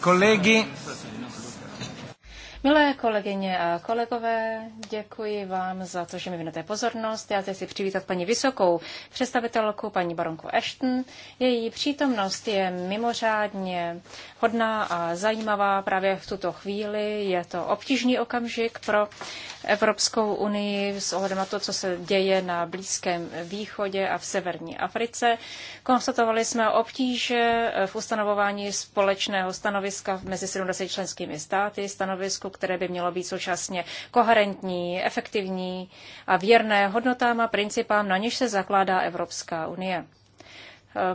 Kolegy. Milé kolegyně a kolegové, děkuji vám za to, že mi věnujete pozornost. Já zde chci přivítat paní vysokou představitelku, paní baronku Ashton. Její přítomnost je mimořádně hodná a zajímavá právě v tuto chvíli. Je to obtížný okamžik pro Evropskou unii s ohledem na to, co se děje na Blízkém východě a v severní Africe. Konstatovali jsme obtíže v ustanovování společného stanoviska mezi 70 členskými státy, stanovisku, které by mělo být současně koherentní, efektivní a věrné hodnotám a principám, na něž se zakládá Evropská unie.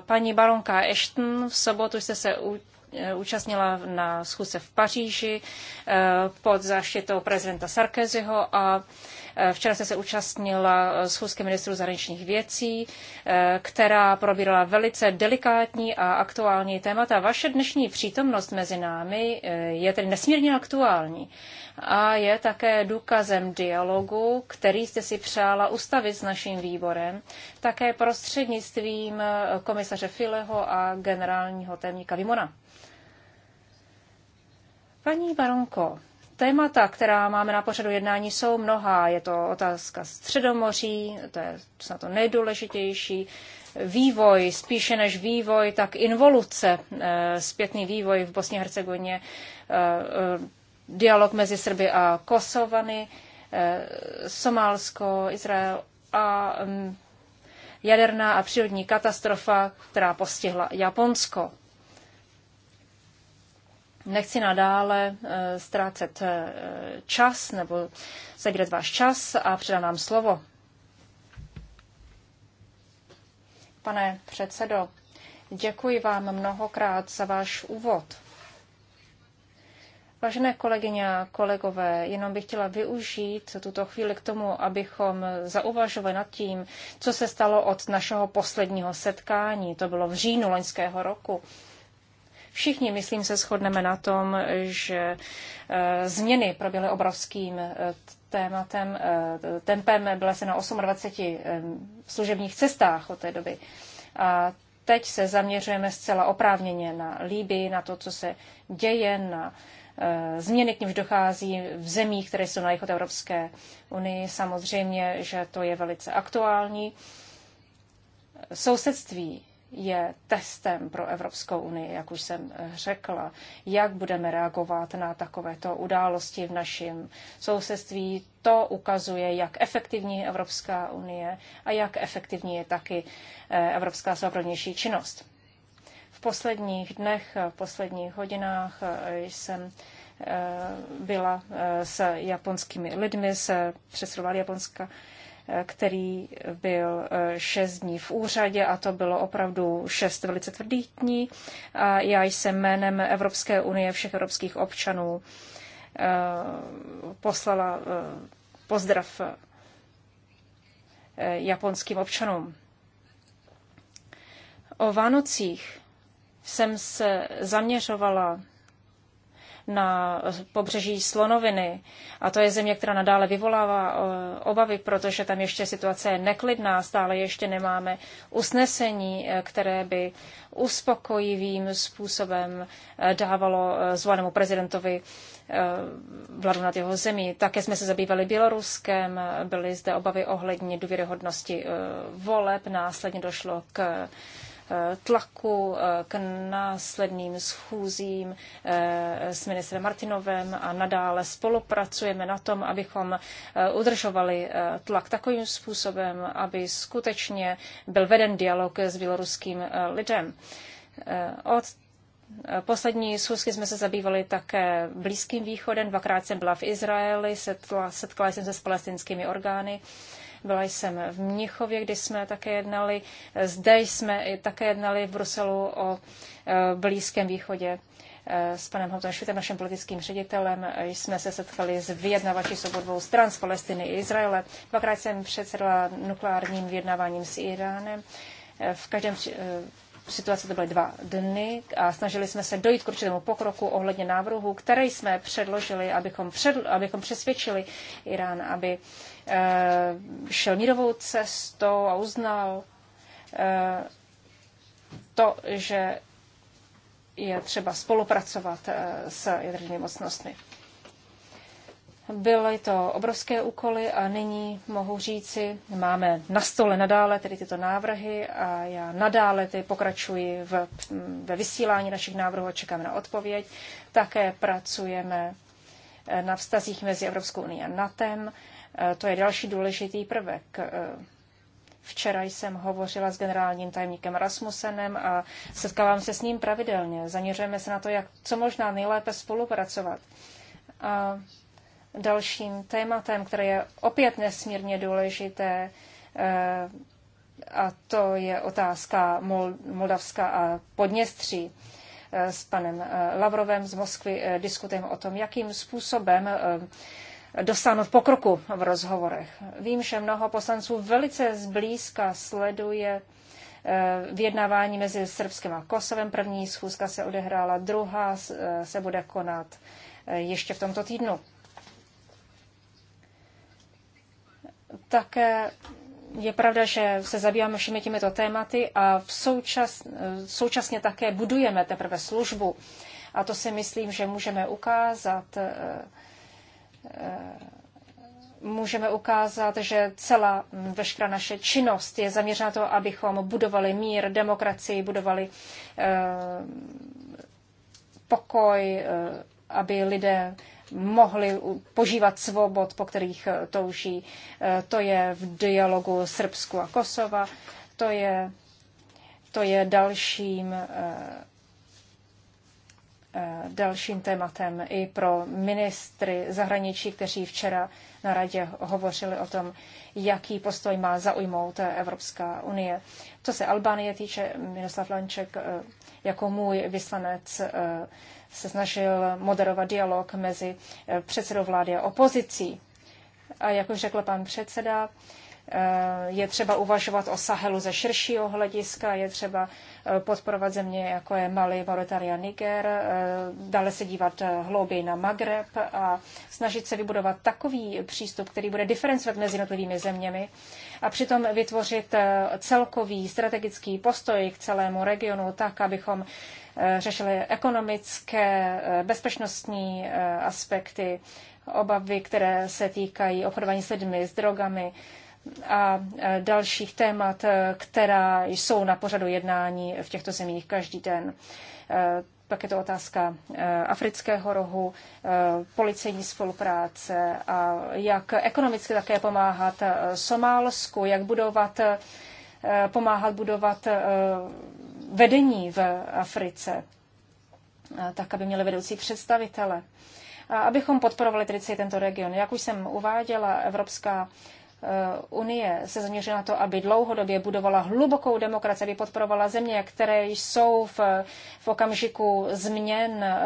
Paní baronka Ashton, v sobotu jste se Eh, účastnila na schůzce v Paříži eh, pod záštitou prezidenta Sarkozyho a eh, Včera jsem se účastnila schůzky ministrů zahraničních věcí, která probírala velice delikátní a aktuální témata. Vaše dnešní přítomnost mezi námi je tedy nesmírně aktuální a je také důkazem dialogu, který jste si přála ustavit s naším výborem, také prostřednictvím komisaře Fileho a generálního témníka Vimona. Paní Baronko, témata, která máme na pořadu jednání, jsou mnohá. Je to otázka středomoří, to je snad to nejdůležitější, vývoj, spíše než vývoj, tak involuce, eh, zpětný vývoj v Bosně a Hercegovině, eh, eh, dialog mezi Srby a Kosovany, Somálsko, Izrael a mm, jaderná a přírodní katastrofa, která postihla Japonsko. Nechci nadále eh, ztrácet eh, čas nebo zagrat váš čas a předám nám slovo. Pane předsedo, děkuji vám mnohokrát za váš úvod. Vážené kolegyně a kolegové, jenom bych chtěla využít tuto chvíli k tomu, abychom zauvažovali nad tím, co se stalo od našeho posledního setkání. To bylo v říjnu loňského roku. Všichni, myslím, se shodneme na tom, že eh, změny proběhly obrovským eh, tématem, eh, tempem. Byla se na 28 služebních cestách od té doby. A teď se zaměřujeme zcela oprávněně na Líby, na to, co se děje, na změny, k nímž dochází v zemích, které jsou na jih Evropské unii. Samozřejmě, že to je velice aktuální. Sousedství je testem pro Evropskou unii, jak už jsem eh, řekla, jak budeme reagovat na takovéto události v našem sousedství. To ukazuje, jak efektivní je Evropská unie a jak efektivní je taky eh, Evropská soukromější činnost. V posledních dnech, eh, v posledních hodinách jsem byla s japonskými lidmi, se předsedovali Japonska který byl eh, šest dní v úřadě a to bylo opravdu šest velice tvrdých dní. A já jsem jménem Evropské unie všech evropských občanů eh, poslala eh, pozdrav japonským občanům. O Vánocích jsem se zaměřovala na pobřeží Slonoviny. A to je země, která nadále vyvolává eh, obavy, protože tam ještě situace je neklidná, stále ještě nemáme usnesení, eh, které by uspokojivým způsobem eh, dávalo zvolenému prezidentovi vládu nad jeho zemí. Také jsme se zabývali Běloruskem, byly zde obavy ohledně důvěryhodnosti voleb, následně došlo k tlaku eh, k následným schůzím eh, s ministrem Martinovem a nadále spolupracujeme na tom, abychom eh, udržovali tlak takovým způsobem, aby skutečně byl veden dialog s běloruským lidem. Od Poslední schůzky jsme se zabývali také Blízkým východem. Dvakrát jsem byla v Izraeli, setkala, setkala jsem se s palestinskými orgány byla jsem v Mnichově, kdy jsme také jednali. Zde jsme také jednali v Bruselu o eh, Blízkém východě eh, s panem Houtem švítem naším politickým ředitelem. Eh, jsme se setkali s vyjednavači s obou dvou stran, z Palestiny i Izraele. Dvakrát jsem předsedala nukleárním vyjednáváním s Iránem. V každém situace to byly dva dny a snažili jsme se dojít k určitému pokroku ohledně návrhu, který jsme předložili, abychom, před, abychom přesvědčili Irán, aby Eh, šel mírovou cestou a uznal eh, to, že je třeba spolupracovat eh, s jadernými mocnostmi. Byly to obrovské úkoly a nyní mohu říci, máme na stole nadále tedy tyto návrhy a já nadále ty pokračuji v, ve vysílání našich návrhů a čekáme na odpověď. Také pracujeme na vztazích mezi Evropskou unii a NATO. E Eh, to je další důležitý prvek. Eh, včera jsem hovořila s generálním tajemníkem Rasmusenem a setkávám se s ním pravidelně. Zaměřujeme se na to, jak co možná nejlépe spolupracovat. A dalším tématem, které je opět nesmírně důležité, eh, a to je otázka Moldavska a Podněstří. S panem Lavrovem z Moskvy diskutujeme o tom, jakým způsobem dosáhnout pokroku v rozhovorech. Vím, že mnoho poslanců velice zblízka sleduje eh, vyjednávání mezi Srbskem a Kosovem. První schůzka se odehrála, druhá eh, se bude konat eh, ještě v tomto týdnu. Také je pravda, že se zabýváme všemi těmito tématy a v součas, současně také budujeme teprve službu. A to si myslím, že můžeme ukázat Eh, můžeme ukázat, že celá hm, veškerá naše činnost je zaměřena to, abychom budovali mír, demokracii, budovali eh, pokoj, eh, aby lidé mohli požívat svobod, po kterých touží. To je v dialogu Srbsku a Kosova, to je, to je dalším dalším tématem i pro ministry zahraničí, kteří včera na radě hovořili o tom, jaký postoj má zaujmout Evropská unie. Co se Albánie týče, Miroslav Lanček eh, jako můj vyslanec eh, se snažil moderovat dialog mezi eh, předsedou vlády a opozicí. A jak už řekl pan předseda, je třeba uvažovat o Sahelu ze širšího hlediska, je třeba podporovat země, jako je Mali, Mauritania, Niger, eh, dále se dívat eh, hlouběji na Magreb a snažit se vybudovat takový přístup, který bude diferencovat mezi jednotlivými zeměmi a přitom vytvořit eh, celkový strategický postoj k celému regionu tak, abychom řešili ekonomické, bezpečnostní aspekty, obavy, které se týkají obchodování s lidmi, s drogami, a dalších témat, e, která jsou na pořadu jednání v těchto zemích každý den. E, pak je to otázka e, afrického rohu, policejní spolupráce a jak ekonomicky také pomáhat Somálsku, jak budovat, pomáhat budovat vedení v Africe, tak aby měli vedoucí představitele. A abychom podporovali tedy tento region. Jak už jsem uváděla, Evropská Eh, unie se zaměřila na to, aby dlouhodobě budovala hlubokou demokracii, aby podporovala země, které jsou v, v okamžiku změn, eh,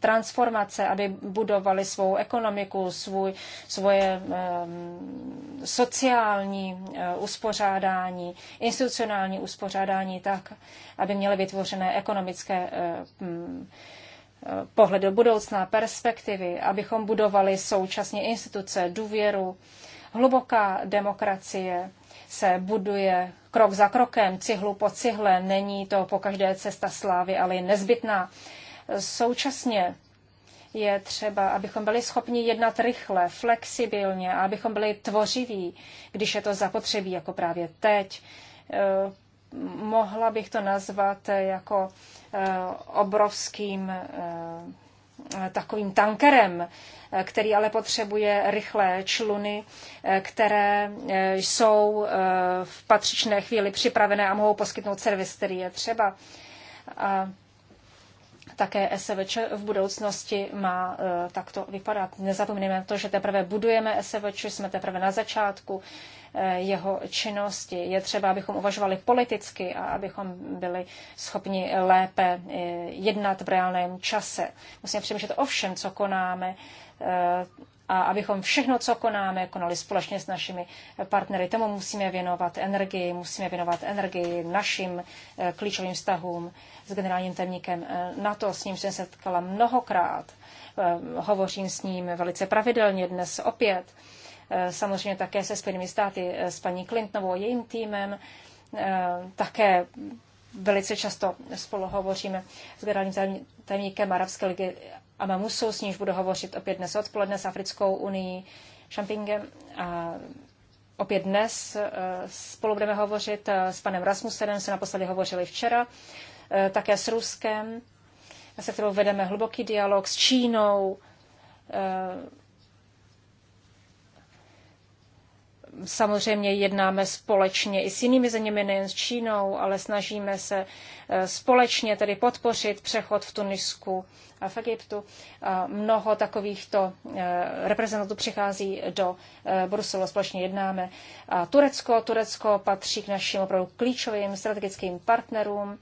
transformace, aby budovali svou ekonomiku, svůj, svoje um, sociální eh, uspořádání, institucionální uspořádání tak, aby měly vytvořené ekonomické um, pohled do budoucna, perspektivy, abychom budovali současně instituce, důvěru, Hluboká demokracie se buduje krok za krokem, cihlu po cihle. Není to po každé cesta slávy, ale je nezbytná. Současně je třeba, abychom byli schopni jednat rychle, flexibilně a abychom byli tvořiví, když je to zapotřebí, jako právě teď. Eh, mohla bych to nazvat eh, jako eh, obrovským Eh, takovým tankerem, eh, který ale potřebuje rychlé čluny, eh, které jsou v patřičné chvíli připravené a mohou poskytnout servis, který je třeba. A také SVČ v budoucnosti má e, takto vypadat. Nezapomeňme na to, že teprve budujeme SVČ, jsme teprve na začátku e, jeho činnosti. Je třeba, abychom uvažovali politicky a abychom byli schopni lépe e, jednat v reálném čase. Musíme přemýšlet o všem, co konáme, a abychom všechno, co konáme, konali společně s našimi partnery. Tomu musíme věnovat energii, musíme věnovat energii našim eh, klíčovým vztahům s generálním temníkem eh, to s ním jsem se setkala mnohokrát, eh, hovořím s ním velice pravidelně dnes opět, samozřejmě také se Spojenými státy, s paní Clintonovou a jejím týmem, také velice často spolu hovoříme s generálním tajemníkem Arabské ligy a Mamusu, s níž budu hovořit opět dnes odpoledne s Africkou unii Šampingem. A opět dnes eh, spolu budeme hovořit eh, s panem Rasmussenem, se naposledy hovořili včera, eh, také s Ruskem, se kterou vedeme hluboký dialog s Čínou, Samozřejmě jednáme společně i s jinými zeměmi, nejen s Čínou, ale snažíme se eh, společně tedy podpořit přechod v Tunisku a v Egyptu. A mnoho takovýchto eh, reprezentantů přichází do eh, Bruselu, společně jednáme. A Turecko, Turecko patří k našim opravdu klíčovým strategickým partnerům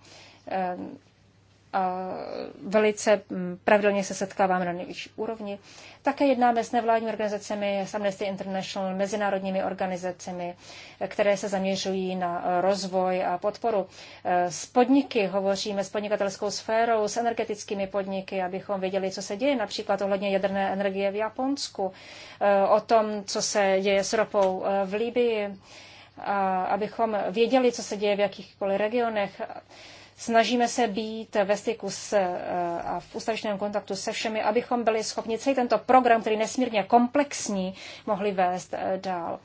Eh, velice mm, pravidelně se setkáváme na nejvyšší úrovni. Také jednáme s nevládními organizacemi, s Amnesty International, mezinárodními organizacemi, eh, které se zaměřují na eh, rozvoj a podporu. S podniky hovoříme, s podnikatelskou sférou, s energetickými podniky, abychom věděli, co se děje například ohledně jaderné energie v Japonsku, o tom, co se děje s ropou v Libii, abychom věděli, co se děje v jakýchkoliv regionech. Snažíme se být ve styku s, eh, a v ústavičném kontaktu se všemi, abychom byli schopni celý tento program, který je nesmírně komplexní, mohli vést eh, dál.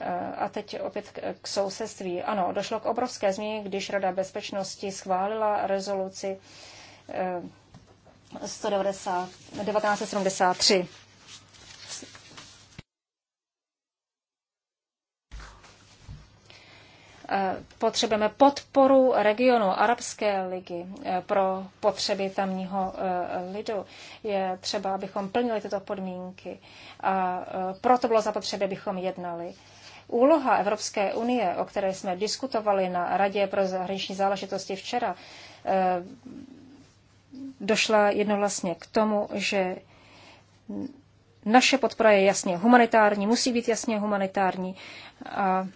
Eh, a teď opět k sousedství. Ano, došlo k obrovské změně, když Rada bezpečnosti schválila rezoluci 190, 1973. Potřebujeme podporu regionu Arabské ligy eh, pro potřeby tamního eh, lidu. Je třeba, abychom plnili tyto podmínky. A eh, proto bylo zapotřebí, abychom jednali. Úloha Evropské unie, o které jsme diskutovali na Radě pro zahraniční záležitosti včera, došla jednohlasně k tomu, že naše podpora je jasně humanitární, musí být jasně humanitární. A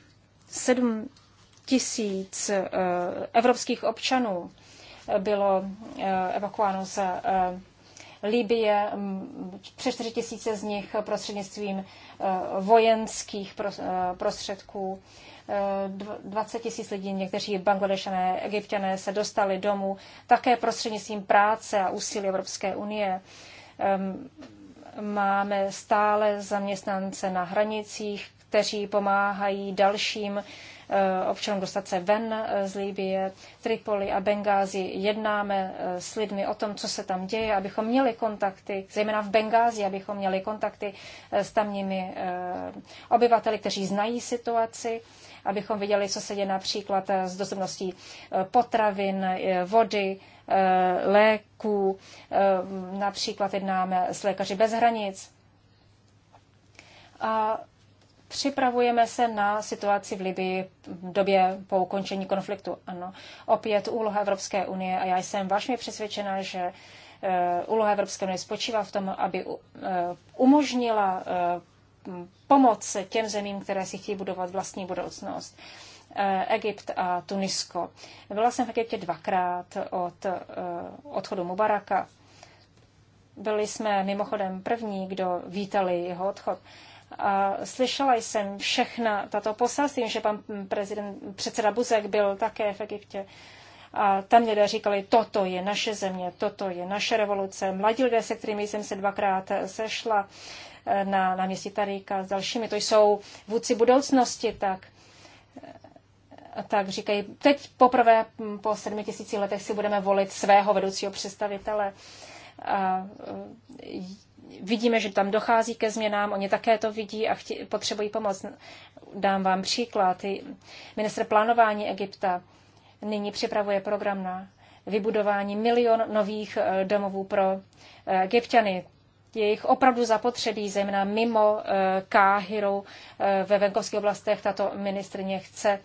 sedm tisíc eh, evropských občanů bylo eh, evakuováno z eh, Libie, přes 4 tisíce z nich prostřednictvím vojenských prostředků. 20 tisíc lidí, někteří bangladešané, egyptiané se dostali domů také prostřednictvím práce a úsilí Evropské unie. Máme stále zaměstnance na hranicích, kteří pomáhají dalším eh, občanům dostat se ven eh, z Libie, Tripoli a Bengázi. Jednáme eh, s lidmi o tom, co se tam děje, abychom měli kontakty, zejména v Bengázi, abychom měli kontakty s tamními obyvateli, kteří znají situaci, abychom viděli, co se děje například s dostupností potravin, vody, léků. Například jednáme s lékaři bez hranic. A Připravujeme se na situaci v Libii v době po ukončení konfliktu. Ano, opět úloha Evropské unie a já jsem vážně přesvědčena, že eh, úloha Evropské unie spočívá v tom, aby eh, umožnila eh, pomoc těm zemím, které si chtějí budovat vlastní budoucnost. Egypt a Tunisko. Byla jsem v Egyptě dvakrát od odchodu Mubaraka. Byli jsme mimochodem první, kdo vítali jeho odchod slyšela jsem všechna tato poselství, že pan prezident, předseda Buzek byl také v Egyptě. A tam lidé říkali, toto je naše země, toto je naše revoluce. Mladí lidé, se kterými jsem se dvakrát sešla eh, na na náměstí Taríka s dalšími, to jsou vůdci budoucnosti, tak eh, tak říkají, teď poprvé hm, po sedmi tisíci letech si budeme volit svého vedoucího představitele. A eh, vidíme, že tam dochází ke změnám, oni také to vidí a chtě, potřebují pomoc. Dám vám příklad. Minister plánování Egypta nyní připravuje program na vybudování milion nových eh, domovů pro eh, egyptiany. Je jich opravdu zapotřebí, zejména mimo eh, Káhiru ve venkovských oblastech. Tato ministrně chce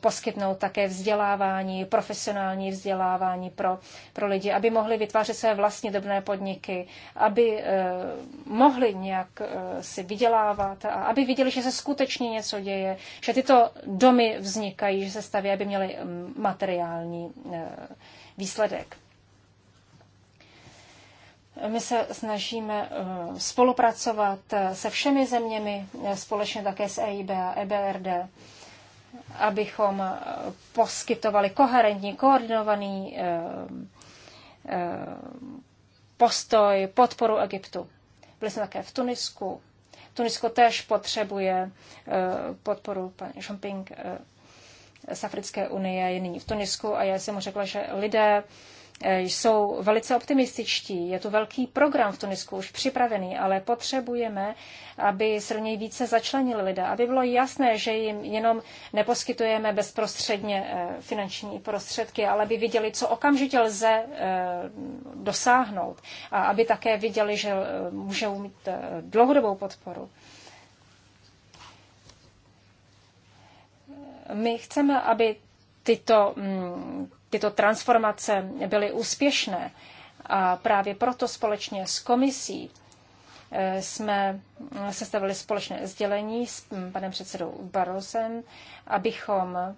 poskytnout také vzdělávání, profesionální vzdělávání pro, pro lidi, aby mohli vytvářet své vlastní drobné podniky, aby eh, mohli nějak eh, si vydělávat a aby viděli, že se skutečně něco děje, že tyto domy vznikají, že se staví, aby měli mm, materiální eh, výsledek. My se snažíme spolupracovat se všemi zeměmi, společně také s EIB a EBRD abychom eh, poskytovali koherentní, koordinovaný eh, eh, postoj, podporu Egyptu. Byli jsme také v Tunisku. Tunisko též potřebuje podporu. Pan Jumping z Africké unie je nyní v Tunisku a já jsem mu řekla, že lidé Eh, jsou velice optimističtí. Je to velký program v Tunisku už připravený, ale potřebujeme, aby se do něj více začlenili lidé, aby bylo jasné, že jim jenom neposkytujeme bezprostředně eh, finanční prostředky, ale aby viděli, co okamžitě lze eh, dosáhnout a aby také viděli, že můžou mít dlouhodobou podporu. My chceme, aby tyto mm, tyto transformace byly úspěšné. A právě proto společně s komisí eh, jsme eh, sestavili společné sdělení s mm, panem předsedou Barosem, abychom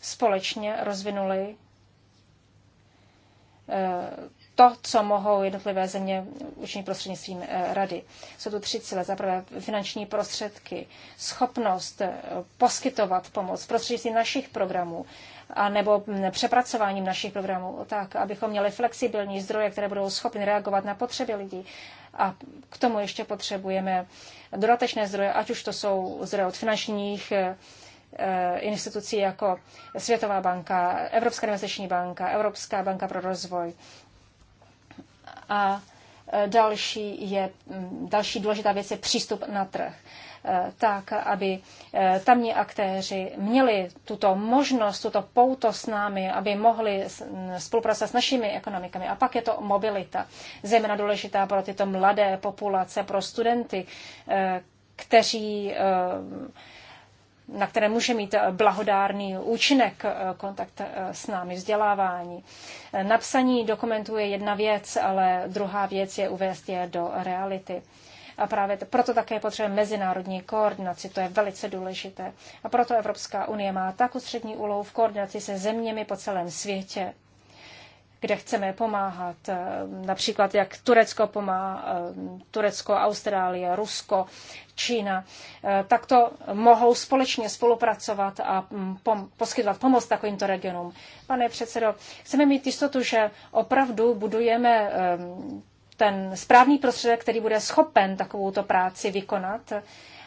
společně rozvinuli eh, to, co mohou jednotlivé země učinit prostřednictvím rady. Jsou tu tři cíle. Zaprvé finanční prostředky, schopnost poskytovat pomoc prostřednictvím našich programů a nebo přepracováním našich programů, tak abychom měli flexibilní zdroje, které budou schopny reagovat na potřeby lidí. A k tomu ještě potřebujeme dodatečné zdroje, ať už to jsou zdroje od finančních eh, eh, institucí jako Světová banka, Evropská investiční banka, Evropská banka pro rozvoj. A eh, další, je, mm, další důležitá věc je přístup na trh. Eh, tak, aby eh, tamní aktéři měli tuto možnost, tuto pouto s námi, aby mohli spolupracovat s našimi ekonomikami. A pak je to mobilita, zejména důležitá pro tyto mladé populace, pro studenty, eh, kteří na které může mít blahodárný účinek kontakt s námi, vzdělávání. Napsaní dokumentuje je jedna věc, ale druhá věc je uvést je do reality. A právě proto také potřebujeme mezinárodní koordinaci, to je velice důležité. A proto Evropská unie má tak ústřední úlohu v koordinaci se zeměmi po celém světě kde chceme pomáhat, eh, například jak Turecko pomáhá, eh, Turecko, Austrálie, Rusko, Čína, eh, tak to mohou společně spolupracovat a mm, pom- poskytovat pomoc takovýmto regionům. Pane předsedo, chceme mít jistotu, že opravdu budujeme ten správný prostředek, který bude schopen takovouto práci vykonat.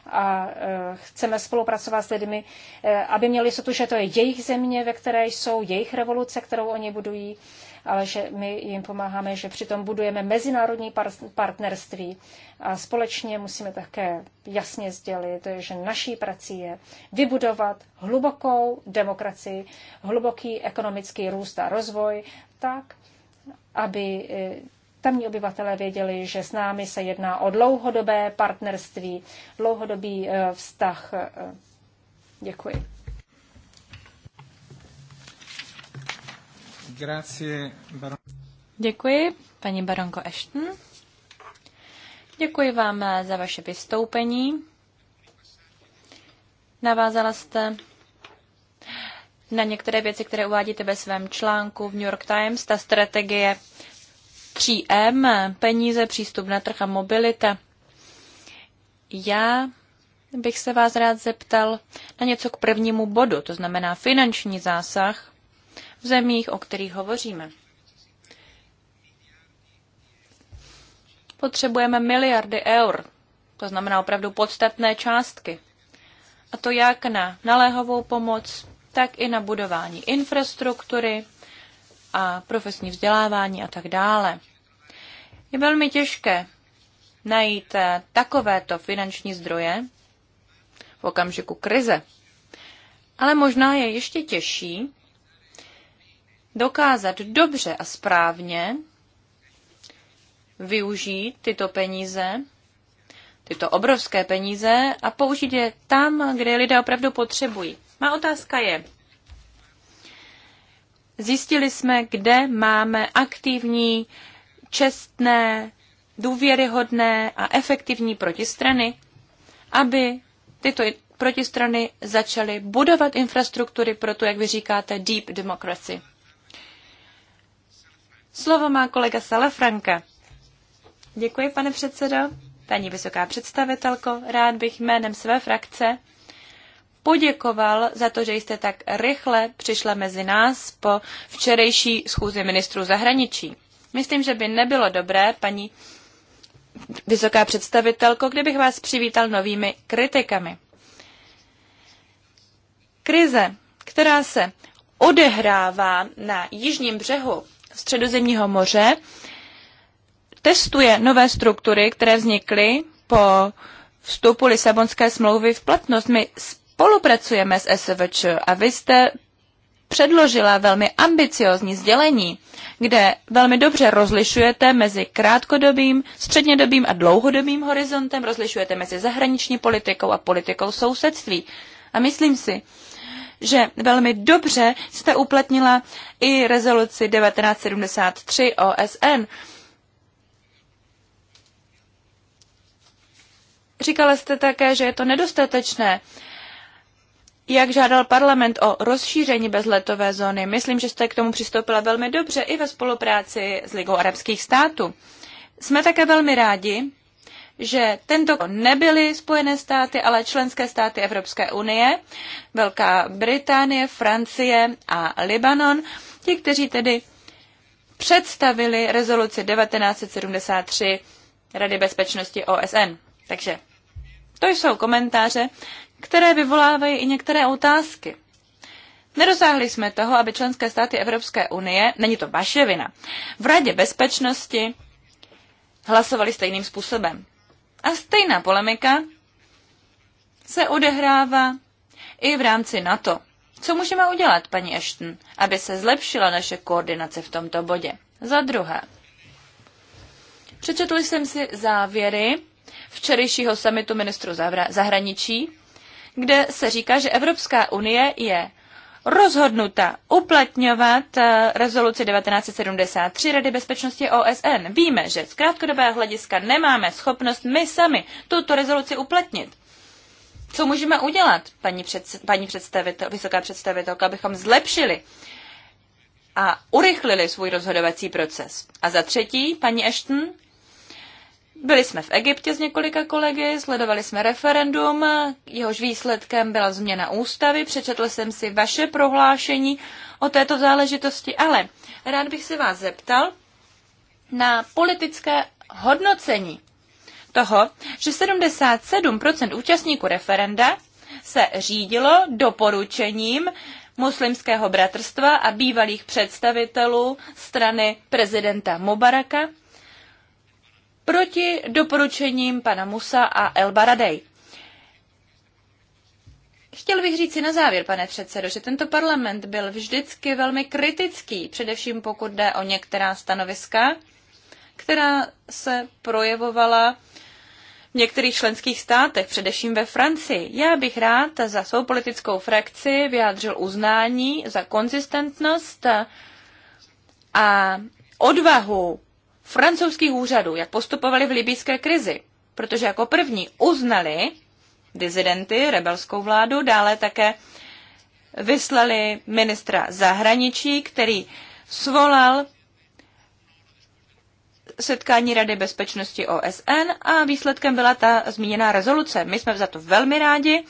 A e, chceme spolupracovat s lidmi, e, aby měli jistotu, že to je jejich země, ve které jsou, jejich revoluce, kterou oni budují, ale že my jim pomáháme, že přitom budujeme mezinárodní partnerství. A společně musíme také jasně sdělit, že naší prací je vybudovat hlubokou demokracii, hluboký ekonomický růst a rozvoj tak, aby e, Tamní obyvatelé věděli, že s námi se jedná o dlouhodobé partnerství, dlouhodobý eh, vztah. Eh, děkuji. Děkuji, paní baronko Ashton. Děkuji vám eh, za vaše vystoupení. Navázala jste na některé věci, které uvádíte ve svém článku v New York Times, ta strategie tří M, peníze, přístup na trh a mobilita. Já bych se vás rád zeptal na něco k prvnímu bodu, to znamená finanční zásah v zemích, o kterých hovoříme. Potřebujeme miliardy eur, to znamená opravdu podstatné částky. A to jak na naléhovou pomoc, tak i na budování infrastruktury a profesní vzdělávání a tak dále. Je velmi těžké najít eh, takovéto finanční zdroje v okamžiku krize. Ale možná je ještě těžší dokázat dobře a správně využít tyto peníze, tyto obrovské peníze a použít je tam, kde lidé opravdu potřebují. Má otázka je, zjistili jsme, kde máme aktivní čestné, důvěryhodné a efektivní protistrany, aby tyto protistrany začaly budovat infrastruktury pro tu, jak vy říkáte, deep democracy. Slovo má kolega Salafranka. Děkuji, pane předsedo. Paní vysoká představitelko, rád bych jménem své frakce poděkoval za to, že jste tak rychle přišla mezi nás po včerejší schůzi ministrů zahraničí. Myslím, že by nebylo dobré, paní vysoká představitelko, kdybych vás přivítal novými kritikami. Krize, která se odehrává na jižním břehu Středozemního moře, testuje nové struktury, které vznikly po vstupu Lisabonské smlouvy v platnost. My spolupracujeme s SVČ a vy jste předložila velmi ambiciozní sdělení, kde velmi dobře rozlišujete mezi krátkodobým, střednědobým a dlouhodobým horizontem, rozlišujete mezi zahraniční politikou a politikou sousedství. A myslím si, že velmi dobře jste uplatnila i rezoluci 1973 OSN. Říkala jste také, že je to nedostatečné, jak žádal parlament o rozšíření bezletové zóny. Myslím, že jste k tomu přistoupila velmi dobře i ve spolupráci s Ligou arabských států. Jsme také velmi rádi, že tento nebyly Spojené státy, ale členské státy Evropské unie, Velká Británie, Francie a Libanon, ti, kteří tedy představili rezoluci 1973 Rady bezpečnosti OSN. Takže to jsou komentáře, které vyvolávají i některé otázky. Nedosáhli jsme toho, aby členské státy Evropské unie, není to vaše vina, v Radě bezpečnosti hlasovali stejným způsobem. A stejná polemika se odehrává i v rámci NATO. Co můžeme udělat, paní Ashton, aby se zlepšila naše koordinace v tomto bodě? Za druhé, přečetl jsem si závěry včerejšího samitu ministru zahraničí kde se říká, že Evropská unie je rozhodnuta uplatňovat eh, rezoluci 1973 Rady bezpečnosti OSN. Víme, že z krátkodobého hlediska nemáme schopnost my sami tuto rezoluci uplatnit. Co můžeme udělat, paní, před, paní představitel, vysoká představitelka, abychom zlepšili a urychlili svůj rozhodovací proces? A za třetí, paní Ashton, byli jsme v Egyptě s několika kolegy, sledovali jsme referendum, jehož výsledkem byla změna ústavy, přečetl jsem si vaše prohlášení o této záležitosti, ale rád bych se vás zeptal na politické hodnocení toho, že 77% účastníků referenda se řídilo doporučením muslimského bratrstva a bývalých představitelů strany prezidenta Mubaraka proti doporučením pana Musa a El Baradej. Chtěl bych říct si na závěr, pane předsedo, že tento parlament byl vždycky velmi kritický, především pokud jde o některá stanoviska, která se projevovala v některých členských státech, především ve Francii. Já bych rád za svou politickou frakci vyjádřil uznání za konzistentnost a odvahu francouzských úřadů, jak postupovali v libijské krizi, protože jako první uznali dizidenty, rebelskou vládu, dále také vyslali ministra zahraničí, který svolal setkání Rady bezpečnosti OSN a výsledkem byla ta zmíněná rezoluce. My jsme za to velmi rádi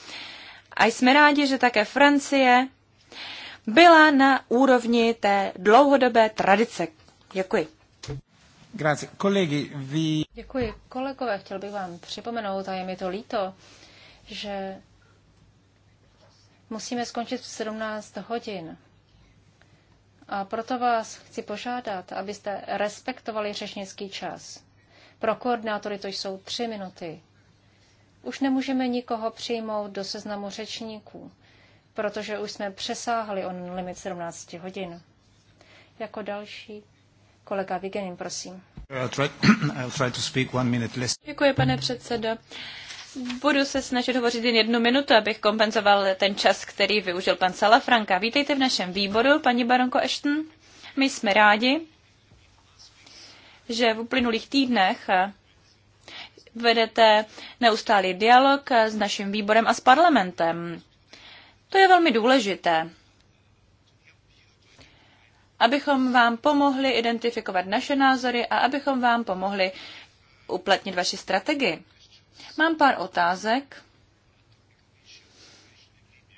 a jsme rádi, že také Francie byla na úrovni té dlouhodobé tradice. Děkuji. Grazie. Kolegy, vy... Děkuji. Kolegové, chtěl bych vám připomenout, a je mi to líto, že musíme skončit v 17 hodin. A proto vás chci požádat, abyste respektovali řečnický čas. Pro koordinátory to jsou tři minuty. Už nemůžeme nikoho přijmout do seznamu řečníků, protože už jsme přesáhli on limit 17 hodin. Jako další Kolega Vigenin, prosím. Děkuji, pane předsedo. Budu se snažit hovořit jen jednu minutu, abych kompenzoval ten čas, který využil pan Salafranka. Vítejte v našem výboru, paní baronko Ashton. My jsme rádi, že v uplynulých týdnech vedete neustálý dialog s naším výborem a s parlamentem. To je velmi důležité abychom vám pomohli identifikovat naše názory a abychom vám pomohli uplatnit vaši strategii. Mám pár otázek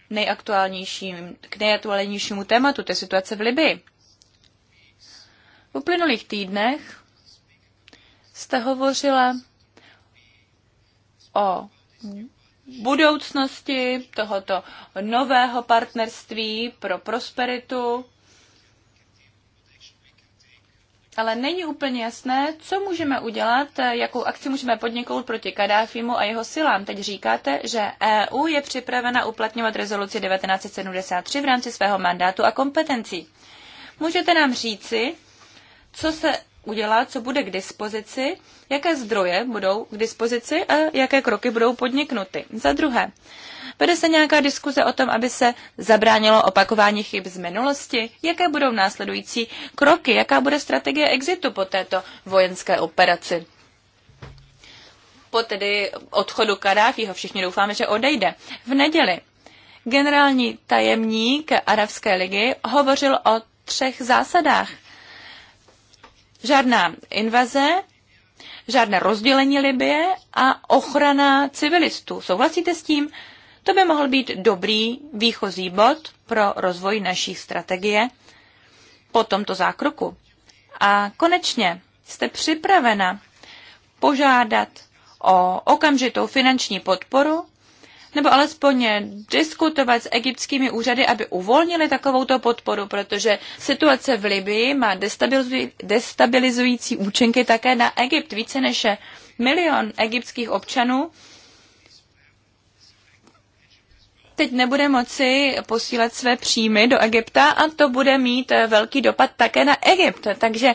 nejaktuálnějším, k nejaktuálnějšímu tématu, to je situace v Libii. V uplynulých týdnech jste hovořila o budoucnosti tohoto nového partnerství pro prosperitu ale není úplně jasné, co můžeme udělat, eh, jakou akci můžeme podniknout proti Kadáfimu a jeho silám. Teď říkáte, že EU je připravena uplatňovat rezoluci 1973 v rámci svého mandátu a kompetencí. Můžete nám říci, co se udělá, co bude k dispozici, jaké zdroje budou k dispozici a jaké kroky budou podniknuty. Za druhé, Vede se nějaká diskuze o tom, aby se zabránilo opakování chyb z minulosti? Jaké budou následující kroky? Jaká bude strategie exitu po této vojenské operaci? Po tedy odchodu Kadáfího všichni doufáme, že odejde. V neděli generální tajemník Arabské ligy hovořil o třech zásadách. Žádná invaze, žádné rozdělení Libie a ochrana civilistů. Souhlasíte s tím? To by mohl být dobrý výchozí bod pro rozvoj naší strategie po tomto zákroku. A konečně jste připravena požádat o okamžitou finanční podporu nebo alespoň diskutovat s egyptskými úřady, aby uvolnili takovouto podporu, protože situace v Libii má destabilizující účinky také na Egypt. Více než milion egyptských občanů teď nebude moci posílat své příjmy do Egypta a to bude mít eh, velký dopad také na Egypt. Takže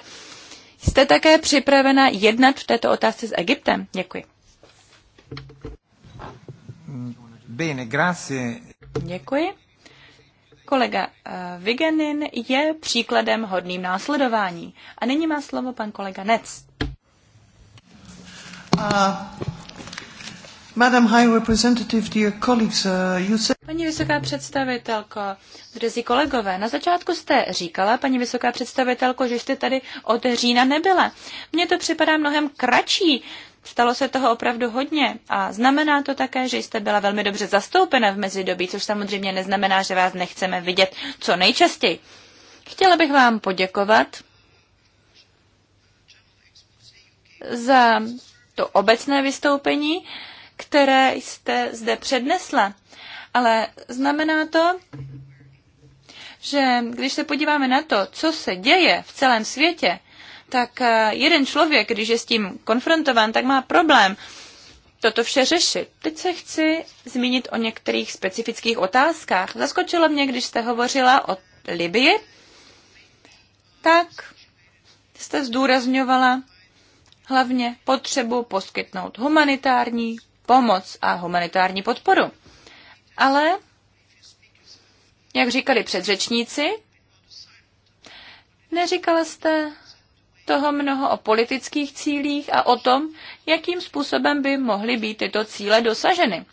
jste také připravena jednat v této otázce s Egyptem? Děkuji. Bene, grazie. Děkuji. Kolega eh, Vigenin je příkladem hodným následování. A nyní má slovo pan kolega Nec. Uh, Uh, paní vysoká představitelko, drzí kolegové, na začátku jste říkala, paní vysoká představitelko, že jste tady od října nebyla. Mně to připadá mnohem kratší. Stalo se toho opravdu hodně a znamená to také, že jste byla velmi dobře zastoupena v mezidobí, což samozřejmě neznamená, že vás nechceme vidět co nejčastěji. Chtěla bych vám poděkovat za to obecné vystoupení které jste zde přednesla. Ale znamená to, že když se podíváme na to, co se děje v celém světě, tak eh, jeden člověk, když je s tím konfrontován, tak má problém toto vše řešit. Teď se chci zmínit o některých specifických otázkách. Zaskočilo mě, když jste hovořila o Libii, tak jste zdůrazňovala hlavně potřebu poskytnout humanitární pomoc a humanitární podporu. Ale, jak říkali předřečníci, neříkala jste toho mnoho o politických cílích a o tom, jakým způsobem by mohly být tyto cíle dosaženy.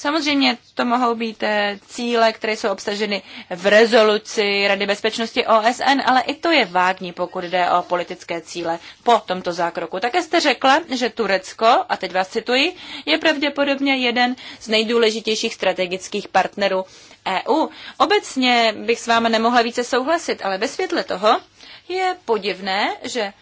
Samozřejmě to mohou být eh, cíle, které jsou obsaženy v rezoluci Rady bezpečnosti OSN, ale i to je vágní, pokud jde o politické cíle po tomto zákroku. Také jste řekla, že Turecko, a teď vás cituji, je pravděpodobně jeden z nejdůležitějších strategických partnerů EU. Obecně bych s vámi nemohla více souhlasit, ale ve světle toho je podivné, že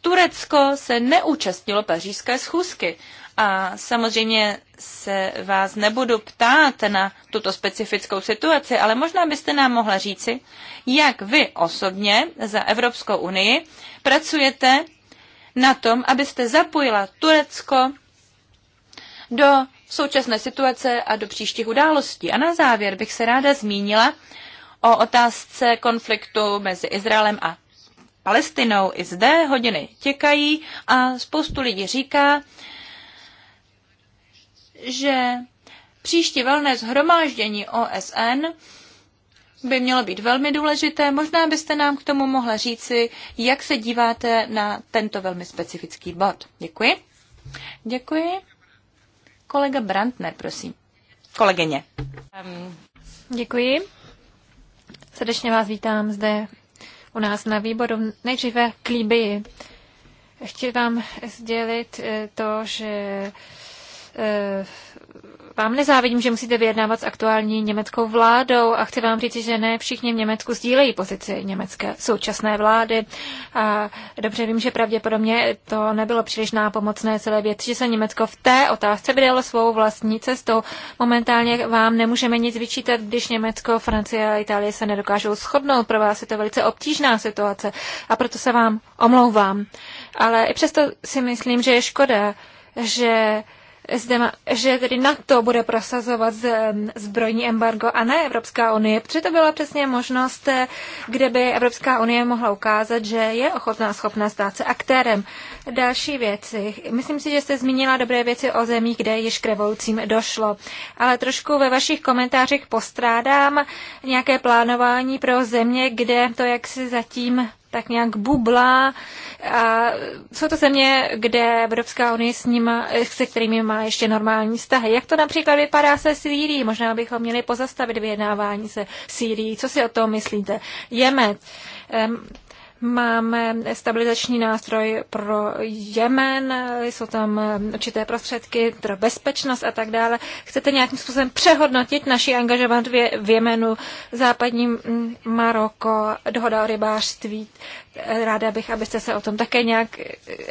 Turecko se neúčastnilo pařížské schůzky a samozřejmě se vás nebudu ptát na tuto specifickou situaci, ale možná byste nám mohla říci, jak vy osobně za Evropskou unii pracujete na tom, abyste zapojila Turecko do současné situace a do příštích událostí. A na závěr bych se ráda zmínila o otázce konfliktu mezi Izraelem a Palestinou. I zde hodiny těkají a spoustu lidí říká, že příští velné zhromáždění OSN by mělo být velmi důležité. Možná byste nám k tomu mohla říci, jak se díváte na tento velmi specifický bod. Děkuji. Děkuji. Kolega Brandner, prosím. Kolegyně. Um, Děkuji. Srdečně vás vítám zde u nás na výboru. Nejdříve k Líbii. Chci vám sdělit eh, to, že Eh, vám nezávidím, že musíte vyjednávat s aktuální německou vládou a chci vám říct, že ne všichni v Německu sdílejí pozici německé současné vlády. A dobře vím, že pravděpodobně to nebylo příliš nápomocné celé věci, že se Německo v té otázce vydalo svou vlastní cestou. Momentálně vám nemůžeme nic vyčítat, když Německo, Francie a Itálie se nedokážou shodnout. Pro vás je to velice obtížná situace a proto se vám omlouvám. Ale i přesto si myslím, že je škoda, že zde, že tedy NATO bude prosazovat zbrojní embargo a ne Evropská unie, protože to byla přesně možnost, eh, kde by Evropská unie mohla ukázat, že je ochotná schopná stát se aktérem. Další věci. Myslím si, že jste zmínila dobré věci o zemích, kde již k revolucím došlo, ale trošku ve vašich komentářích postrádám nějaké plánování pro země, kde to jaksi zatím tak nějak bubla A jsou to země, kde Evropská unie s nima, se kterými má ještě normální vztahy. Jak to například vypadá se Sýrií? Možná bychom měli pozastavit vyjednávání se Sýrií. Co si o tom myslíte? Jemen. Um, Máme stabilizační nástroj pro Jemen, jsou tam určité prostředky pro bezpečnost a tak dále. Chcete nějakým způsobem přehodnotit naši angažovat v Jemenu, západním mm, Maroko, dohoda o rybářství ráda bych, abyste se o tom také nějak,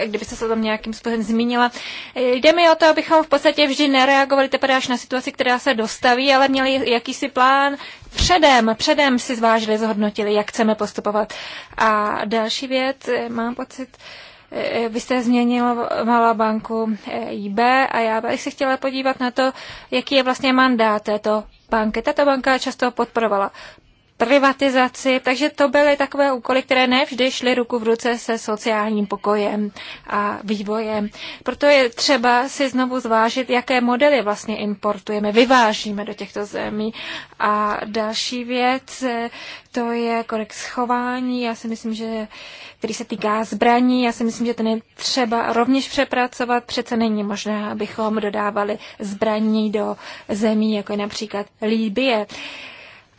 kdybyste se o tom nějakým způsobem zmínila. Jde mi o to, abychom v podstatě vždy nereagovali teprve až na situaci, která se dostaví, ale měli jakýsi plán předem, předem si zvážili, zhodnotili, jak chceme postupovat. A další věc, mám pocit, vy jste malá banku e IB a já bych se chtěla podívat na to, jaký je vlastně mandát této banky. Tato banka často podporovala privatizaci, takže to byly takové úkoly, které nevždy šly ruku v ruce se sociálním pokojem a vývojem. Proto je třeba si znovu zvážit, jaké modely vlastně importujeme, vyvážíme do těchto zemí. A další věc, to je kodex schování, já si myslím, že který se týká zbraní, já si myslím, že ten je třeba rovněž přepracovat, přece není možné, abychom dodávali zbraní do zemí, jako je například Líbie.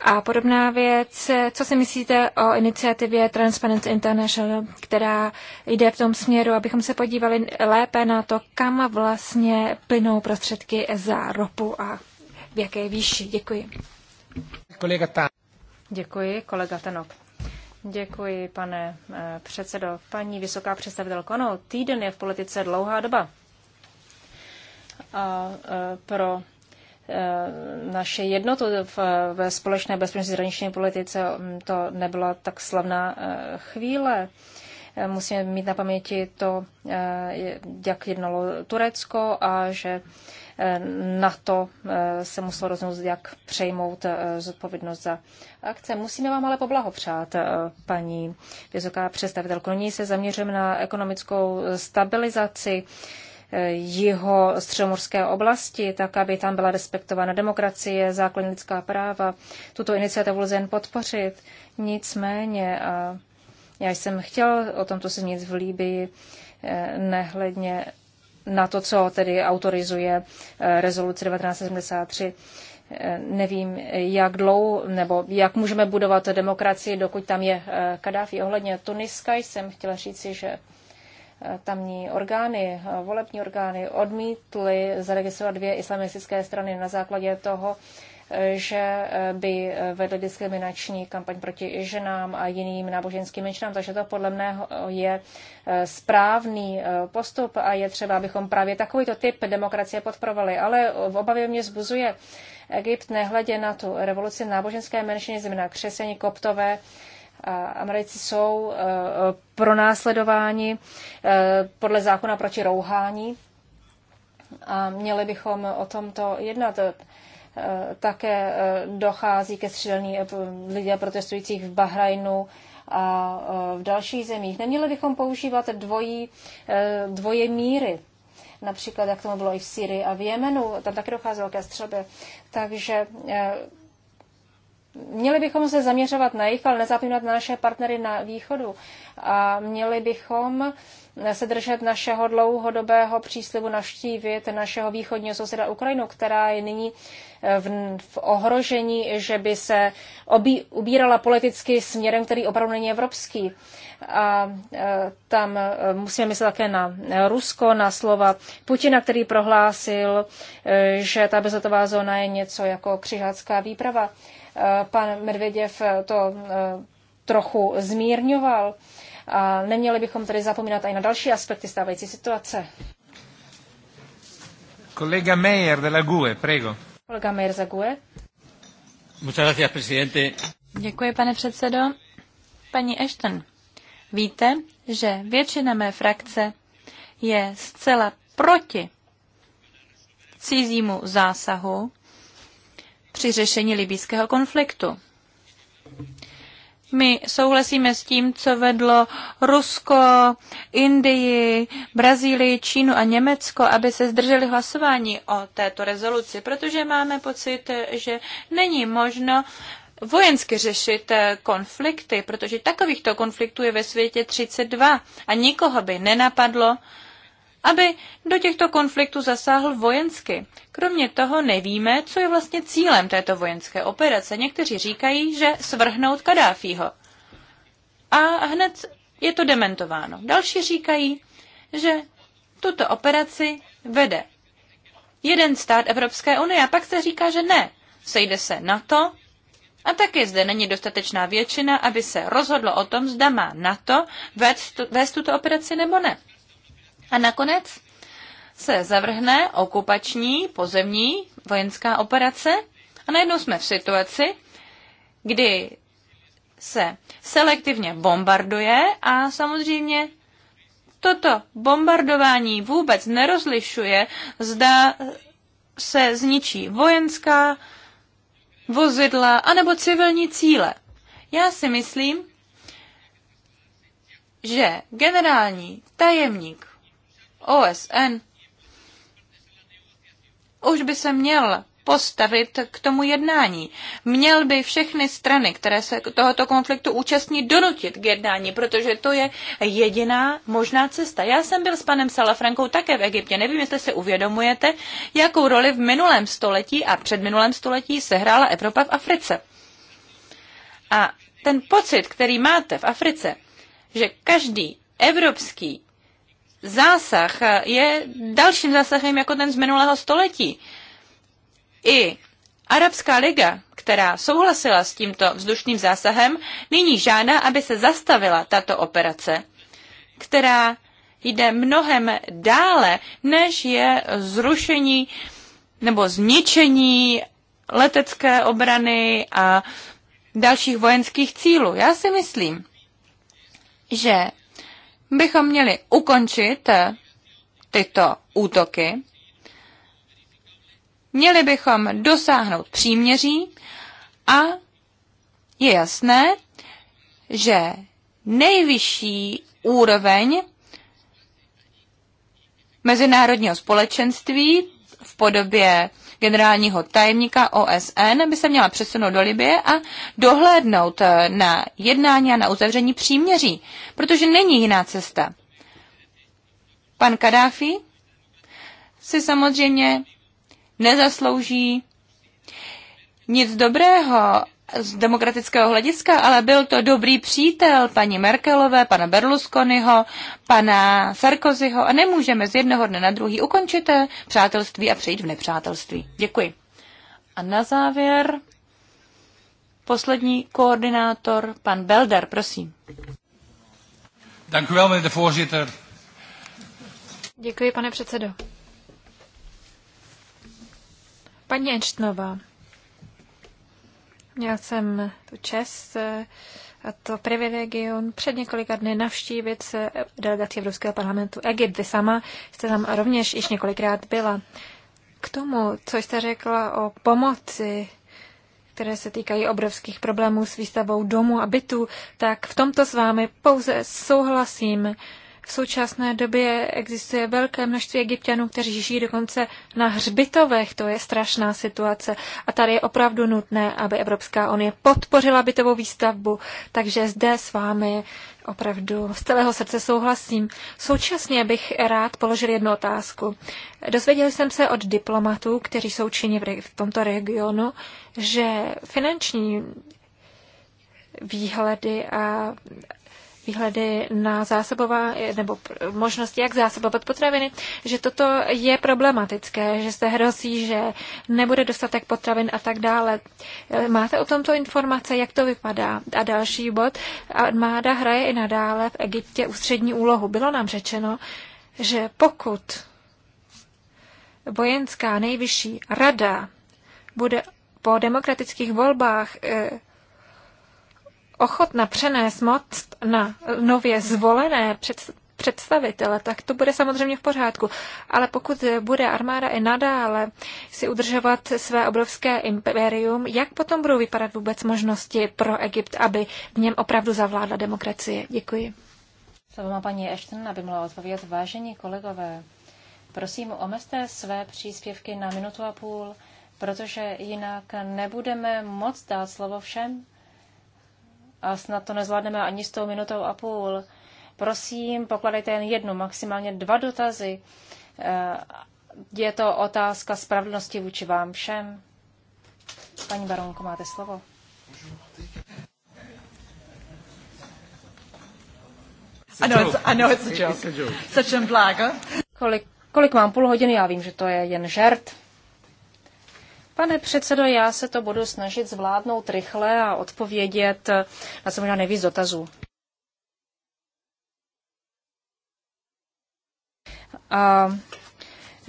A podobná věc, co si myslíte o iniciativě Transparency International, která jde v tom směru, abychom se podívali lépe na to, kam vlastně plynou prostředky za ropu a v jaké výši. Děkuji. Kolega Tan. Děkuji, kolega Tanok. Děkuji, pane eh, předsedo. Paní vysoká představitelko, ano, týden je v politice dlouhá doba. A eh, pro Eh, naše jednotu ve společné bezpečnostní zraniční politice, mm, to nebyla tak slavná eh, chvíle. Eh, musíme mít na paměti to, jak jednalo Turecko a že na to se muselo rozhodnout, jak přejmout zodpovědnost za akce. Musíme vám ale poblahopřát, paní vysoká představitelko. Nyní se zaměřujeme na ekonomickou stabilizaci jeho středomorské oblasti, tak aby tam byla respektována demokracie, základní lidská práva. Tuto iniciativu lze jen podpořit. Nicméně, a já jsem chtěl o tomto se nic v Líbii, eh, nehledně na to, co tedy autorizuje eh, rezoluce 1973. Eh, nevím, jak dlouho nebo jak můžeme budovat demokracii, dokud tam je Kadáfi. Ohledně Tuniska jsem chtěla říci, že tamní orgány, volební orgány odmítly zaregistrovat dvě islamistické strany na základě toho, že by vedly diskriminační kampaň proti ženám a jiným náboženským menšinám. Takže to podle mě je eh, správný eh, postup a je třeba, abychom právě takovýto typ demokracie podporovali. Ale v obavě mě zbuzuje Egypt, nehledě na tu revoluci náboženské menšiny, znamená křesení koptové, Americi jsou eh, pronásledováni eh, podle zákona proti rouhání a měli bychom o tomto jednat. Eh, také dochází ke střílení lidé protestujících v Bahrajnu a v dalších zemích. Neměli bychom používat dvojí, dvoje míry například jak tomu bylo i v Syrii a v Jemenu, tam také docházelo ke střelbě. Takže Měli bychom se zaměřovat na jich, ale nezapínat na naše partnery na východu. A měli bychom se držet našeho dlouhodobého příslivu navštívit našeho východního souseda Ukrajinu, která je nyní eh, v, v ohrožení, že by se obí, ubírala politicky směrem, který opravdu není evropský. A e, tam eh, musíme myslet také na Rusko, na slova Putina, který prohlásil, e, že ta bezletová zóna je něco jako křižácká výprava. Eh, pan Medvěděv to eh, trochu zmírňoval. A neměli bychom tedy zapomínat i na další aspekty stávající situace. Kolega Meyer de la GUE, prego. Kolega Meyer za GUE. Muchas gracias, presidente. Děkuji, pane předsedo. Paní Ashton, víte, že většina mé frakce je zcela proti cizímu zásahu při řešení libijského konfliktu. My souhlasíme s tím, co vedlo Rusko, Indii, Brazílii, Čínu a Německo, aby se zdrželi hlasování o této rezoluci, protože máme pocit, že není možno vojensky řešit eh, konflikty, protože takovýchto konfliktů je ve světě 32 a nikoho by nenapadlo, aby do těchto konfliktů zasáhl vojensky. Kromě toho nevíme, co je vlastně cílem této vojenské operace. Někteří říkají, že svrhnout Kadáfího. A hned je to dementováno. Další říkají, že tuto operaci vede jeden stát Evropské unie a pak se říká, že ne. Sejde se NATO a taky zde není dostatečná většina, aby se rozhodlo o tom, zda má NATO vést, vést tuto operaci nebo ne. A nakonec se zavrhne okupační pozemní vojenská operace a najednou jsme v situaci, kdy se selektivně bombarduje a samozřejmě toto bombardování vůbec nerozlišuje, zda se zničí vojenská vozidla anebo civilní cíle. Já si myslím, že generální tajemník OSN už by se měl postavit k tomu jednání. Měl by všechny strany, které se tohoto konfliktu účastní, donutit k jednání, protože to je jediná možná cesta. Já jsem byl s panem Salafrankou také v Egyptě. Nevím, jestli si uvědomujete, jakou roli v minulém století a před minulém století sehrála Evropa v Africe. A ten pocit, který máte v Africe, že každý evropský zásah je dalším zásahem jako ten z minulého století. I Arabská liga, která souhlasila s tímto vzdušným zásahem, nyní žádá, aby se zastavila tato operace, která jde mnohem dále, než je zrušení nebo zničení letecké obrany a dalších vojenských cílů. Já si myslím, že bychom měli ukončit eh, tyto útoky, měli bychom dosáhnout příměří a je jasné, že nejvyšší úroveň mezinárodního společenství v podobě generálního tajemníka OSN by se měla přesunout do Libie a dohlédnout eh, na jednání a na uzavření příměří, protože není jiná cesta. Pan Kadáfi si samozřejmě nezaslouží nic dobrého z demokratického hlediska, ale byl to dobrý přítel paní Merkelové, pana Berlusconiho, pana Sarkozyho a nemůžeme z jednoho dne na druhý ukončit přátelství a přejít v nepřátelství. Děkuji. A na závěr poslední koordinátor, pan Belder, prosím. Děkuji, pane předsedo. Paní Enštnová, Měl jsem tu čest eh, a to privilegium před několika dny navštívit se eh, Evropského parlamentu Egypt. Vy sama jste tam rovněž již několikrát byla. K tomu, co jste řekla o pomoci, které se týkají obrovských problémů s výstavou domu a bytu, tak v tomto s vámi pouze souhlasím. V současné době existuje velké množství egyptianů, kteří žijí dokonce na hřbitovech. To je strašná situace. A tady je opravdu nutné, aby Evropská unie podpořila bytovou výstavbu. Takže zde s vámi opravdu z celého srdce souhlasím. Současně bych rád položil jednu otázku. Dozvěděl jsem se od diplomatů, kteří jsou činni v tomto regionu, že finanční výhledy a výhledy na zásobová, nebo možnosti, jak zásobovat potraviny, že toto je problematické, že se hrozí, že nebude dostatek potravin a tak dále. E, máte o tomto informace, jak to vypadá? A další bod, armáda hraje i nadále v Egyptě ústřední úlohu. Bylo nám řečeno, že pokud vojenská nejvyšší rada bude po demokratických volbách e, ochotna přenést moc na nově zvolené před, představitele, tak to bude samozřejmě v pořádku. Ale pokud bude armáda i nadále si udržovat své obrovské imperium, jak potom budou vypadat vůbec možnosti pro Egypt, aby v něm opravdu zavládla demokracie? Děkuji. Slovo má paní Ashton, aby mohla odpovědět. Vážení kolegové, prosím, omezte své příspěvky na minutu a půl, protože jinak nebudeme moc dát slovo všem a snad to nezvládneme ani s tou minutou a půl. Prosím, pokladejte jen jednu, maximálně dva dotazy. Eh, je to otázka spravedlnosti vůči vám všem. Paní baronko, máte slovo. Ano, ano, a joke. Such a Kolik, kolik mám půl hodiny, já vím, že to je jen žert. Pane předsedo, já se to budu snažit zvládnout rychle a odpovědět eh, na co možná nejvíc dotazů. A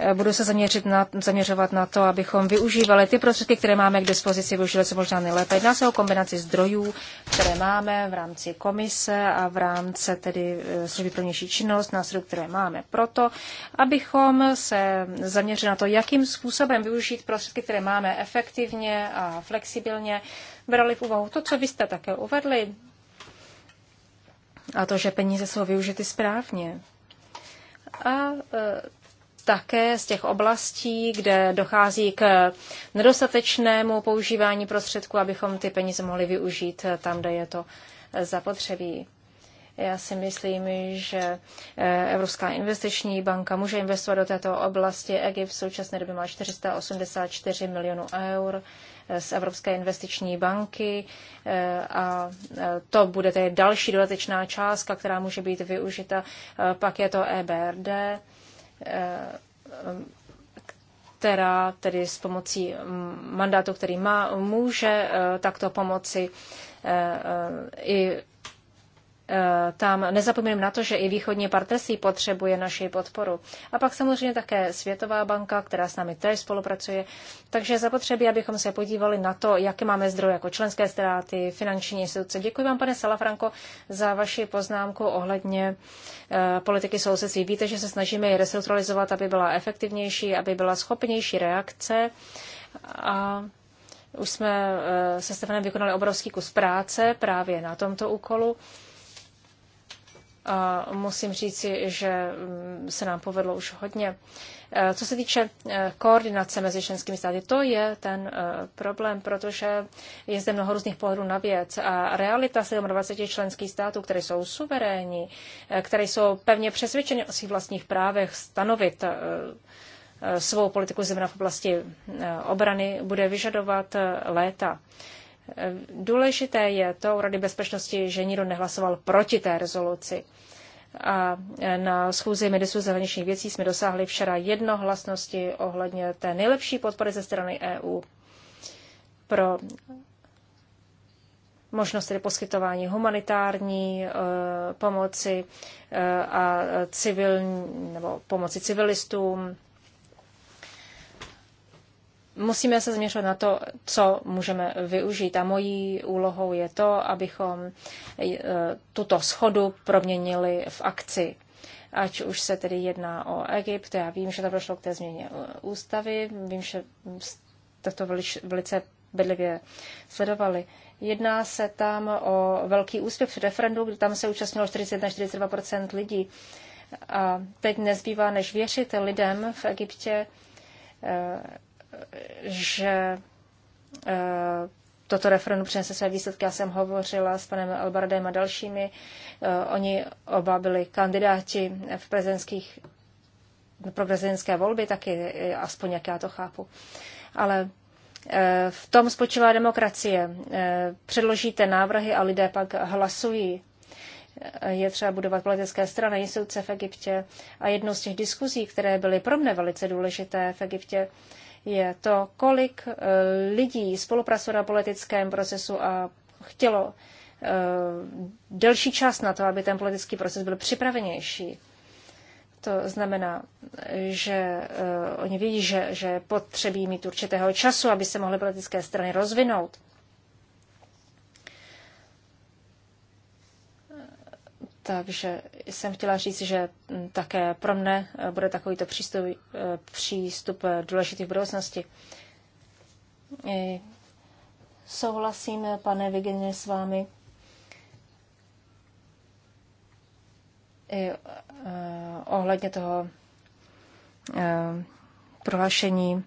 Eh, budu se zaměřit na, zaměřovat na to, abychom využívali ty prostředky, které máme k dispozici, využili se možná nejlépe. Jedná se o kombinaci zdrojů, které máme v rámci komise a v rámci tedy eh, služby pro činnost, nástrojů, které máme. Proto, abychom se zaměřili na to, jakým způsobem využít prostředky, které máme efektivně a flexibilně, brali v úvahu to, co vy jste také uvedli, a to, že peníze jsou využity správně. A eh, také z těch oblastí, kde dochází k nedostatečnému používání prostředků, abychom ty peníze mohli využít tam, kde je to zapotřebí. Já si myslím, že eh, Evropská investiční banka může investovat do této oblasti. Egypt v současné době má 484 milionů eur eh, z Evropské investiční banky eh, a to bude tedy další dodatečná částka, která může být využita. Pak je to EBRD která tedy s pomocí mandátu, který má, může eh, takto pomoci eh, eh, i Eh, tam nezapomínám na to, že i východní partnerství potřebuje naši podporu. A pak samozřejmě také Světová banka, která s námi též spolupracuje. Takže zapotřebí, abychom se podívali na to, jaké máme zdroje jako členské státy, finanční instituce. Děkuji vám, pane Salafranko, za vaši poznámku ohledně eh, politiky sousedství. Víte, že se snažíme ji restrukturalizovat, aby byla efektivnější, aby byla schopnější reakce. A už jsme eh, se Stefanem vykonali obrovský kus práce právě na tomto úkolu. A musím říci, že mm, se nám povedlo už hodně. E, co se týče e, koordinace mezi členskými státy, to je ten e, problém, protože je zde mnoho různých pohledů na věc a realita 27 členských států, které jsou suverénní, které jsou pevně přesvědčeny o svých vlastních právech stanovit svou politiku zejména v oblasti obrany, bude vyžadovat léta. Důležité je to u Rady bezpečnosti, že nikdo nehlasoval proti té rezoluci. A na schůzi ministrů zahraničních věcí jsme dosáhli včera jednohlasnosti ohledně té nejlepší podpory ze strany EU pro možnost tedy poskytování humanitární eh, pomoci eh, a civilní, nebo pomoci civilistům musíme se zaměřovat na to, co můžeme využít. A mojí úlohou je to, abychom eh, tuto schodu proměnili v akci. Ať už se tedy jedná o Egypt, já vím, že to prošlo k té změně eh, ústavy, vím, že jste to velice bedlivě sledovali. Jedná se tam o velký úspěch při referendu, kdy tam se účastnilo 41-42 lidí. A teď nezbývá, než věřit lidem v Egyptě, eh, že eh, toto referendum přinese své výsledky. Já jsem hovořila s panem Elbardem a dalšími. Eh, oni oba byli kandidáti v prezidentských, pro prezidentské volby, taky aspoň jak já to chápu. Ale eh, v tom spočívá demokracie. Předložíte návrhy a lidé pak hlasují. Je třeba budovat politické strany, instituce v Egyptě. A jednou z těch diskuzí, které byly pro mne velice důležité v Egyptě, je to, kolik eh, lidí spolupracuje na politickém procesu a chtělo eh, delší čas na to, aby ten politický proces byl připravenější. To znamená, že eh, oni vědí, že, že potřebí mít určitého času, aby se mohly politické strany rozvinout. Takže jsem chtěla říct, že také pro mne eh, bude takovýto přístup, eh, přístup eh, důležitý v budoucnosti. Souhlasím, pane Vigeně, s vámi. I, ohledně toho prohlášení,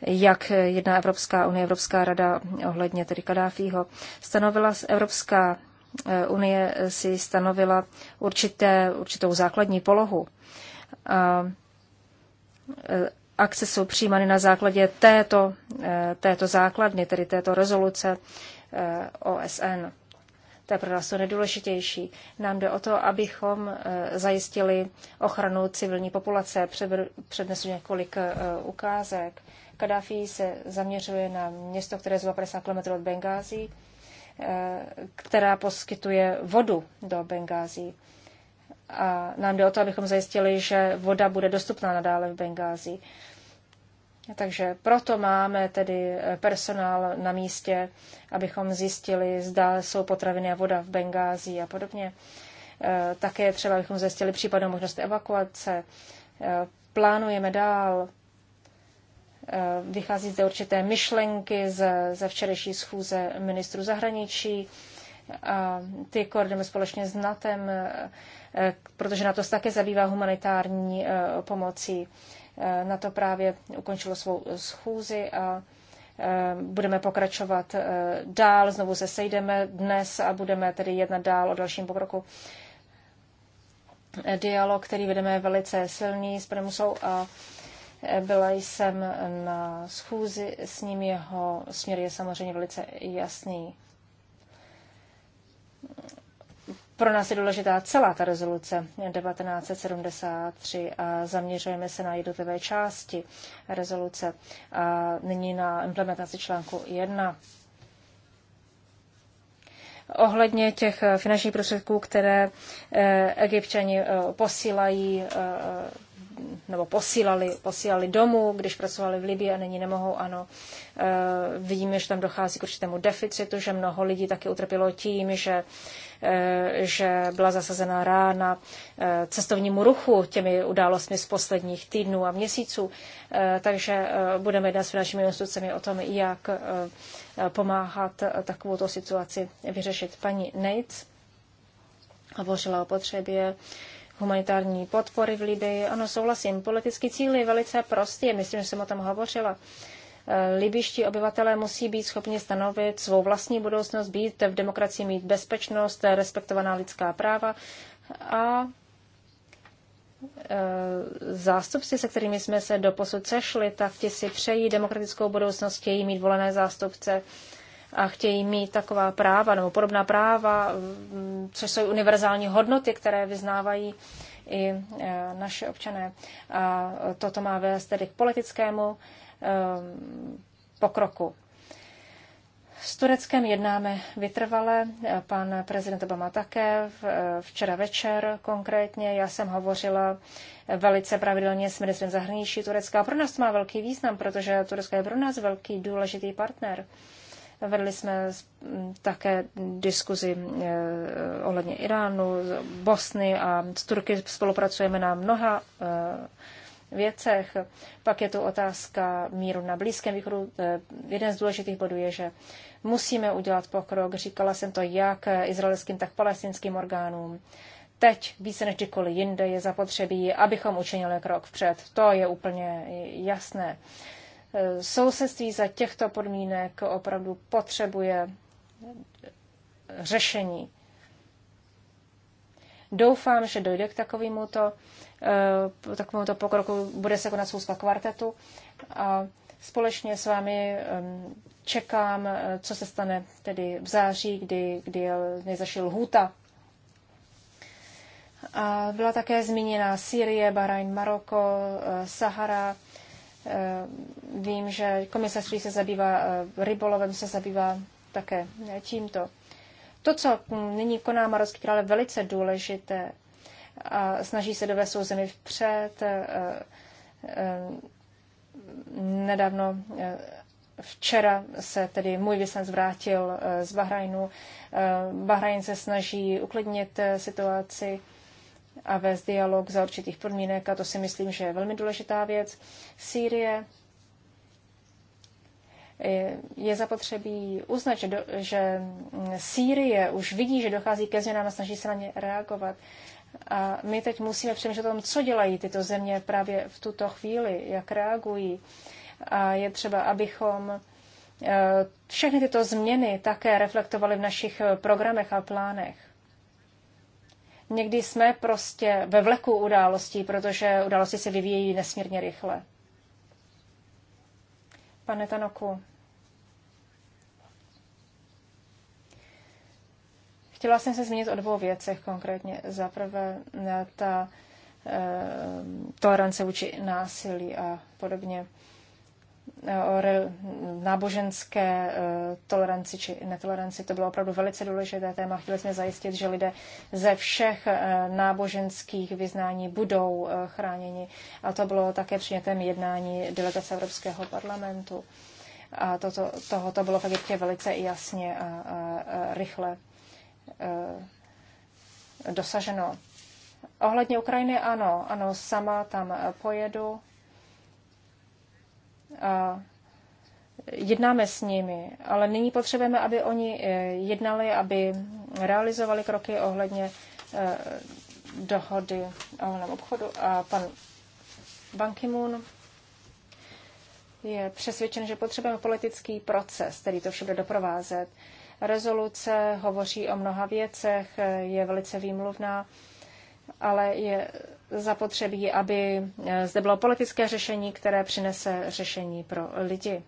jak jedna Evropská unie, Evropská rada ohledně tedy Kadáfího. Stanovila Evropská Eh, Unie si stanovila určité, určitou základní polohu. A eh, akce jsou přijímány na základě této, eh, této základny, tedy této rezoluce OSN. To je pro nás to nejdůležitější. Nám jde o to, abychom zajistili ochranu civilní populace. Přednesu několik ukázek. Kadáfi se zaměřuje na město, které je zhruba 50 km od Bengází Eh, která poskytuje vodu do Bengází. A nám jde o to, abychom zajistili, že voda bude dostupná nadále v Bengází. Takže proto máme tedy eh, personál na místě, abychom zjistili, zda jsou potraviny a voda v Bengází a podobně. Eh, také třeba, abychom zjistili případnou možnost evakuace. Plánujeme dál Eh, vychází zde určité myšlenky ze, ze včerejší schůze ministru zahraničí. A ty koordinujeme společně s NATem, eh, eh, protože na to se také zabývá humanitární pomocí. Na to právě ukončilo svou schůzi a budeme pokračovat dál. Znovu se sejdeme dnes a budeme tedy jednat dál o dalším pokroku. Dialog, který vedeme, je velice silný s Premusou a byla jsem na schůzi s ním, jeho směr je samozřejmě velice jasný. Pro nás je důležitá celá ta rezoluce 1973 a zaměřujeme se na jednotlivé části rezoluce a nyní na implementaci článku 1. Ohledně těch finančních prostředků, které eh, egyptčani eh, posílají eh, nebo posílali, posílali domů, když pracovali v Libii a nyní nemohou, ano. E, vidíme, že tam dochází k určitému deficitu, že mnoho lidí taky utrpělo tím, že, e, že byla zasazena rána e, cestovnímu ruchu těmi událostmi z posledních týdnů a měsíců. E, takže e, budeme jednat s finančními institucemi o tom, jak e, pomáhat takovou situaci vyřešit. Paní Nates hovořila o potřebě humanitární podpory v Libii. Ano, souhlasím. Politický cíl je velice prostý, myslím, že jsem o tom hovořila. Eh, libiští obyvatelé musí být schopni stanovit svou vlastní budoucnost, být v demokracii, mít bezpečnost, respektovaná lidská práva a eh, zástupci, se kterými jsme se do posud sešli, tak ti si přejí demokratickou budoucnost, chtějí mít volené zástupce a chtějí mít taková práva nebo podobná práva, což jsou univerzální hodnoty, které vyznávají i e, naše občané. A toto má vést tedy k politickému e, pokroku. S Tureckem jednáme vytrvale, pan prezident Obama také, e, včera večer konkrétně. Já jsem hovořila velice pravidelně s ministrem zahraničí Turecka. pro nás to má velký význam, protože Turecko je pro nás velký důležitý partner. Vedli jsme také diskuzi eh, ohledně Iránu, Bosny a s Turky spolupracujeme na mnoha eh, věcech. Pak je to otázka míru na Blízkém východu. Eh, jeden z důležitých bodů je, že musíme udělat pokrok. Říkala jsem to jak izraelským, tak palestinským orgánům. Teď více než kdykoliv jinde je zapotřebí, abychom učinili krok vpřed. To je úplně jasné sousedství za těchto podmínek opravdu potřebuje řešení. Doufám, že dojde k takovémuto eh, to pokroku. Bude se konat schůzka kvartetu a společně s vámi čekám, eh, co se stane tedy v září, kdy, kdy je nejzašel lhůta. A byla také zmíněna Sýrie, Bahrain, Maroko, eh, Sahara, Eh, vím, že komisařství se zabývá eh, rybolovem, se zabývá také eh, tímto. To, co nyní koná Marocký král, je velice důležité a snaží se dovést svou zemi vpřed. Nedávno Včera se tedy můj vyslanec vrátil z Bahrajnu. Bahrajn se snaží uklidnit situaci a vést dialog za určitých podmínek a to si myslím, že je velmi důležitá věc. Sýrie je zapotřebí uznat, že, do, že Sýrie už vidí, že dochází ke změnám a snaží se na ně reagovat. A my teď musíme přemýšlet o tom, co dělají tyto země právě v tuto chvíli, jak reagují. A je třeba, abychom eh, všechny tyto změny také reflektovali v našich programech a plánech. Někdy jsme prostě ve vleku událostí, protože události se vyvíjí nesmírně rychle. Pane Tanoku, chtěla jsem se zmínit o dvou věcech konkrétně. Za prvé eh, ta e, tolerance vůči násilí a podobně. E, o náboženské e, toleranci či netoleranci. To bylo opravdu velice důležité téma. Chtěli jsme zajistit, že lidé ze všech e, náboženských vyznání budou e, chráněni. A to bylo také přijetém jednání delegace Evropského parlamentu. A toto, tohoto bylo v Egyptě velice jasně a, a, a rychle dosaženo. Ohledně Ukrajiny ano, ano, sama tam pojedu a jednáme s nimi, ale nyní potřebujeme, aby oni eh, jednali, aby realizovali kroky ohledně eh, dohody eh, o volném obchodu a pan Ban Ki-moon je přesvědčen, že potřebujeme politický proces, který to všude doprovázet. Rezoluce hovoří o mnoha věcech, je velice výmluvná, ale je zapotřebí, aby eh, zde bylo politické řešení, které přinese řešení pro lidi.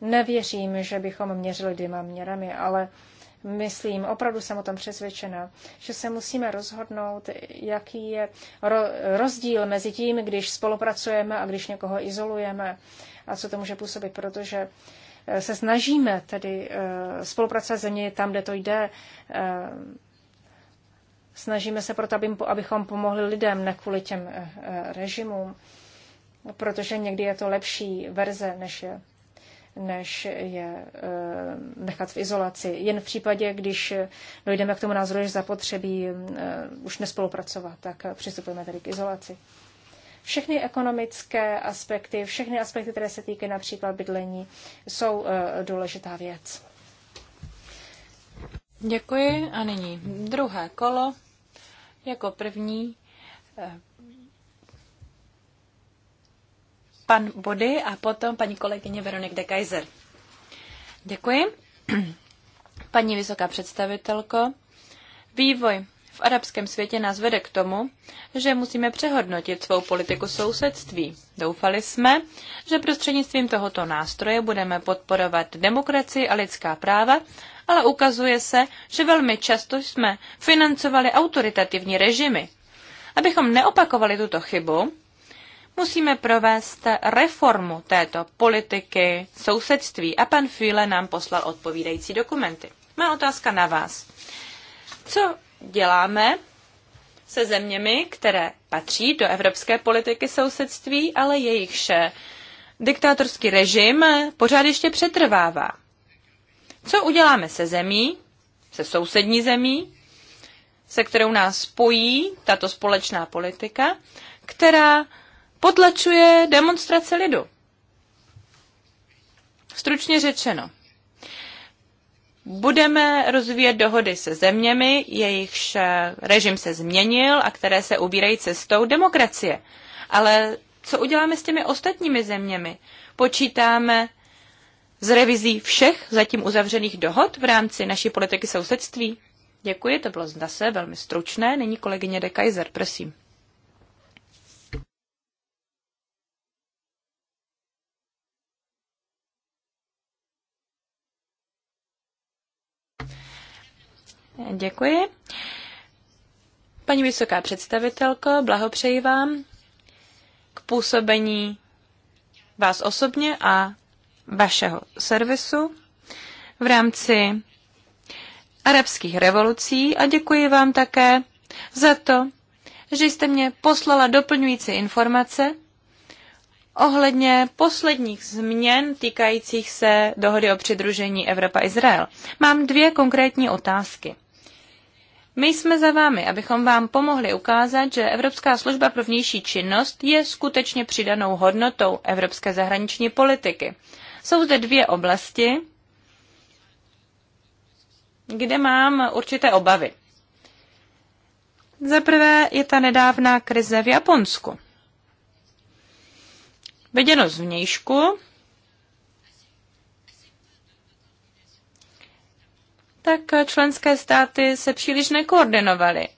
Nevěřím, že bychom měřili dvěma měrami, ale myslím, opravdu jsem o tom přesvědčena, že se musíme rozhodnout, jaký je rozdíl mezi tím, když spolupracujeme a když někoho izolujeme a co to může působit, protože eh, se snažíme tedy eh, spolupracovat země tam, kde to jde, Snažíme se proto, abychom pomohli lidem, ne kvůli těm eh, eh, režimům, protože někdy je to lepší verze, než je, než je eh, nechat v izolaci. Jen v případě, když dojdeme k tomu názoru, že zapotřebí už nespolupracovat, tak přistupujeme tedy k izolaci. Všechny ekonomické aspekty, všechny aspekty, které se týkají například bydlení, jsou důležitá věc. Děkuji a nyní druhé kolo. Jako první eh, pan Body a potom paní kolegyně Veronik de Kaiser. Děkuji. Paní vysoká představitelko, vývoj v arabském světě nás vede k tomu, že musíme přehodnotit svou politiku sousedství. Doufali jsme, že prostřednictvím tohoto nástroje budeme podporovat demokracii a lidská práva, ale ukazuje se, že velmi často jsme financovali autoritativní režimy. Abychom neopakovali tuto chybu, musíme provést reformu této politiky sousedství a pan Fühle nám poslal odpovídající dokumenty. Má otázka na vás. Co děláme se zeměmi, které patří do evropské politiky sousedství, ale jejichž diktátorský režim pořád ještě přetrvává. Co uděláme se zemí, se sousední zemí, se kterou nás spojí tato společná politika, která potlačuje demonstrace lidu? Stručně řečeno, budeme rozvíjet dohody se zeměmi, jejichž eh, režim se změnil a které se ubírají cestou demokracie. Ale co uděláme s těmi ostatními zeměmi? Počítáme z revizí všech zatím uzavřených dohod v rámci naší politiky sousedství? Děkuji, to bylo zase velmi stručné. Nyní kolegyně de Kaiser, prosím. Děkuji. Paní vysoká představitelko, blahopřeji vám k působení vás osobně a vašeho servisu v rámci arabských revolucí a děkuji vám také za to, že jste mě poslala doplňující informace ohledně posledních změn týkajících se dohody o přidružení Evropa-Izrael. Mám dvě konkrétní otázky. My jsme za vámi, abychom vám pomohli ukázat, že Evropská služba pro vnější činnost je skutečně přidanou hodnotou evropské zahraniční politiky. Jsou zde dvě oblasti, kde mám určité obavy. Za prvé je ta nedávná krize v Japonsku. Viděno vnějšku? tak členské státy se příliš nekoordinovaly.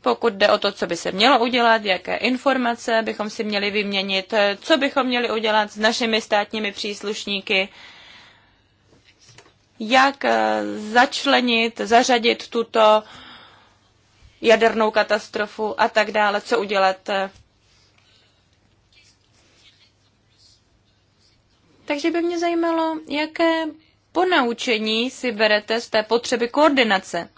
Pokud jde o to, co by se mělo udělat, jaké informace bychom si měli vyměnit, co bychom měli udělat s našimi státními příslušníky, jak eh, začlenit, zařadit tuto jadernou katastrofu a tak dále, co udělat. Eh. Takže by mě zajímalo, jaké ponaučení si berete z té potřeby koordinace,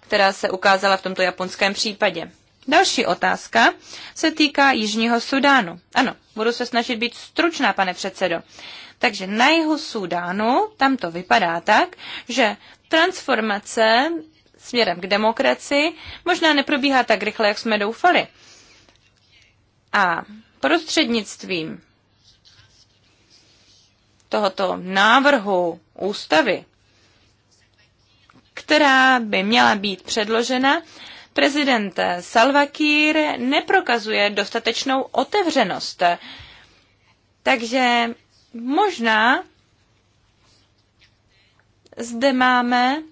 která se ukázala v tomto japonském případě. Další otázka se týká Jižního Sudánu. Ano, budu se snažit být stručná, pane předsedo. Takže na jihu Sudánu tam to vypadá tak, že transformace směrem k demokracii možná neprobíhá tak rychle, jak jsme doufali. A prostřednictvím tohoto návrhu ústavy, která by měla být předložena, prezident Salva neprokazuje dostatečnou otevřenost. Takže možná zde máme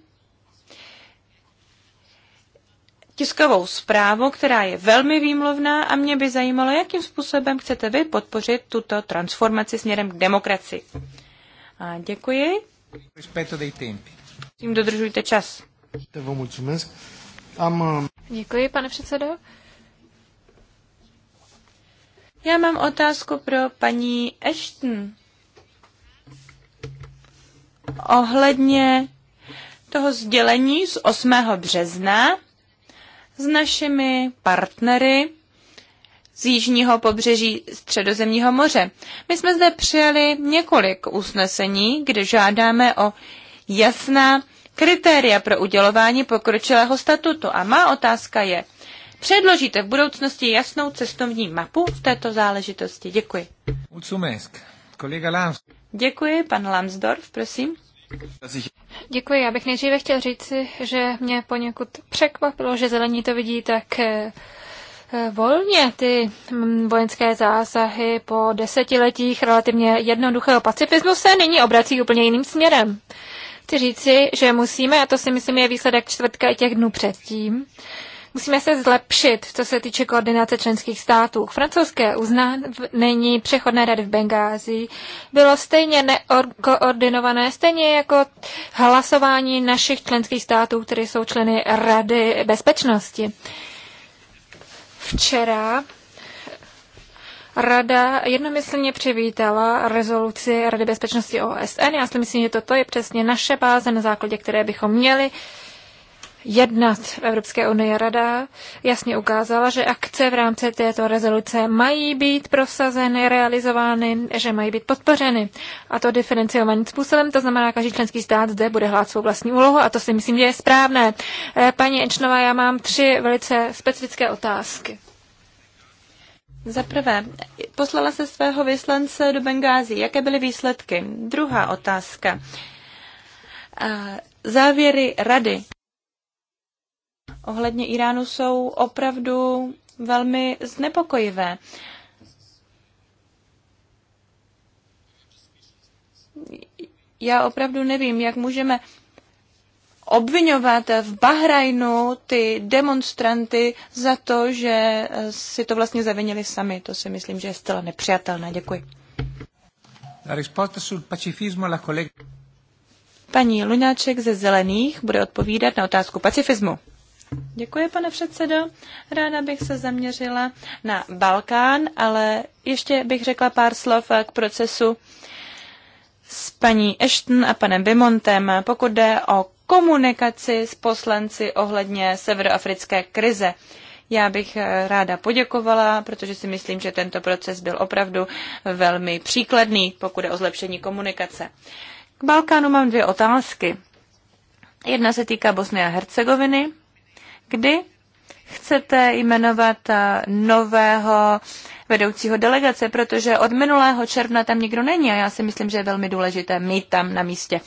tiskovou zprávu, která je velmi výmluvná a mě by zajímalo, jakým způsobem chcete vy podpořit tuto transformaci směrem k demokracii. A děkuji. Tím dodržujte čas. Uh, děkuji, pane předsedo. Já mám otázku pro paní Ashton. Ohledně toho sdělení z 8. března, s našimi partnery z jižního pobřeží Středozemního moře. My jsme zde přijali několik usnesení, kde žádáme o jasná kritéria pro udělování pokročilého statutu. A má otázka je, předložíte v budoucnosti jasnou cestovní mapu v této záležitosti? Děkuji. Děkuji, pan Lansdorf, prosím. Děkuji. Já bych nejdříve chtěl říci, že mě poněkud překvapilo, že zelení to vidí tak eh, eh, volně ty vojenské zásahy po desetiletích relativně jednoduchého pacifismu se nyní obrací úplně jiným směrem. Chci říci, že musíme, a to si myslím je výsledek čtvrtka i těch dnů předtím, Musíme se zlepšit, co se týče koordinace členských států. francouzské uznání přechodné rady v Bengázi bylo stejně nekoordinované, stejně jako hlasování našich členských států, které jsou členy Rady bezpečnosti. Včera Rada jednomyslně přivítala rezoluci Rady bezpečnosti OSN. Já si myslím, že toto je přesně naše báze, na základě které bychom měli jednat v Evropské unii. Rada jasně ukázala, že akce v rámci této rezoluce mají být prosazeny, realizovány, že mají být podpořeny. A to diferenciovaným způsobem, to znamená, každý členský stát zde bude hlát svou vlastní úlohu a to si myslím, že je správné. Eh, paní Enčnová, já mám tři velice specifické otázky. Za prvé, poslala se svého vyslance do Bengází. Jaké byly výsledky? Druhá otázka. Eh, závěry rady ohledně Iránu jsou opravdu velmi znepokojivé. Já opravdu nevím, jak můžeme obvinovat v Bahrajnu ty demonstranty za to, že eh, si to vlastně zavinili sami. To si myslím, že je zcela nepřijatelné. Děkuji. Paní Lunáček ze Zelených bude odpovídat na otázku pacifismu. Děkuji, pane předsedo. Ráda bych se zaměřila na Balkán, ale ještě bych řekla pár slov k procesu s paní Ashton a panem Bimontem, pokud jde o komunikaci s poslanci ohledně severoafrické krize. Já bych ráda poděkovala, protože si myslím, že tento proces byl opravdu velmi příkladný, pokud je o zlepšení komunikace. K Balkánu mám dvě otázky. Jedna se týká Bosny a Hercegoviny kdy chcete jmenovat eh, nového vedoucího delegace, protože od minulého června tam nikdo není a já si myslím, že je velmi důležité mít tam na místě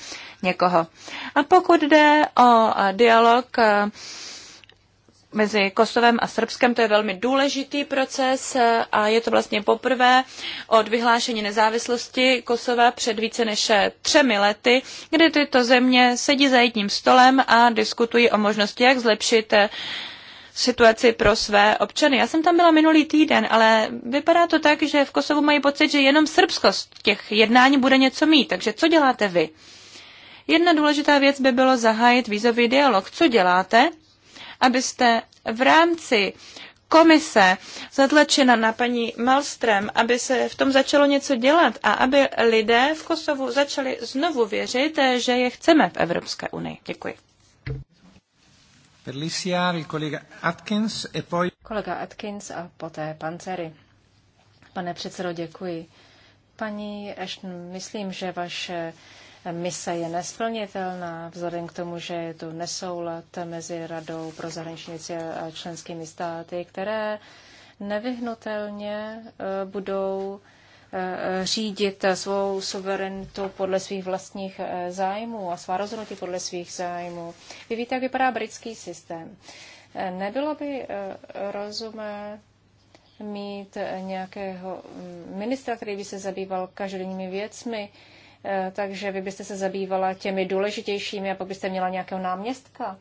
někoho. A pokud jde o eh, dialog eh, mezi Kosovem a Srbskem. To je velmi důležitý proces a je to vlastně poprvé od vyhlášení nezávislosti Kosova před více než třemi lety, kdy tyto země sedí za jedním stolem a diskutují o možnosti, jak zlepšit situaci pro své občany. Já jsem tam byla minulý týden, ale vypadá to tak, že v Kosovu mají pocit, že jenom Srbsko z těch jednání bude něco mít. Takže co děláte vy? Jedna důležitá věc by bylo zahájit vízový dialog. Co děláte, abyste v rámci komise zatlačena na paní Malstrem, aby se v tom začalo něco dělat a aby lidé v Kosovu začali znovu věřit, že je chceme v Evropské unii. Děkuji. Kolega Atkins, e poi... kolega Atkins a poté Pancery. Pane předsedo, děkuji. Paní Ashton, myslím, že vaše mise je nesplnitelná, vzhledem k tomu, že je tu nesoulad mezi Radou pro zahraniční a členskými státy, které nevyhnutelně eh, budou eh, řídit svou suverenitu podle svých vlastních eh, zájmů a svá rozhodnutí podle svých zájmů. Vy víte, jak vypadá britský systém. Nebylo by rozumé mít nějakého mm, ministra, který by se zabýval každodenními věcmi, Eh, takže vy byste se zabývala těmi důležitějšími a pak byste měla nějakého náměstka.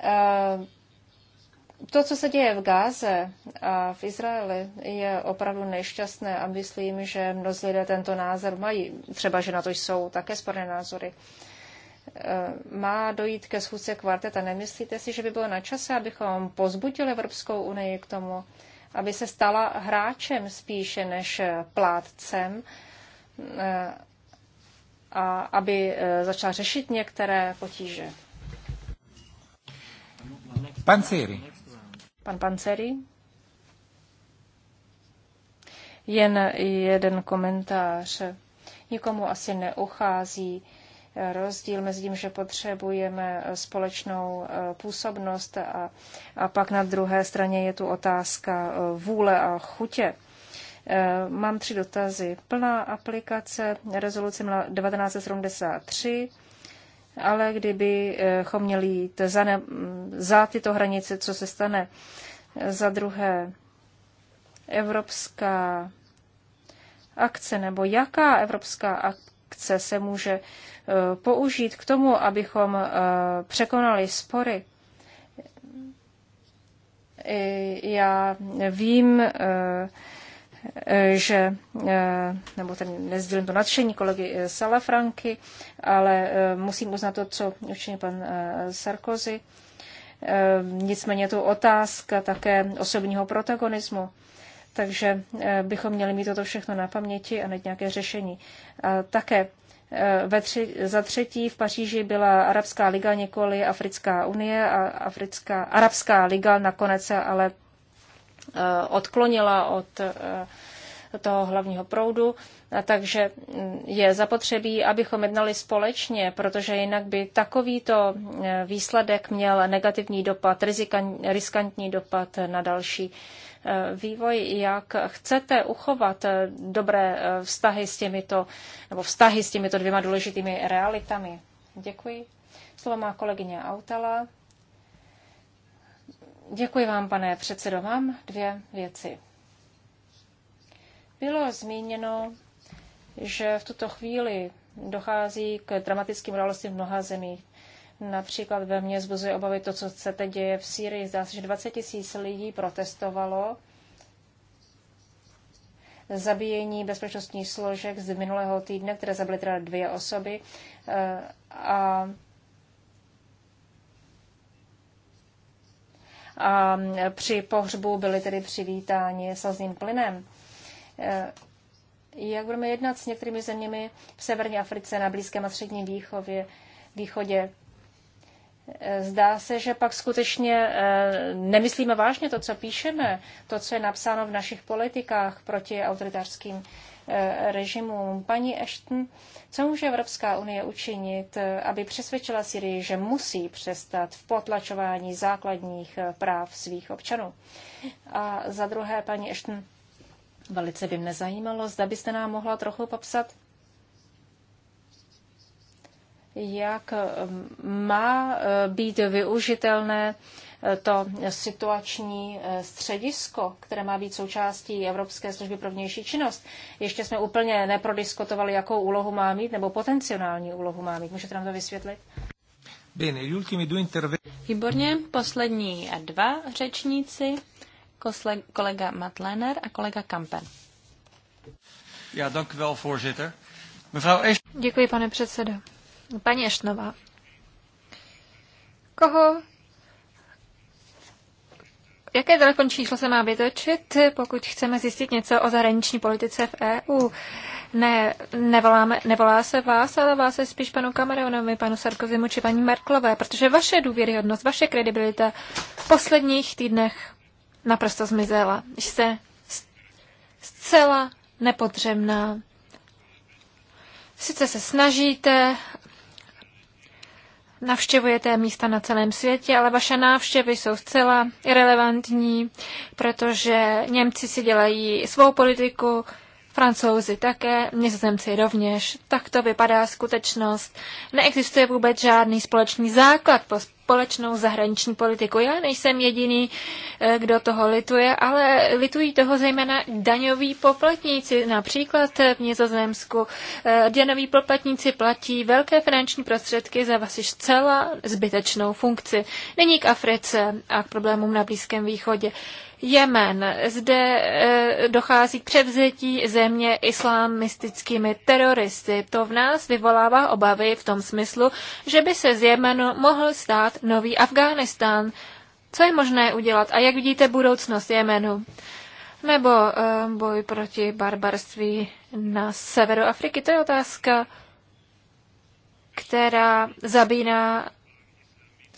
Eh, to, co se děje v Gáze a v Izraeli, je opravdu nešťastné a myslím, že mnozí lidé tento názor mají. Třeba, že na to jsou také sporné názory. Eh, má dojít ke schůzce kvarteta. Nemyslíte si, že by bylo na čase, abychom pozbudili Evropskou unii k tomu, aby se stala hráčem spíše než plátcem a aby e, začal řešit některé potíže. Panceri. Pan Panceri. Jen jeden komentář. Nikomu asi neuchází rozdíl mezi tím, že potřebujeme společnou e, působnost a, a pak na druhé straně je tu otázka e, vůle a chutě Eh, mám tři dotazy. Plná aplikace rezoluce 1973, ale kdybychom měli jít za, ne, za tyto hranice, co se stane? Za druhé, evropská akce nebo jaká evropská akce se může eh, použít k tomu, abychom eh, překonali spory. Já vím, že, eh, nebo ten nezdělím to nadšení kolegy eh, Salafranky, ale eh, musím uznat to, co učinil pan Sarkozy. Nicméně tu otázka také osobního protagonismu. Takže bychom měli mít toto všechno na paměti a najít nějaké řešení. A také ve tři, za třetí v Paříži byla Arabská liga, nikoli Africká unie a Africká, Arabská liga nakonec ale Eh, odklonila od eh, toho hlavního proudu. A takže mm, je zapotřebí, abychom jednali společně, protože jinak by takovýto eh, výsledek měl negativní dopad, riskantní dopad na další vývoj, jak chcete uchovat dobré vztahy s těmito, nebo vztahy s těmito dvěma důležitými realitami. Děkuji. Slovo má kolegyně Autala. Děkuji vám, pane předsedo. Mám dvě věci. Bylo zmíněno, že v tuto chvíli dochází k dramatickým událostím v mnoha zemích. Například ve mně zbuzuje obavy to, co se teď děje v Sýrii. Zdá se, že 20 tisíc lidí protestovalo zabíjení bezpečnostních složek z minulého týdne, které zabily teda dvě osoby. Eh, a a při pohřbu byli tedy přivítáni slzným plynem. E, jak budeme jednat s některými zeměmi v severní Africe, na Blízkém a Středním výchově, východě? E, zdá se, že pak skutečně e, nemyslíme vážně to, co píšeme, to, co je napsáno v našich politikách proti autoritářským Eh, režimu, Paní Ashton, co může Evropská unie učinit, eh, aby přesvědčila Syrii, že musí přestat v potlačování základních eh, práv svých občanů? A za druhé, paní Ashton, velice by mě zajímalo, zda byste nám mohla trochu popsat, jak má být využitelné to situační e, středisko, které má být součástí Evropské služby pro vnější činnost. Ještě jsme úplně neprodiskutovali, jakou úlohu má mít, nebo potenciální úlohu má mít. Můžete nám to vysvětlit? Výborně, poslední dva řečníci, kolega Matlener a kolega Kampen. Ja, dank u wel, voorzitter. Mevrouw Eš... Děkuji, pane předsedo. Paní Eštnová, koho Jaké telefonní číslo se má vytočit, pokud chceme zjistit něco o zahraniční politice v EU? Ne, nevoláme, nevolá se vás, ale vás se spíš panu Cameronovi, panu Sarkozymu či paní Merklové, protože vaše důvěryhodnost, vaše kredibilita v posledních týdnech naprosto zmizela. Jste zcela nepotřebná. Sice se snažíte, navštěvujete místa na celém světě, ale vaše návštěvy jsou zcela irrelevantní, protože Němci si dělají svou politiku, francouzi také, nizozemci rovněž. Tak to vypadá skutečnost. Neexistuje vůbec žádný společný základ pro společnou zahraniční politiku. Já nejsem jediný, eh, kdo toho lituje, ale litují toho zejména daňoví poplatníci. Například v Nizozemsku eh, daňoví poplatníci platí velké finanční prostředky za vaši zcela zbytečnou funkci. Není k Africe a k problémům na Blízkém východě. Jemen. Zde eh, dochází k převzetí země islamistickými teroristy. To v nás vyvolává obavy v tom smyslu, že by se z Jemenu mohl stát nový Afghánistán. Co je možné udělat a jak vidíte budoucnost Jemenu? Nebo eh, boj proti barbarství na severu Afriky? To je otázka, která zabíná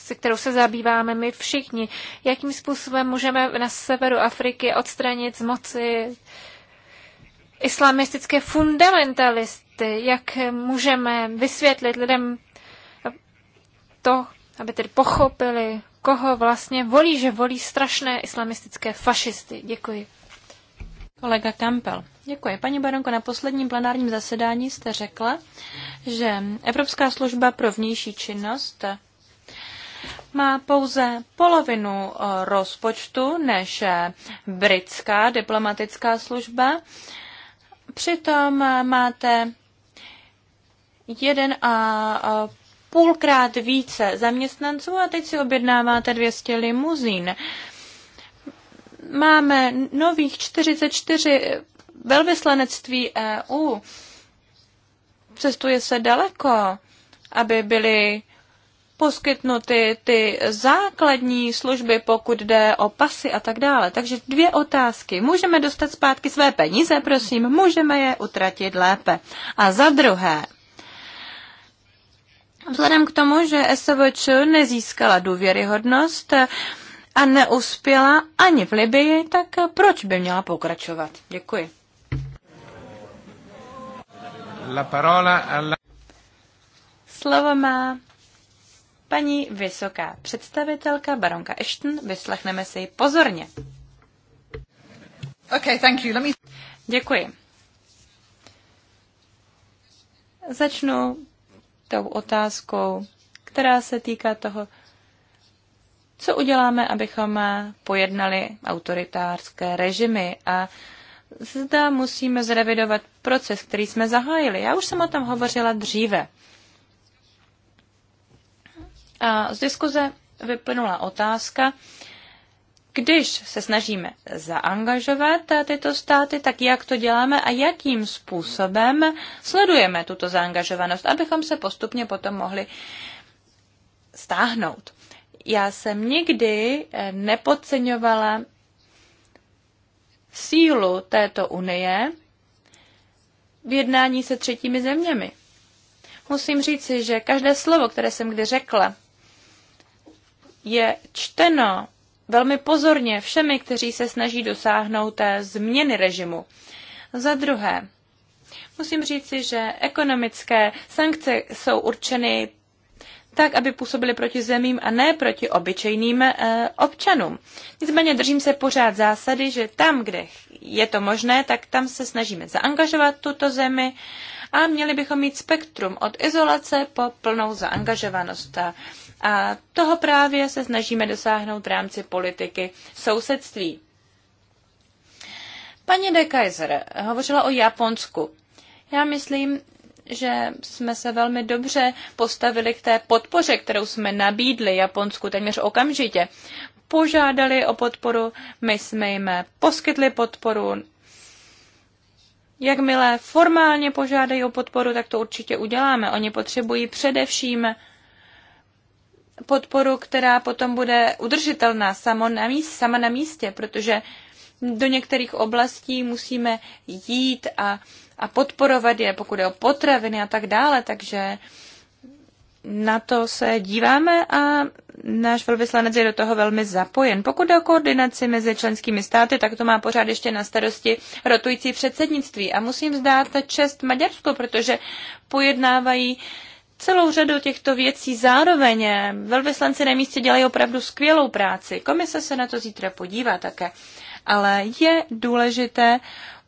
se kterou se zabýváme my všichni. Jakým způsobem můžeme na severu Afriky odstranit z moci islamistické fundamentalisty? Jak můžeme vysvětlit lidem to, aby tedy pochopili, koho vlastně volí, že volí strašné islamistické fašisty? Děkuji. Kolega Kampel. Děkuji. Paní Baronko, na posledním plenárním zasedání jste řekla, že Evropská služba pro vnější činnost má pouze polovinu eh, rozpočtu než eh, britská diplomatická služba. Přitom eh, máte jeden a půlkrát více zaměstnanců a teď si objednáváte 200 limuzín. Máme nových 44 velvyslanectví EU. Cestuje se daleko, aby byly poskytnuty ty základní služby, pokud jde o pasy a tak dále. Takže dvě otázky. Můžeme dostat zpátky své peníze, prosím, můžeme je utratit lépe. A za druhé, vzhledem k tomu, že SVČ nezískala důvěryhodnost a neuspěla ani v Libii, tak proč by měla pokračovat? Děkuji. La parola alla... Slovo má paní vysoká představitelka baronka Ashton, vyslechneme si ji pozorně. Okay, thank you. Let me... Děkuji. Začnu tou otázkou, která se týká toho, co uděláme, abychom pojednali autoritářské režimy a zda musíme zrevidovat proces, který jsme zahájili. Já už jsem o tom hovořila dříve. A z diskuze vyplynula otázka, když se snažíme zaangažovat tyto státy, tak jak to děláme a jakým způsobem sledujeme tuto zaangažovanost, abychom se postupně potom mohli stáhnout. Já jsem nikdy eh, nepodceňovala sílu této unie v jednání se třetími zeměmi. Musím říci, že každé slovo, které jsem kdy řekla je čteno velmi pozorně všemi, kteří se snaží dosáhnout té změny režimu. Za druhé, musím říci, že ekonomické sankce jsou určeny tak, aby působily proti zemím a ne proti obyčejným e, občanům. Nicméně držím se pořád zásady, že tam, kde je to možné, tak tam se snažíme zaangažovat tuto zemi a měli bychom mít spektrum od izolace po plnou zaangažovanost. A a toho právě se snažíme dosáhnout v rámci politiky sousedství. Paní de Kaiser hovořila o Japonsku. Já myslím, že jsme se velmi dobře postavili k té podpoře, kterou jsme nabídli Japonsku téměř okamžitě. Požádali o podporu, my jsme jim poskytli podporu. Jakmile formálně požádají o podporu, tak to určitě uděláme. Oni potřebují především podporu, která potom bude udržitelná samo na míst, sama na místě, protože do některých oblastí musíme jít a, a podporovat je, pokud je o potraviny a tak dále, takže na to se díváme a náš velvyslanec je do toho velmi zapojen. Pokud o koordinaci mezi členskými státy, tak to má pořád ještě na starosti rotující předsednictví. A musím zdát čest Maďarsku, protože pojednávají uh, celou řadu těchto věcí zároveň. Velvyslanci na místě dělají opravdu skvělou práci. Komise se na to zítra podívá také. Ale je důležité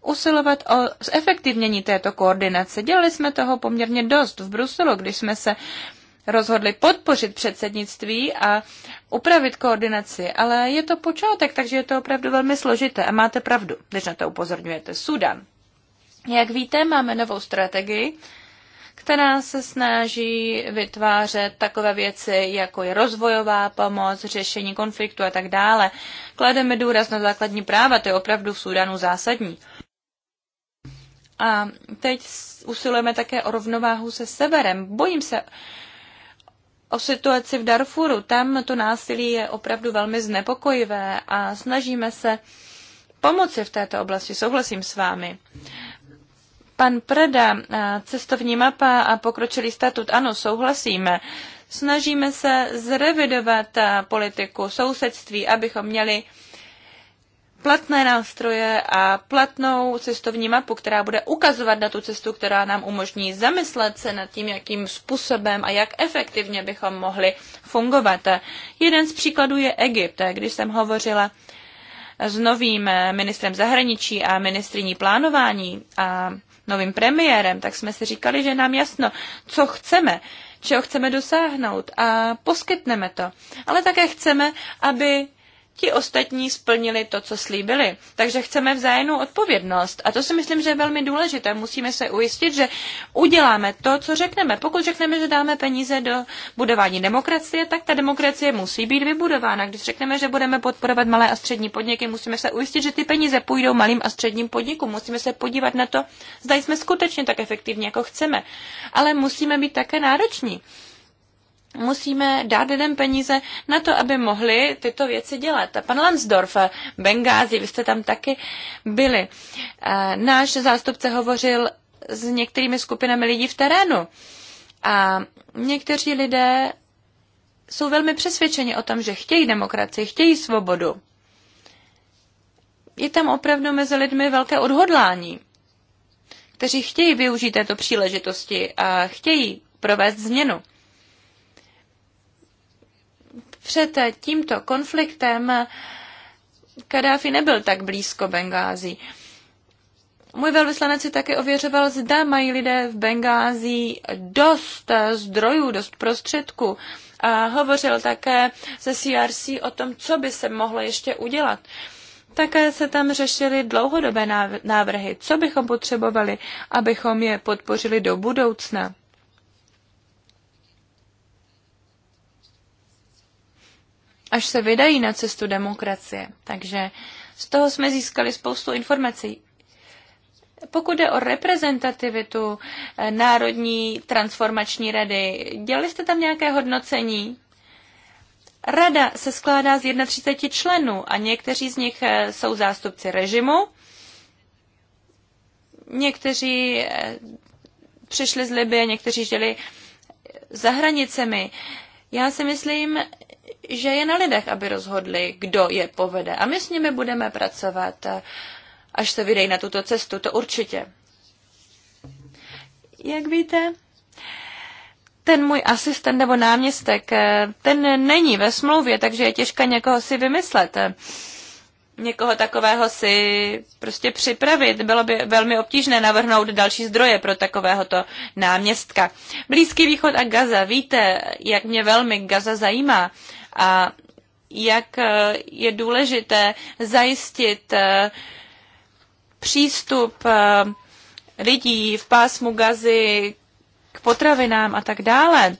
usilovat o zefektivnění této koordinace. Dělali jsme toho poměrně dost v Bruselu, když jsme se rozhodli podpořit předsednictví a upravit koordinaci, ale je to počátek, takže je to opravdu velmi složité a máte pravdu, když na to upozorňujete. Sudan. Jak víte, máme novou strategii, která se snaží vytvářet takové věci, jako je rozvojová pomoc, řešení konfliktu a tak dále. Klademe důraz na základní práva, to je opravdu v Súdanu zásadní. A teď usilujeme také o rovnováhu se severem. Bojím se o situaci v Darfuru. Tam to násilí je opravdu velmi znepokojivé a snažíme se pomoci v této oblasti. Souhlasím s vámi. Uh, Pan Preda, eh, cestovní mapa a pokročilý statut, ano, souhlasíme. Snažíme se zrevidovat eh, politiku sousedství, abychom měli platné nástroje a platnou cestovní mapu, která bude ukazovat na tu cestu, která nám umožní zamyslet se nad tím, jakým způsobem a jak efektivně bychom mohli fungovat. Jeden z příkladů je Egypt. Když jsem hovořila s novým eh, ministrem zahraničí a ministriní plánování a novým premiérem, tak jsme si říkali, že nám jasno, co chceme, čeho chceme dosáhnout a poskytneme to. Ale také chceme, aby ti ostatní splnili to, co slíbili. Takže chceme vzájemnou odpovědnost. A to si myslím, že je velmi důležité. Musíme se ujistit, že uděláme to, co řekneme. Pokud řekneme, že dáme peníze do budování demokracie, tak ta demokracie musí být vybudována. Když řekneme, že budeme podporovat malé a střední podniky, musíme se ujistit, že ty peníze půjdou malým a středním podnikům. Musíme se podívat na to, zda jsme skutečně tak efektivní, jako chceme. Ale musíme být také nároční musíme dát lidem peníze na to, aby mohli tyto věci dělat. A pan Lansdorf, Bengázi, vy jste tam taky byli. Náš zástupce hovořil s některými skupinami lidí v terénu. A někteří lidé jsou velmi přesvědčeni o tom, že chtějí demokracii, chtějí svobodu. Je tam opravdu mezi lidmi velké odhodlání, kteří chtějí využít této příležitosti a chtějí provést změnu. Před tímto konfliktem Kadáfi nebyl tak blízko Bengází. Můj velvyslanec si také ověřoval, zda mají lidé v Bengází dost zdrojů, dost prostředků. A hovořil také se CRC o tom, co by se mohlo ještě udělat. Také se tam řešily dlouhodobé návrhy, co bychom potřebovali, abychom je podpořili do budoucna. až se vydají na cestu demokracie. Takže z toho jsme získali spoustu informací. Pokud jde o reprezentativitu eh, Národní transformační rady, dělali jste tam nějaké hodnocení? Rada se skládá z 31 členů a někteří z nich eh, jsou zástupci režimu, někteří eh, přišli z Libie, někteří žili za hranicemi. Já si myslím, že je na lidech, aby rozhodli, kdo je povede. A my s nimi budeme pracovat, až se vydej na tuto cestu, to určitě. Jak víte, ten můj asistent nebo náměstek, ten není ve smlouvě, takže je těžké někoho si vymyslet někoho takového si prostě připravit. Bylo by velmi obtížné navrhnout další zdroje pro takovéhoto náměstka. Blízký východ a Gaza. Víte, jak mě velmi Gaza zajímá a jak eh, je důležité zajistit eh, přístup eh, lidí v pásmu Gazy k potravinám a tak dále.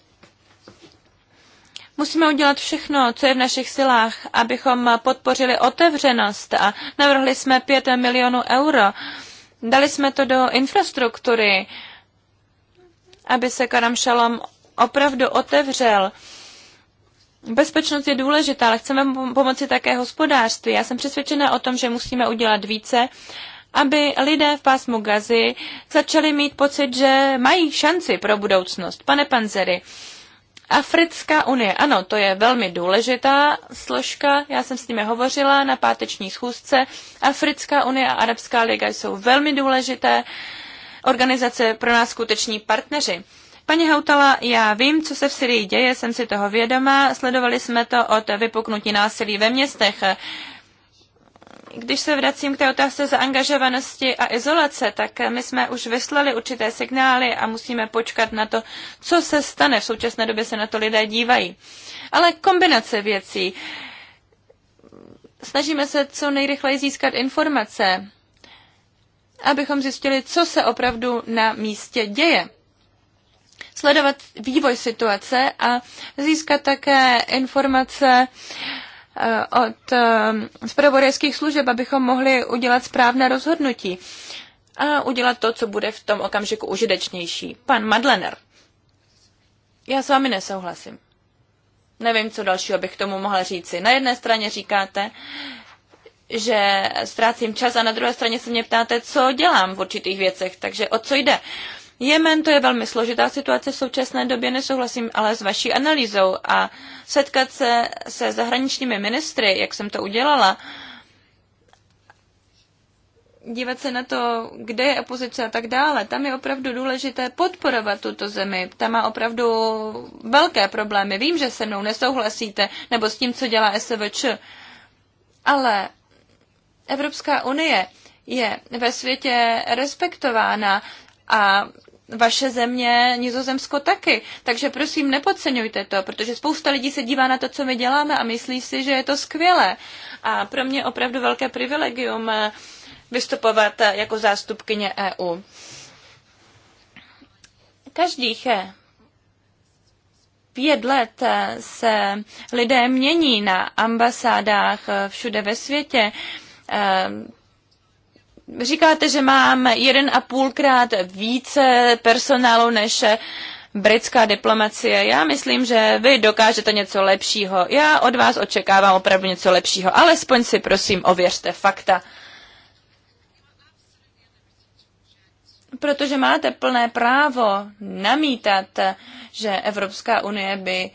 Musíme udělat všechno, co je v našich silách, abychom podpořili otevřenost a navrhli jsme 5 milionů euro. Dali jsme to do infrastruktury, aby se Karam Šalom opravdu otevřel. Bezpečnost je důležitá, ale chceme pomoci také hospodářství. Já jsem přesvědčena o tom, že musíme udělat více, aby lidé v pásmu Gazy začali mít pocit, že mají šanci pro budoucnost. Pane Panzery, Africká unie, ano, to je velmi důležitá složka, já jsem s nimi hovořila na páteční schůzce. Africká unie a Arabská liga jsou velmi důležité organizace pro nás skuteční partneři. Paní Hautala, já vím, co se v Syrii děje, jsem si toho vědomá. Sledovali jsme to od vypuknutí násilí ve městech. Když se vracím k té otázce zaangažovanosti a izolace, tak my jsme už vyslali určité signály a musíme počkat na to, co se stane. V současné době se na to lidé dívají. Ale kombinace věcí. Snažíme se co nejrychleji získat informace, abychom zjistili, co se opravdu na místě děje sledovat vývoj situace a získat také informace Eh, od eh, zpravodajských služeb, abychom mohli udělat správné rozhodnutí a udělat to, co bude v tom okamžiku užitečnější. Pan Madlener, já s vámi nesouhlasím. Nevím, co dalšího bych tomu mohla říci. Na jedné straně říkáte, že ztrácím čas a na druhé straně se mě ptáte, co dělám v určitých věcech, takže o co jde. Uh, Jemen to je velmi složitá situace v současné době, nesouhlasím ale s vaší analýzou a setkat se se zahraničními ministry, jak jsem to udělala, dívat se na to, kde je opozice a tak dále. Tam je opravdu důležité podporovat tuto zemi. Tam má opravdu velké problémy. Vím, že se mnou nesouhlasíte nebo s tím, co dělá SVČ, ale Evropská unie je ve světě respektována a vaše země, Nizozemsko taky. Takže prosím, nepodceňujte to, protože spousta lidí se dívá na to, co my děláme a myslí si, že je to skvělé. A pro mě opravdu velké privilegium eh, vystupovat eh, jako zástupkyně EU. Každých eh, pět let se lidé mění na ambasádách všude ve světě Říkáte, že mám jeden a půlkrát více personálu než britská diplomacie. Já myslím, že vy dokážete něco lepšího. Já od vás očekávám opravdu něco lepšího. Alespoň si prosím ověřte fakta. Protože máte plné právo namítat, že Evropská unie by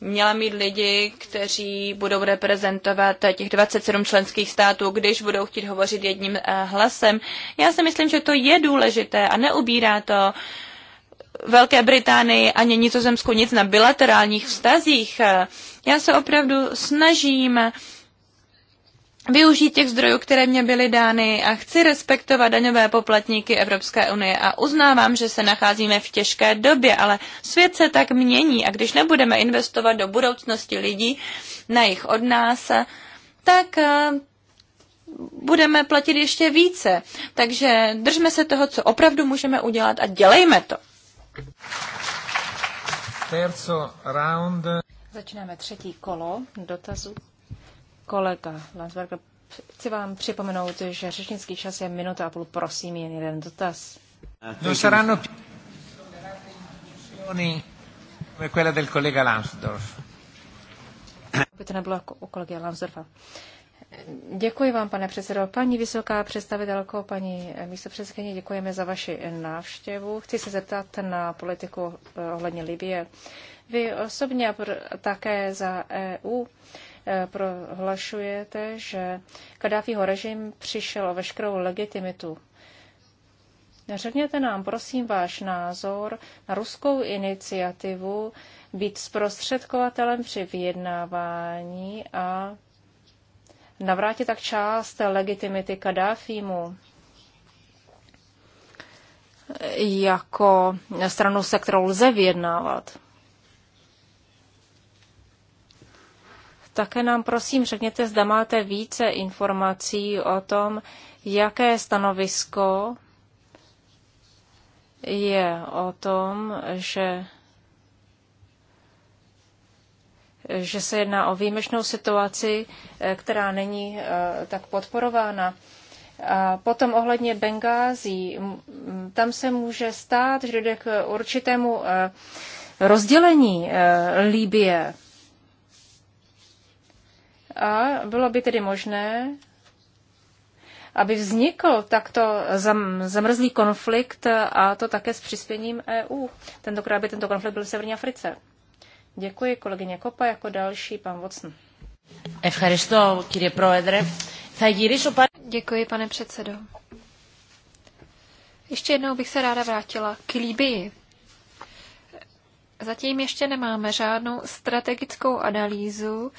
měla mít lidi, kteří budou reprezentovat těch 27 členských států, když budou chtít hovořit jedním eh, hlasem. Já si myslím, že to je důležité a neubírá to Velké Británii ani Nizozemsku nic na bilaterálních vztazích. Já se opravdu snažím využít těch zdrojů, které mě byly dány a chci respektovat daňové poplatníky Evropské unie a uznávám, že se nacházíme v těžké době, ale svět se tak mění a když nebudeme investovat do budoucnosti lidí, na jich od nás, tak eh, budeme platit ještě více. Takže držme se toho, co opravdu můžeme udělat a dělejme to. Terzo round. Začínáme třetí kolo dotazů kolega Lansberger, chci vám připomenout, že řečnický čas je minuta a půl. Prosím, jen jeden dotaz. No, saranno come quella del collega Lansdorf. to nebylo jako u kolegy Lansdorfa. Děkuji vám, pane předsedo. Paní vysoká představitelko, paní eh, místopředsedkyně, děkujeme za vaši návštěvu. Chci se zeptat na politiku eh, ohledně Libie. Vy osobně a také za EU Eh, prohlašujete, že Kadáfího režim přišel o veškerou legitimitu. Řekněte nám, prosím, váš názor na ruskou iniciativu být zprostředkovatelem při vyjednávání a navrátit tak část legitimity Kadáfímu jako stranu, se kterou lze vyjednávat. Také nám prosím řekněte, zda máte více informací o tom, jaké stanovisko je o tom, že že se jedná o výjimečnou situaci, eh, která není eh, tak podporována. A potom ohledně Bengází, tam se může stát, že jde k určitému eh, rozdělení Líbie a bylo by tedy možné, aby vznikl takto zamrzlý konflikt a to také s přispěním EU. Tentokrát by tento konflikt byl v Severní Africe. Děkuji kolegyně Kopa, jako další pan Watson. Děkuji, pane předsedo. Ještě jednou bych se ráda vrátila k Líbii. Zatím ještě nemáme žádnou strategickou analýzu,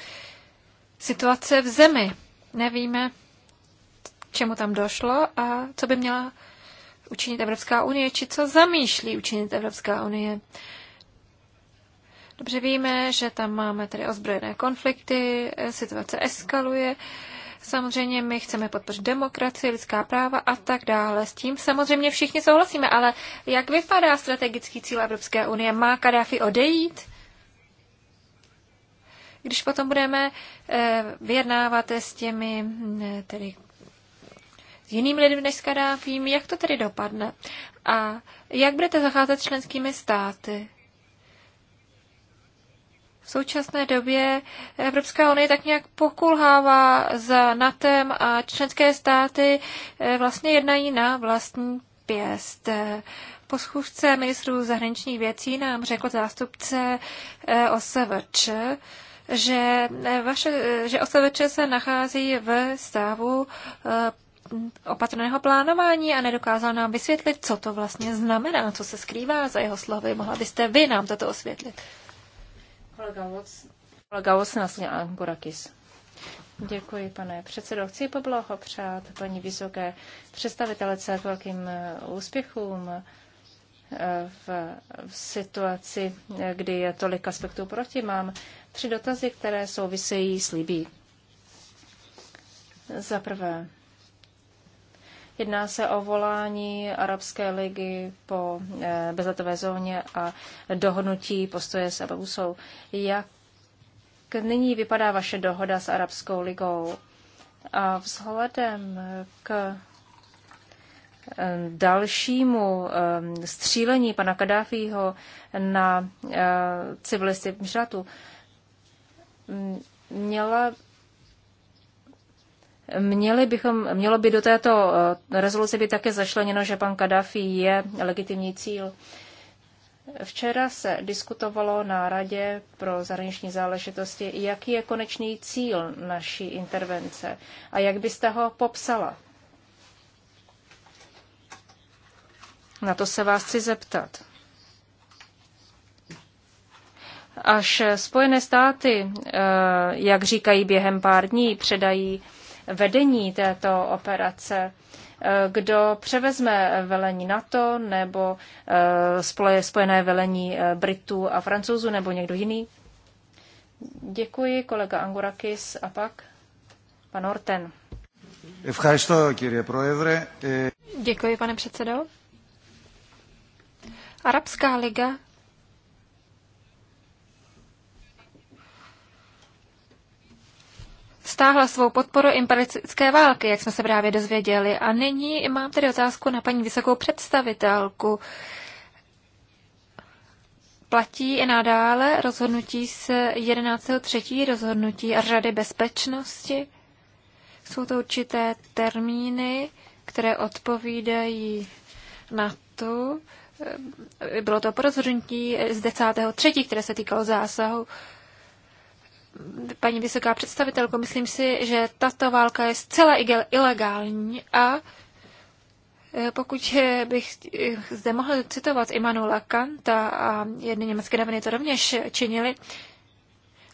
situace v zemi. Nevíme, čemu tam došlo a co by měla učinit Evropská unie, či co zamýšlí učinit Evropská unie. Dobře víme, že tam máme tedy ozbrojené konflikty, situace eskaluje. Samozřejmě my chceme podpořit demokracii, lidská práva a tak dále. S tím samozřejmě všichni souhlasíme, ale jak vypadá strategický cíl Evropské unie? Má Kadáfi odejít? Když potom budeme eh, vyjednávat s těmi, mm, eh, tedy s jinými lidmi než s Kadáfím, jak to tedy dopadne? A jak budete zacházet s členskými státy? V současné době Evropská unie tak nějak pokulhává za NATEM a členské státy eh, vlastně jednají na vlastní pěst. Po schůzce ministrů zahraničních věcí nám řekl zástupce OSVČ, že, eh, vaše, eh, že OSVČ se nachází v stavu eh, opatrného plánování a nedokázal nám vysvětlit, co to vlastně znamená, co se skrývá za jeho slovy. Mohla byste vy nám toto osvětlit? Kolega Vosnas Angurakis. Děkuji, pane předsedo. Chci poblahopřát paní vysoké představitelce k velkým úspěchům v, v situaci, kdy je tolik aspektů proti. Mám tři dotazy, které souvisejí s Libí. Za prvé, jedná se o volání Arabské ligy po eh, bezletové zóně a dohodnutí postoje s Abusou. Jak nyní vypadá vaše dohoda s Arabskou ligou? A vzhledem k dalšímu ehm, střílení pana Kadáfího na eh, civilisty v Mšratu, měla Měli bychom, mělo by do této eh, rezoluce být také zašleněno, že pan Kadafi je legitimní cíl. Včera se diskutovalo na Radě pro zahraniční záležitosti, jaký je konečný cíl naší intervence a jak byste ho popsala. Na to se vás chci zeptat. Až Spojené státy, eh, jak říkají během pár dní, předají vedení této operace, eh, kdo převezme velení NATO nebo eh, spojené velení Britů a Francouzů nebo někdo jiný? Děkuji, kolega Angurakis a pak pan Orten. Děkuji, pane předsedo. Arabská liga stáhla svou podporu imperialistické války, jak jsme se právě dozvěděli. A nyní mám tedy otázku na paní vysokou představitelku. Platí i nadále rozhodnutí z 11.3. rozhodnutí a řady bezpečnosti? Jsou to určité termíny, které odpovídají na to, Eh, bylo to porozhodnutí eh, z 10.3., které se týkalo zásahu paní vysoká představitelko, myslím si, že tato válka je zcela ilegální a eh, pokud bych zde mohl citovat Immanuela Kanta a jedny německé noviny to rovněž činili,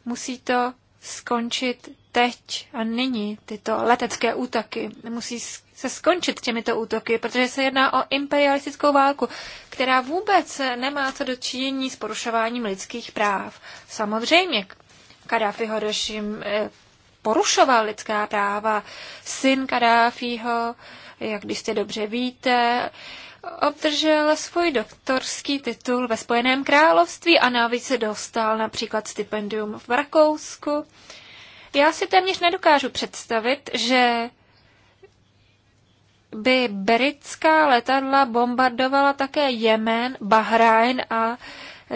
musí to skončit teď a nyní tyto letecké útaky. Musí se skončit těmito útoky, protože se jedná o imperialistickou válku, která vůbec nemá co dočinění s porušováním lidských práv. Samozřejmě, Kadáfiho režim eh, porušoval lidská práva. Syn Kadáfiho, jak jistě dobře víte, obdržel svůj doktorský titul ve Spojeném království a navíc se dostal například stipendium v Rakousku. Já si téměř nedokážu představit, že by britská letadla bombardovala také Jemen, Bahrajn a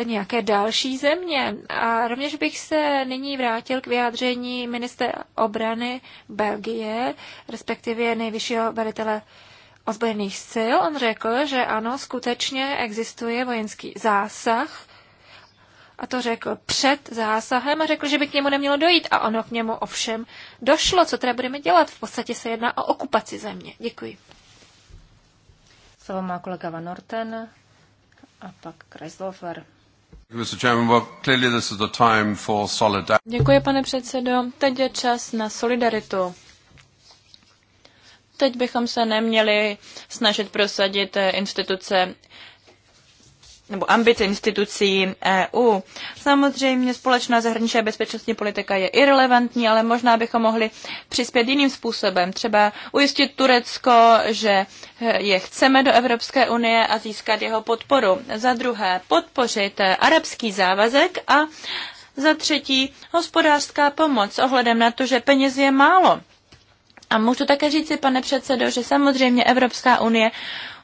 nějaké další země. A rovněž bych se nyní vrátil k vyjádření ministra obrany Belgie, respektive nejvyššího velitele ozbrojených sil. On řekl, že ano, skutečně existuje vojenský zásah a to řekl před zásahem a řekl, že by k němu nemělo dojít a ono k němu ovšem došlo. Co teda budeme dělat? V podstatě se jedná o okupaci země. Děkuji. Slovo má kolega Van Orten a pak Kreislofer. Děkuji, pane předsedo. Teď je čas na solidaritu. Teď bychom se neměli snažit prosadit eh, instituce nebo ambice institucí EU. Samozřejmě společná zahraniční a bezpečnostní politika je irrelevantní, ale možná bychom mohli přispět jiným způsobem. Třeba ujistit Turecko, že je chceme do Evropské unie a získat jeho podporu. Za druhé, podpořit arabský závazek a za třetí, hospodářská pomoc ohledem na to, že peněz je málo. A můžu také říci, pane předsedo, že samozřejmě Evropská unie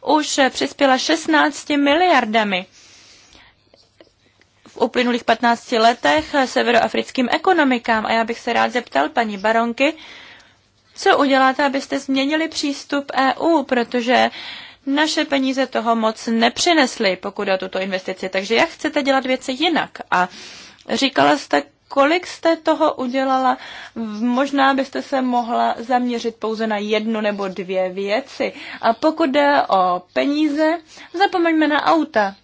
už přispěla 16 miliardami v uplynulých 15 letech severoafrickým ekonomikám. A já bych se rád zeptal paní baronky, co uděláte, abyste změnili přístup EU, protože naše peníze toho moc nepřinesly, pokud o tuto investici. Takže jak chcete dělat věci jinak? A říkala jste kolik jste toho udělala? Možná byste se mohla zaměřit pouze na jednu nebo dvě věci. A pokud jde o peníze, zapomeňme na auta.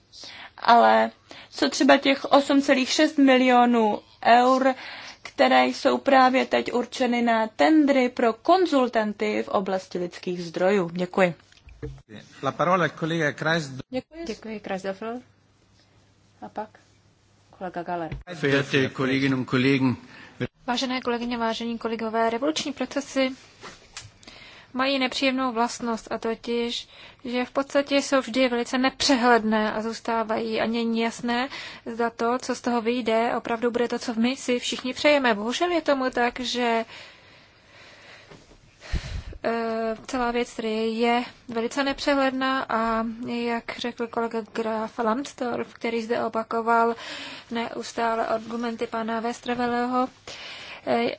Ale co třeba těch 8,6 milionů eur, které jsou právě teď určeny na tendry pro konzultanty v oblasti lidských zdrojů. Děkuji. La parola kolega Kreis... Děkuji. Děkuji, Kreisdorfer. A pak? Kolega Galer. Vážené kolegyně, vážení kolegové, revoluční procesy mají nepříjemnou vlastnost a totiž, že v podstatě jsou vždy velice nepřehledné a zůstávají a není jasné, zda to, co z toho vyjde, opravdu bude to, co my si všichni přejeme. Bohužel je tomu tak, že Eh, celá věc tedy je velice nepřehledná a jak řekl kolega Graf Lambsdorff, který zde opakoval neustále argumenty pana Westerveleho, E,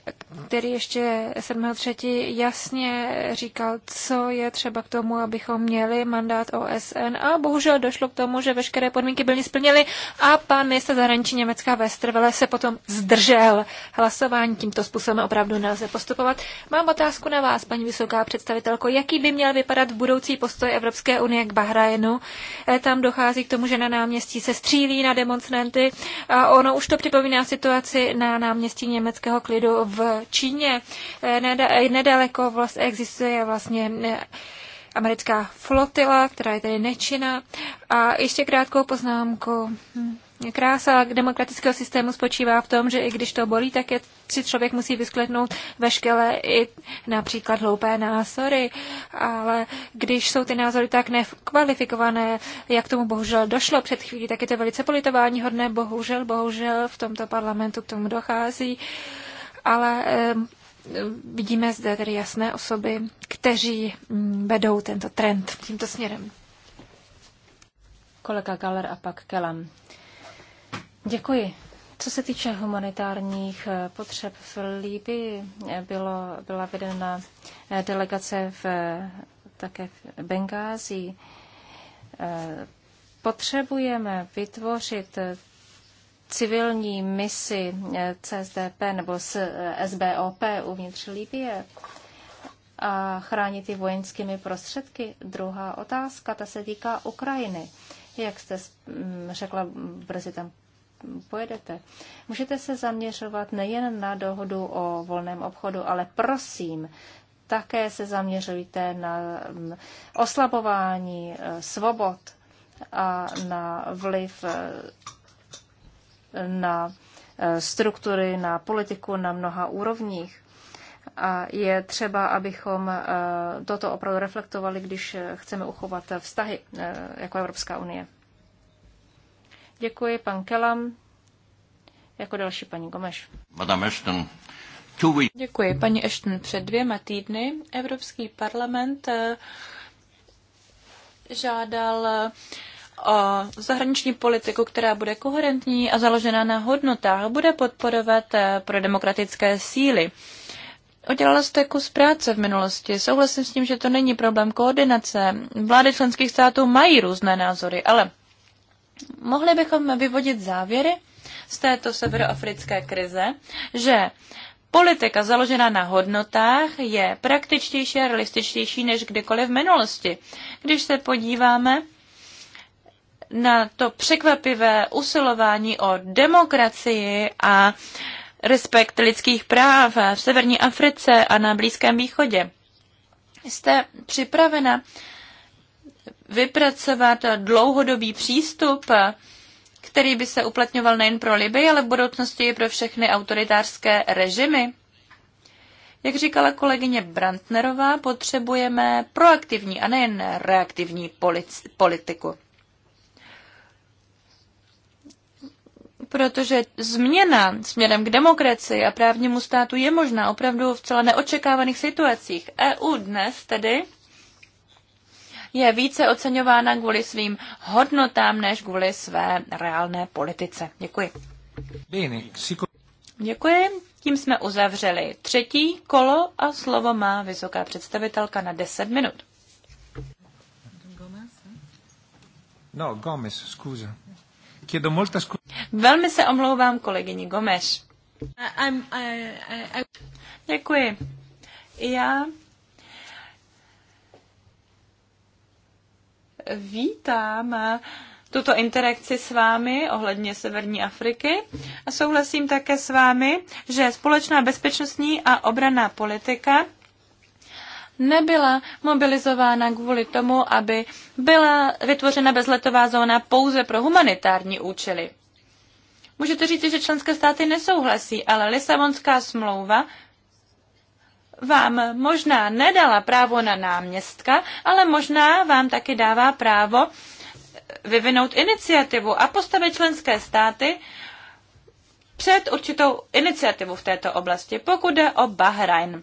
který ještě 7.3. jasně říkal, co je třeba k tomu, abychom měli mandát OSN a bohužel došlo k tomu, že veškeré podmínky byly splněny a pan minister zahraničí Německa Westerwelle se potom zdržel hlasování. Tímto způsobem opravdu nelze postupovat. Mám otázku na vás, paní vysoká představitelko. Jaký by měl vypadat budoucí postoj Evropské unie k Bahrajnu? E, tam dochází k tomu, že na náměstí se střílí na demonstranty a ono už to připomíná situaci na náměstí německého klidu covidu v Číně. Eh, eh, nedaleko vlastně existuje vlastně eh, americká flotila, která je tady nečina. A ještě krátkou poznámku. Hm, krása demokratického systému spočívá v tom, že i když to bolí, tak je, si člověk musí vysklednout ve i například hloupé názory, ale když jsou ty názory tak nekvalifikované, jak tomu bohužel došlo před chvílí, tak je to velice politování hodné, bohužel, bohužel v tomto parlamentu k tomu dochází ale vidíme zde tedy jasné osoby, kteří mm, vedou tento trend tímto směrem. Kolega Galer a pak Kelam. Děkuji. Co se týče humanitárních eh, potřeb v Líbii, eh, bylo, byla vedena eh, delegace v, také v Bengázi. Potřebujeme vytvořit civilní misi eh, CSDP nebo SBOP eh, uvnitř Libie a chránit ji vojenskými prostředky? Druhá otázka, ta se týká Ukrajiny. Jak jste mm, řekla, brzy tam pojedete. Můžete se zaměřovat nejen na dohodu o volném obchodu, ale prosím, také se zaměřujte na mm, oslabování eh, svobod a na vliv na eh, struktury, na politiku na mnoha úrovních. A je třeba, abychom eh, toto opravdu reflektovali, když eh, chceme uchovat vztahy jako Evropská unie. Děkuji, pan Kelam. Jako další paní Gomeš. Madame Ashton. Děkuji, paní Ashton. Před dvěma týdny Evropský parlament žádal o zahraniční politiku, která bude koherentní a založená na hodnotách, bude podporovat eh, pro demokratické síly. Udělala jste kus práce v minulosti. Souhlasím s tím, že to není problém koordinace. Vlády členských států mají různé názory, ale mohli bychom vyvodit závěry z této severoafrické krize, že politika založená na hodnotách je praktičtější a realističtější než kdykoliv v minulosti. Když se podíváme na to překvapivé usilování o demokracii a respekt lidských práv v severní Africe a na Blízkém východě. Jste připravena vypracovat dlouhodobý přístup, který by se uplatňoval nejen pro Liby, ale v budoucnosti i pro všechny autoritářské režimy? Jak říkala kolegyně Brantnerová, potřebujeme proaktivní a nejen reaktivní politiku. protože změna směrem k demokracii a právnímu státu je možná opravdu v celé neočekávaných situacích. EU dnes tedy je více oceňována kvůli svým hodnotám než kvůli své reálné politice. Děkuji. Děkuji. Tím jsme uzavřeli třetí kolo a slovo má vysoká představitelka na 10 minut. No, Gomez, scusa. Velmi se omlouvám kolegyni Gomeš. I'm, I, I, I... Děkuji. Já vítám tuto interakci s vámi ohledně Severní Afriky a souhlasím také s vámi, že společná bezpečnostní a obraná politika nebyla mobilizována kvůli tomu, aby byla vytvořena bezletová zóna pouze pro humanitární účely. Můžete říct, že členské státy nesouhlasí, ale Lisabonská smlouva vám možná nedala právo na náměstka, ale možná vám taky dává právo vyvinout iniciativu a postavit členské státy před určitou iniciativu v této oblasti, pokud jde o Bahrajn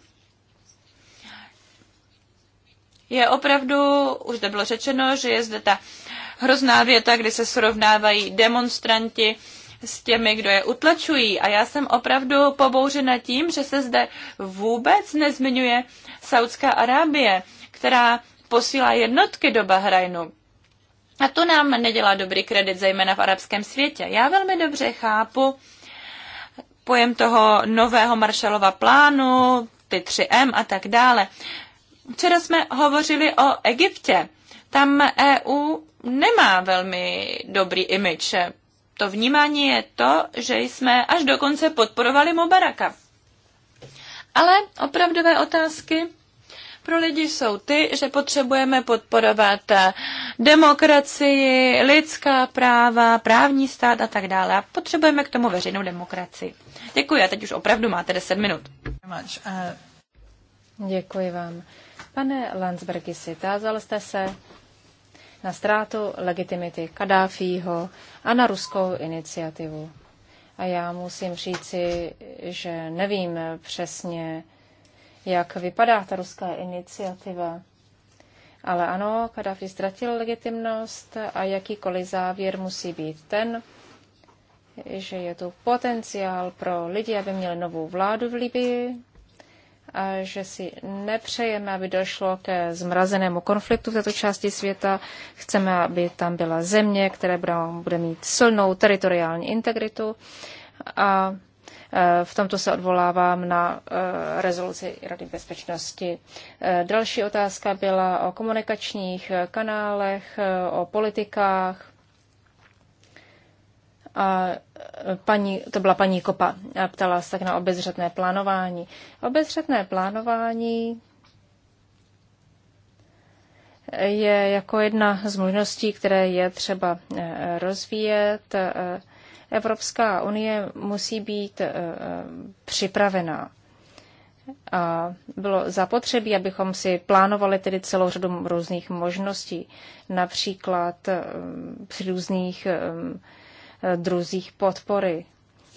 je opravdu, už zde bylo řečeno, že je zde ta hrozná věta, kdy se srovnávají demonstranti s těmi, kdo je utlačují. A já jsem opravdu pobouřena tím, že se zde vůbec nezmiňuje Saudská Arábie, která posílá jednotky do Bahrajnu. A to nám nedělá dobrý kredit, zejména v arabském světě. Já velmi dobře chápu pojem toho nového Marshallova plánu, ty 3M a tak dále. Včera jsme hovořili o Egyptě. Tam EU nemá velmi dobrý imič. To vnímání je to, že jsme až dokonce podporovali Mubaraka. Ale opravdové otázky pro lidi jsou ty, že potřebujeme podporovat demokracii, lidská práva, právní stát a tak dále. A potřebujeme k tomu veřejnou demokracii. Děkuji a teď už opravdu máte 10 minut. Děkuji vám. Pane Landsbergisi, tázal jste se na ztrátu legitimity Kadáfího a na ruskou iniciativu. A já musím říci, že nevím přesně, jak vypadá ta ruská iniciativa. Ale ano, Kadáfi ztratil legitimnost a jakýkoliv závěr musí být ten, že je tu potenciál pro lidi, aby měli novou vládu v Libii, že si nepřejeme, aby došlo ke zmrazenému konfliktu v této části světa. Chceme, aby tam byla země, která bude mít silnou teritoriální integritu. A e, v tomto se odvolávám na e, rezoluci Rady bezpečnosti. E, další otázka byla o komunikačních kanálech, o politikách a e, paní, to byla paní Kopa, a ptala se tak na obezřetné plánování. Obezřetné plánování je jako jedna z možností, které je třeba e, rozvíjet. E, Evropská unie musí být připravená. A bylo zapotřebí, abychom si plánovali tedy celou řadu různých možností, například při různých Eh, druzích podpory.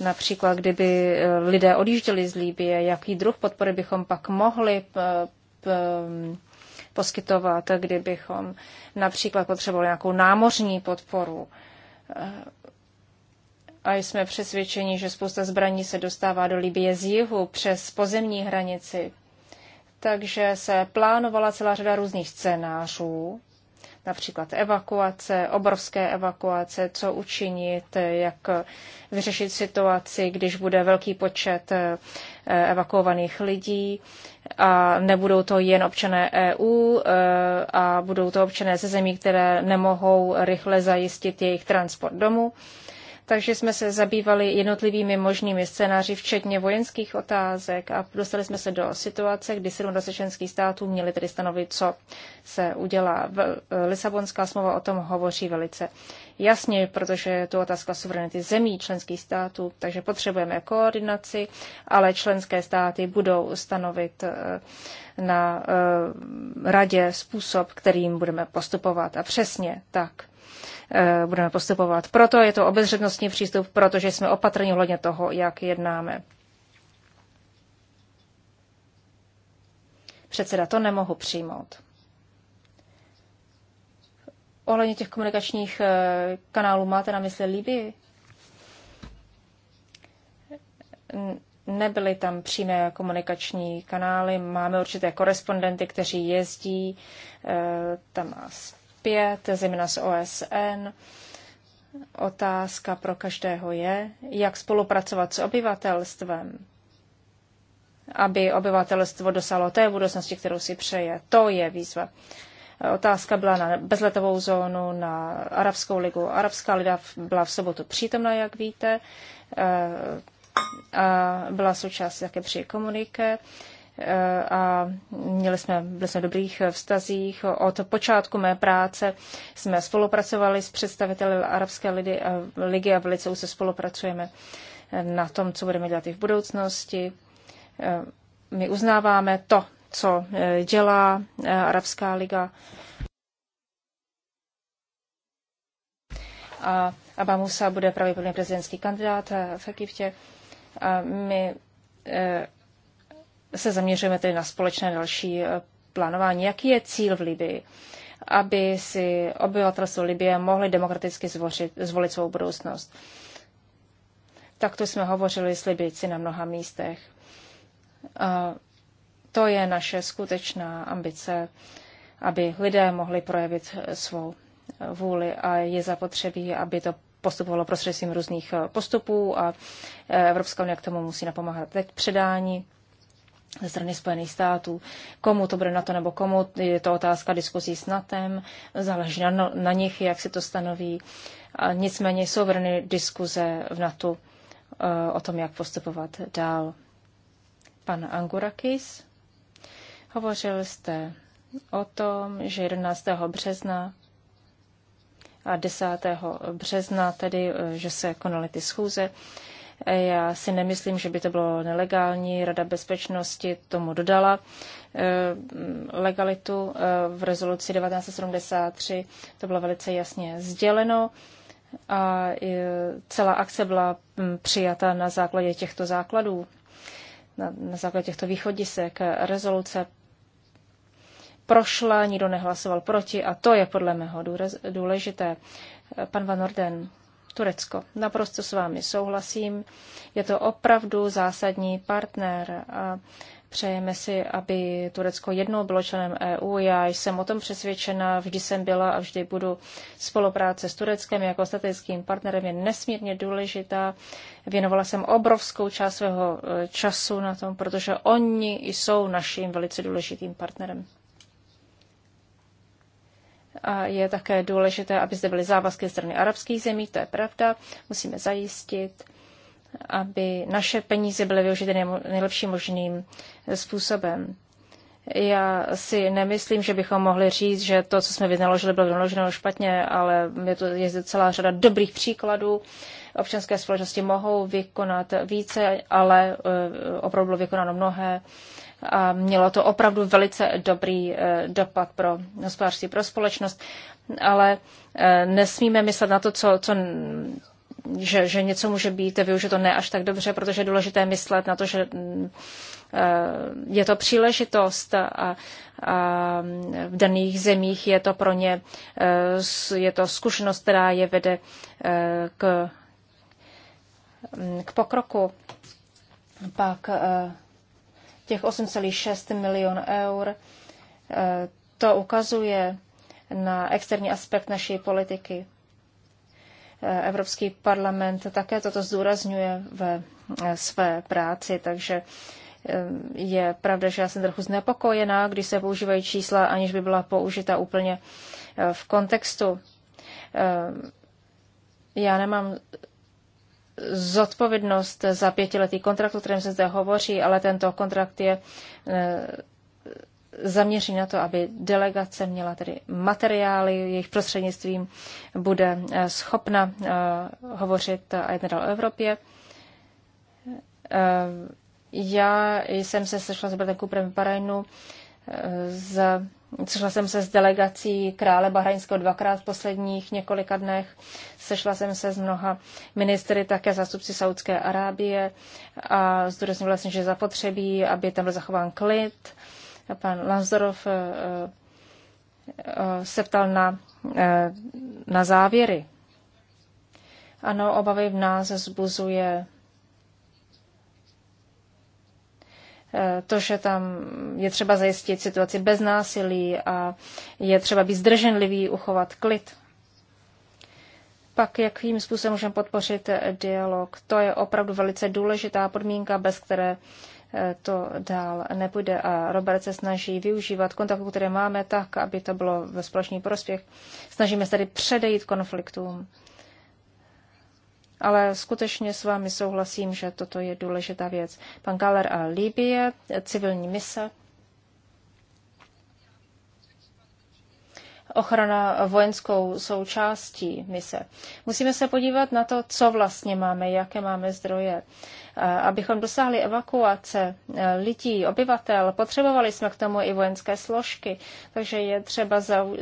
Například, kdyby eh, lidé odjížděli z Líbie, jaký druh podpory bychom pak mohli eh, poskytovat, kdybychom například potřebovali nějakou námořní podporu. A jsme přesvědčeni, že spousta zbraní se dostává do Libie z jihu přes pozemní hranici. Takže se plánovala celá řada různých scénářů, například evakuace, obrovské evakuace, co učinit, jak vyřešit situaci, když bude velký počet eh, evakuovaných lidí a nebudou to jen občané EU eh, a budou to občané ze zemí, které nemohou rychle zajistit jejich transport domů takže jsme se zabývali jednotlivými možnými scénáři, včetně vojenských otázek a dostali jsme se do situace, kdy 17 členských států měli tedy stanovit, co se udělá. E, Lisabonská smlouva o tom hovoří velice jasně, protože je to otázka suverenity zemí členských států, takže potřebujeme koordinaci, ale členské státy budou stanovit e, na e, radě způsob, kterým budeme postupovat a přesně tak Eh, budeme postupovat. Proto je to obezřednostní přístup, protože jsme opatrní hledně toho, jak jednáme. Předseda, to nemohu přijmout. Ohledně těch komunikačních eh, kanálů máte na mysli Libii? Nebyly tam přímé komunikační kanály, máme určité korespondenty, kteří jezdí eh, tam a 5, zejména z OSN, otázka pro každého je, jak spolupracovat s obyvatelstvem, aby obyvatelstvo dosalo té budoucnosti, kterou si přeje. To je výzva. Otázka byla na bezletovou zónu, na Arabskou ligu. Arabská liga byla v sobotu přítomna, jak víte, e, a byla součástí také při komuniké. Eh, a měli jsme, byli jsme v dobrých eh, vztazích. Od počátku mé práce jsme spolupracovali s představiteli Arabské lidy, eh, ligy a velice už se spolupracujeme na tom, co budeme dělat i v budoucnosti. My uznáváme to, co dělá Arabská liga. A Abba Musa bude pravděpodobně prezidentský kandidát v Egyptě. my se zaměřujeme tedy na společné další eh, plánování. Jaký je cíl v Libii? Aby si obyvatelstvo Libie mohli demokraticky zvořit, zvolit svou budoucnost. Takto jsme hovořili s Libijci na mnoha místech. A to je naše skutečná ambice, aby lidé mohli projevit eh, svou eh, vůli a je zapotřebí, aby to postupovalo prostřednictvím různých postupů a Evropská unie k tomu musí napomáhat. Teď předání ze strany Spojených států. Komu to bude na to nebo komu, je to otázka diskusí s NATEM, záleží na, no, na nich, jak se to stanoví. A nicméně jsou vrny diskuze v NATO e, o tom, jak postupovat dál. Pan Angurakis, hovořil jste o tom, že 11. března a 10. března, tedy, e, že se konaly ty schůze, já si nemyslím, že by to bylo nelegální. Rada bezpečnosti tomu dodala eh, legalitu eh, v rezoluci 1973. To bylo velice jasně sděleno a eh, celá akce byla hm, přijata na základě těchto základů, na, základě těchto východisek. Rezoluce prošla, nikdo nehlasoval proti a to je podle mého důležité. Pan Van Orden, Turecko. Naprosto s vámi souhlasím. Je to opravdu zásadní partner. A Přejeme si, aby Turecko jednou bylo členem EU. Já jsem o tom přesvědčena, vždy jsem byla a vždy budu. Spolupráce s Tureckem jako strategickým partnerem je nesmírně důležitá. Věnovala jsem obrovskou část svého e, času na tom, protože oni jsou naším velice důležitým partnerem. A je také důležité, aby zde byly závazky ze strany arabských zemí, to je pravda. Musíme zajistit, aby naše peníze byly využity nejlepším možným způsobem. Já si nemyslím, že bychom mohli říct, že to, co jsme vynaložili, bylo vynaloženo špatně, ale je, to, je zde celá řada dobrých příkladů. Občanské společnosti mohou vykonat více, ale eh, opravdu bylo vykonáno mnohé a mělo to opravdu velice dobrý eh, dopad pro hospodářství, pro společnost, ale eh, nesmíme myslet na to, co, co že, že něco může být využito ne až tak dobře, protože je důležité myslet na to, že mm, eh, je to příležitost a, a v daných zemích je to pro ně je to zkušenost, která je vede k, mm, k pokroku. Pak těch 8,6 milion eur. E, to ukazuje na externí aspekt naší politiky. E, Evropský parlament také toto zdůrazňuje ve e, své práci, takže je pravda, že já jsem trochu znepokojená, když se používají čísla, aniž by byla použita úplně v kontextu. Já nemám zodpovědnost za pětiletý kontrakt, o kterém se zde hovoří, ale tento kontrakt je eh, zaměří na to, aby delegace měla tedy materiály, jejich prostřednictvím bude eh, schopna eh, hovořit a jednat o Evropě. Já jsem se sešla s Bertem Kuprem v Barajnu za Sešla jsem se s delegací krále Bahrajnského dvakrát v posledních několika dnech. Sešla jsem se s mnoha ministry, také zástupci Saudské Arábie a zdůraznila vlastně, jsem, že zapotřebí, aby tam byl zachován klid. Pan Lanzorov eh, eh, se ptal na, eh, na závěry. Ano, obavy v nás zbuzuje Eh, to, že tam je třeba zajistit situaci bez násilí a je třeba být zdrženlivý, uchovat klid. Pak jakým způsobem můžeme podpořit eh, dialog? To je opravdu velice důležitá podmínka, bez které eh, to dál nepůjde a Robert se snaží využívat kontaktů, které máme tak, aby to bylo ve společný prospěch. Snažíme se tady předejít konfliktům ale skutečně s vámi souhlasím, že toto je důležitá věc. Pan Galer a Libie, civilní mise. ochrana vojenskou součástí mise. Musíme se podívat na to, co vlastně máme, jaké máme zdroje. Abychom dosáhli evakuace e, lidí, obyvatel, potřebovali jsme k tomu i vojenské složky, takže je třeba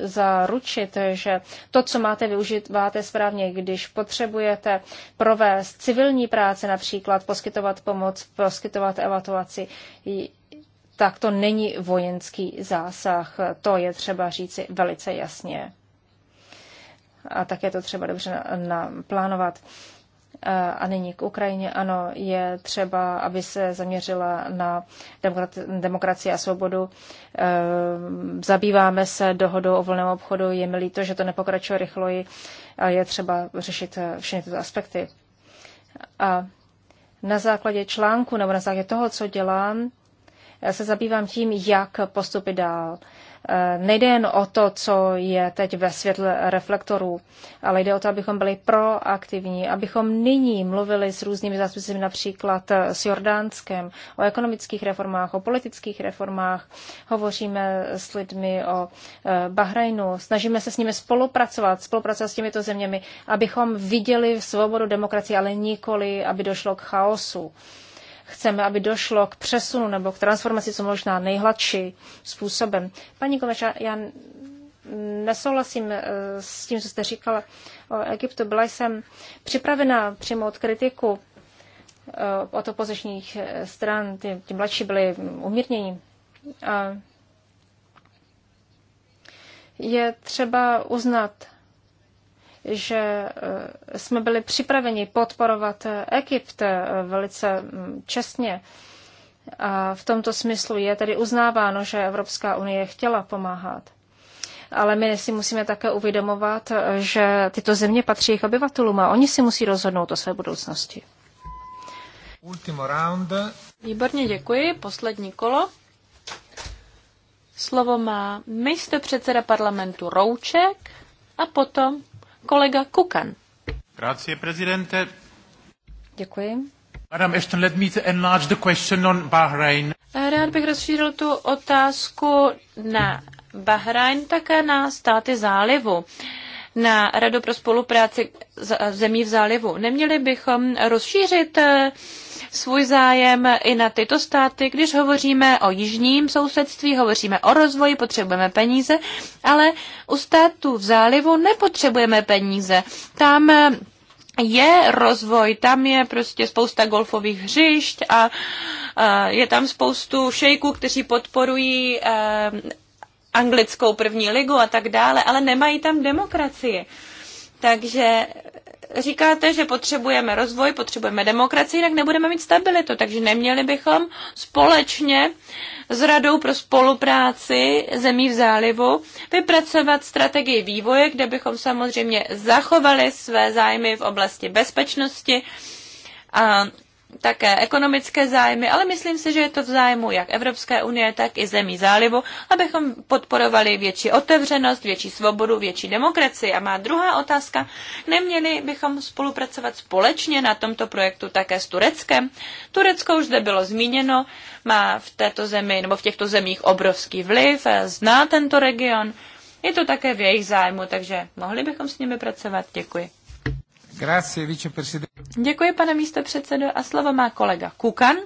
zaručit, že to, co máte, využíváte správně, když potřebujete provést civilní práce, například poskytovat pomoc, poskytovat evakuaci, tak to není vojenský zásah. To je třeba říci velice jasně. A také to třeba dobře naplánovat. A nyní k Ukrajině. Ano, je třeba, aby se zaměřila na demokracii a svobodu. Ehm, zabýváme se dohodou o volném obchodu. Je mi líto, že to nepokračuje rychleji. Je třeba řešit eh, všechny tyto aspekty. A na základě článku nebo na základě toho, co dělám, se zabývám tím, jak postupit dál. Eh, nejde jen o to, co je teď ve světle reflektorů, ale jde o to, abychom byli proaktivní, abychom nyní mluvili s různými zástupci, například eh, s Jordánskem, o ekonomických reformách, o politických reformách, hovoříme s lidmi o eh, Bahrajnu, snažíme se s nimi spolupracovat, spolupracovat s těmito zeměmi, abychom viděli svobodu demokracie, ale nikoli, aby došlo k chaosu. Chceme, aby došlo k přesunu nebo k transformaci co možná nejhladší způsobem. Paní Gomeča, já nesouhlasím eh, s tím, co jste říkala o Egyptu. Byla jsem připravena přijmout kritiku eh, od opozičních eh, stran, ty, ty mladší byly umírnění. je třeba uznat že eh, jsme byli připraveni podporovat eh, Egypt eh, velice mm, čestně. A v tomto smyslu je tedy uznáváno, že Evropská unie chtěla pomáhat. Ale my si musíme také uvědomovat, že tyto země patří jejich obyvatelům a oni si musí rozhodnout o své budoucnosti. Výborně děkuji. Poslední kolo. Slovo má místo předseda parlamentu Rouček a potom kolega Kukan. Grazie, prezidente. Děkuji. Madam Ashton, let me enlarge the question on Bahrain. Rád bych rozšířil tu otázku na Bahrain, také na státy zálivu na Radu pro spolupráci zemí v zálivu. Neměli bychom rozšířit eh, svůj zájem i na tyto státy. Když hovoříme o jižním sousedství, hovoříme o rozvoji, potřebujeme peníze, ale u států v zálivu nepotřebujeme peníze. Tam eh, je rozvoj, tam je prostě spousta golfových hřišť a, a eh, je tam spoustu šejků, kteří podporují a, eh, anglickou první ligu a tak dále, ale nemají tam demokracii. Takže říkáte, že potřebujeme rozvoj, potřebujeme demokracii, jinak nebudeme mít stabilitu, takže neměli bychom společně s Radou pro spolupráci zemí v zálivu vypracovat strategii vývoje, kde bychom samozřejmě zachovali své zájmy v oblasti bezpečnosti a také ekonomické zájmy, ale myslím si, že je to v zájmu jak Evropské unie, tak i zemí zálivu, abychom podporovali větší otevřenost, větší svobodu, větší demokracii. A má druhá otázka, neměli bychom spolupracovat společně na tomto projektu také s Tureckem? Turecko už zde bylo zmíněno, má v této zemi nebo v těchto zemích obrovský vliv, zná tento region, je to také v jejich zájmu, takže mohli bychom s nimi pracovat. Děkuji. Grazie, Děkuji, pane místo předsedo. A slovo má kolega Kukan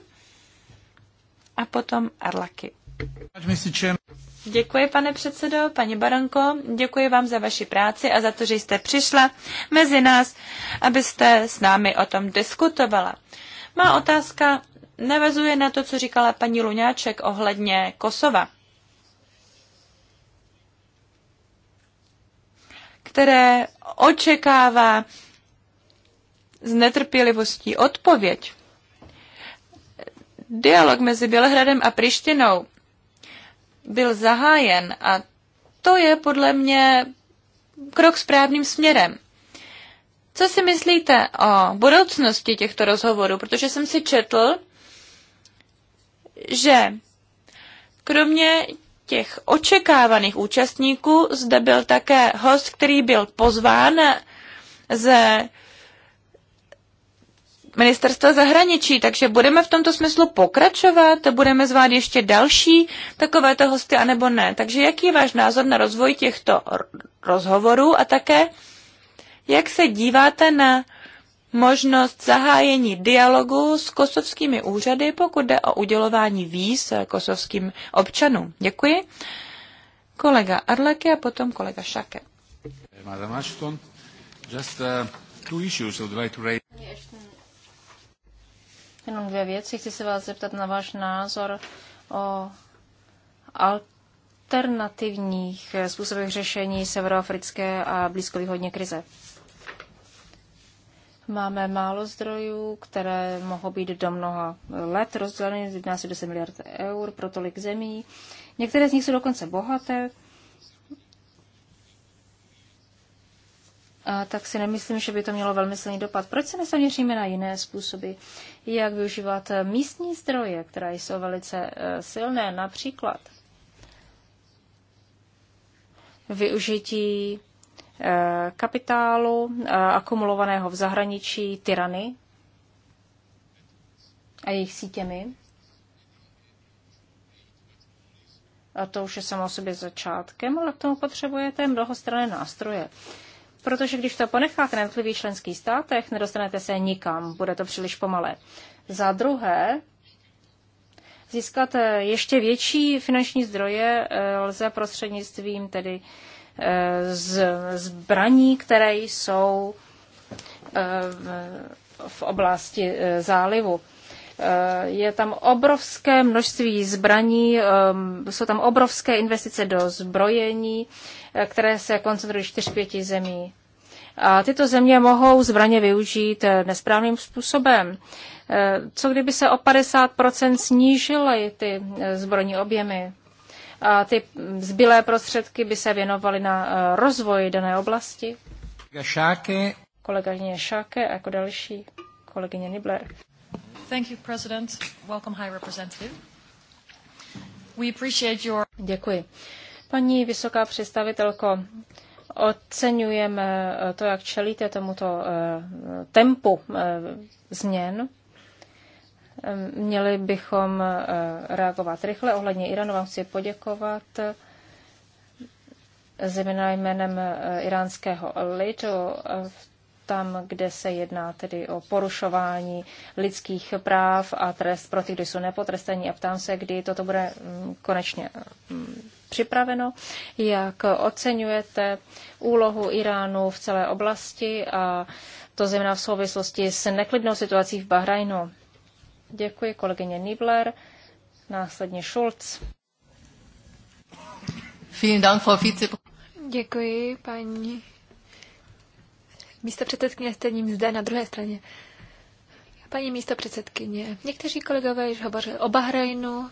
a potom Arlaky. Děkuji, pane předsedo, paní Baranko. děkuji vám za vaši práci a za to, že jste přišla mezi nás, abyste s námi o tom diskutovala. Má otázka navazuje na to, co říkala paní Luňáček ohledně Kosova, které očekává s netrpělivostí odpověď. Dialog mezi Bělehradem a Prištinou byl zahájen a to je podle mě krok správným směrem. Co si myslíte o budoucnosti těchto rozhovorů? Protože jsem si četl, že kromě těch očekávaných účastníků zde byl také host, který byl pozván ze ministerstva zahraničí, takže budeme v tomto smyslu pokračovat, budeme zvát ještě další takovéto hosty, anebo ne. Takže jaký je váš názor na rozvoj těchto rozhovorů a také, jak se díváte na možnost zahájení dialogu s kosovskými úřady, pokud jde o udělování víz kosovským občanům. Děkuji. Kolega Arleke a potom kolega Šake. Madam Ashton, just uh, two issues I would like to raise. Jenom dvě věci. Chci se vás zeptat na váš názor o alternativních eh, způsobech řešení severoafrické a blízkovýchodně krize. Máme málo zdrojů, které mohou být do mnoha let rozděleny, 11 10 miliard eur pro tolik zemí. Některé z nich jsou dokonce bohaté, tak si nemyslím, že by to mělo velmi silný dopad. Proč se nesaměříme na jiné způsoby, jak využívat místní zdroje, které jsou velice eh, silné, například využití eh, kapitálu eh, akumulovaného v zahraničí tyrany a jejich sítěmi. A to už je samo sobě začátkem, ale k tomu potřebujete mnohostranné nástroje. Protože když to ponecháte na jednotlivých členských státech, nedostanete se nikam, bude to příliš pomalé. Za druhé, získat eh, ještě větší finanční zdroje eh, lze prostřednictvím tedy eh, z, zbraní, které jsou v oblasti zálivu. Eh, je tam obrovské množství zbraní, eh, jsou tam obrovské investice do zbrojení, eh, které se koncentrují čtyř pěti zemí. A tyto země mohou zbraně využít nesprávným způsobem. Co kdyby se o 50% snížily ty zbrojní objemy? A ty zbylé prostředky by se věnovaly na rozvoj dané oblasti? Šáke. Kolegyně Šáke a jako další kolegyně Nibler. Thank you, President. Welcome, High Representative. We appreciate your... Děkuji. Paní vysoká představitelko, oceňujeme eh, to, jak čelíte tomuto eh, tempu eh, změn. Měli bychom reagovat rychle. Ohledně Iranu vám chci poděkovat zejména jménem iránského lidu v tam, kde se jedná tedy o porušování lidských práv a trest pro ty, kdo jsou nepotrestaní. A ptám se, kdy toto bude mm, konečně mm, připraveno. Jak oceňujete úlohu Iránu v celé oblasti a to zejména v souvislosti s neklidnou situací v Bahrajnu? Děkuji kolegyně Nibler, následně Schulz. Vielen Dank, Frau Děkuji, paní místo předsedkyně ním zde na druhé straně. Paní místo předsedkyně, někteří kolegové již hovořili o Bahrajnu,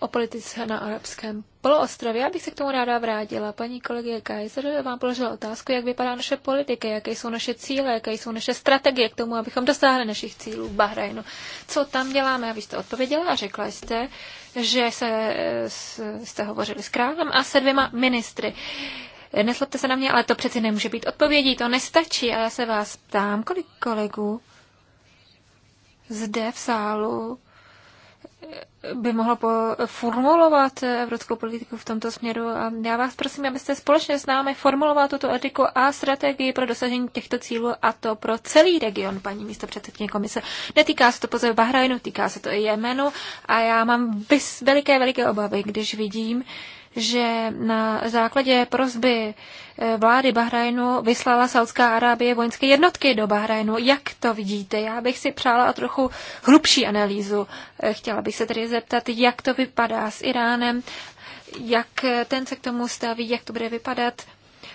o politice na arabském poloostrově. Já bych se k tomu ráda vrátila. Paní kolegyně Kaiser vám položila otázku, jak vypadá naše politika, jaké jsou naše cíle, jaké jsou naše strategie k tomu, abychom dosáhli našich cílů v Bahrajnu. Co tam děláme? A jste odpověděla a řekla jste, že se, jste hovořili s králem a se dvěma ministry. Neslepte se na mě, ale to přeci nemůže být odpovědí, to nestačí. A já se vás ptám, kolik kolegů zde v sálu eh, by mohlo formulovat eh, evropskou politiku v tomto směru. A já vás prosím, abyste společně s námi formuloval tuto etiku a strategii pro dosažení těchto cílů a to pro celý region, paní místo předsedkyně komise. Netýká se to pouze Bahrajnu, týká se to i Jemenu a já mám vys- veliké, veliké obavy, když vidím, že na základě prozby eh, vlády Bahrajnu vyslala Saudská Arábie vojenské jednotky do Bahrajnu. Jak to vidíte? Já bych si přála trochu hlubší analýzu. Eh, chtěla bych se tedy zeptat, jak to vypadá s Iránem, jak eh, ten se k tomu staví, jak to bude vypadat.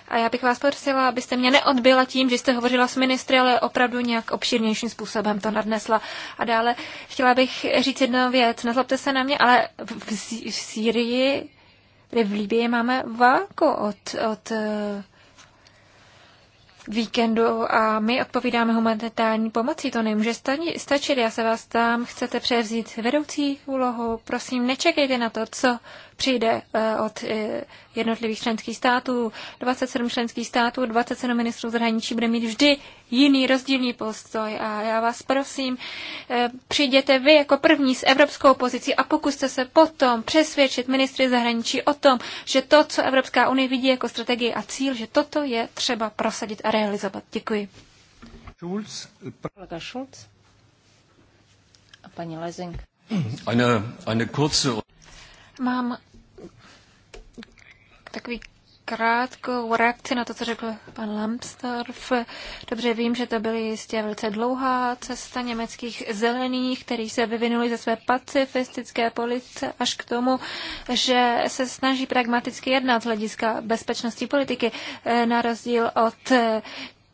A já bych vás prosila, abyste mě neodbyla tím, že jste hovořila s ministry, ale opravdu nějak obširnějším způsobem to nadnesla. A dále chtěla bych říct jednu věc. Nezlobte se na mě, ale v, v Sýrii v Líbě máme válku od, od eh, víkendu a my odpovídáme humanitární pomocí. To nemůže stačit. Já se vás tam chcete převzít vedoucí úlohu. Prosím, nečekejte na to, co přijde eh, od eh, jednotlivých členských států. 27 členských států, 27 ministrů zahraničí bude mít vždy jiný rozdílný postoj. A já vás prosím, eh, přijděte vy jako první s evropskou pozicí a pokuste se potom přesvědčit ministry zahraničí o tom, že to, co Evropská unie vidí jako strategii a cíl, že toto je třeba prosadit a realizovat. Děkuji. Schulz. A paní Lezing. Eine, eine kurze... Mám takový krátkou reakci na to, co řekl pan Lambsdorff. Dobře vím, že to byly jistě velice dlouhá cesta německých zelených, kteří se vyvinuli ze své pacifistické politice až k tomu, že se snaží pragmaticky jednat z hlediska bezpečnosti politiky, eh, na rozdíl od eh,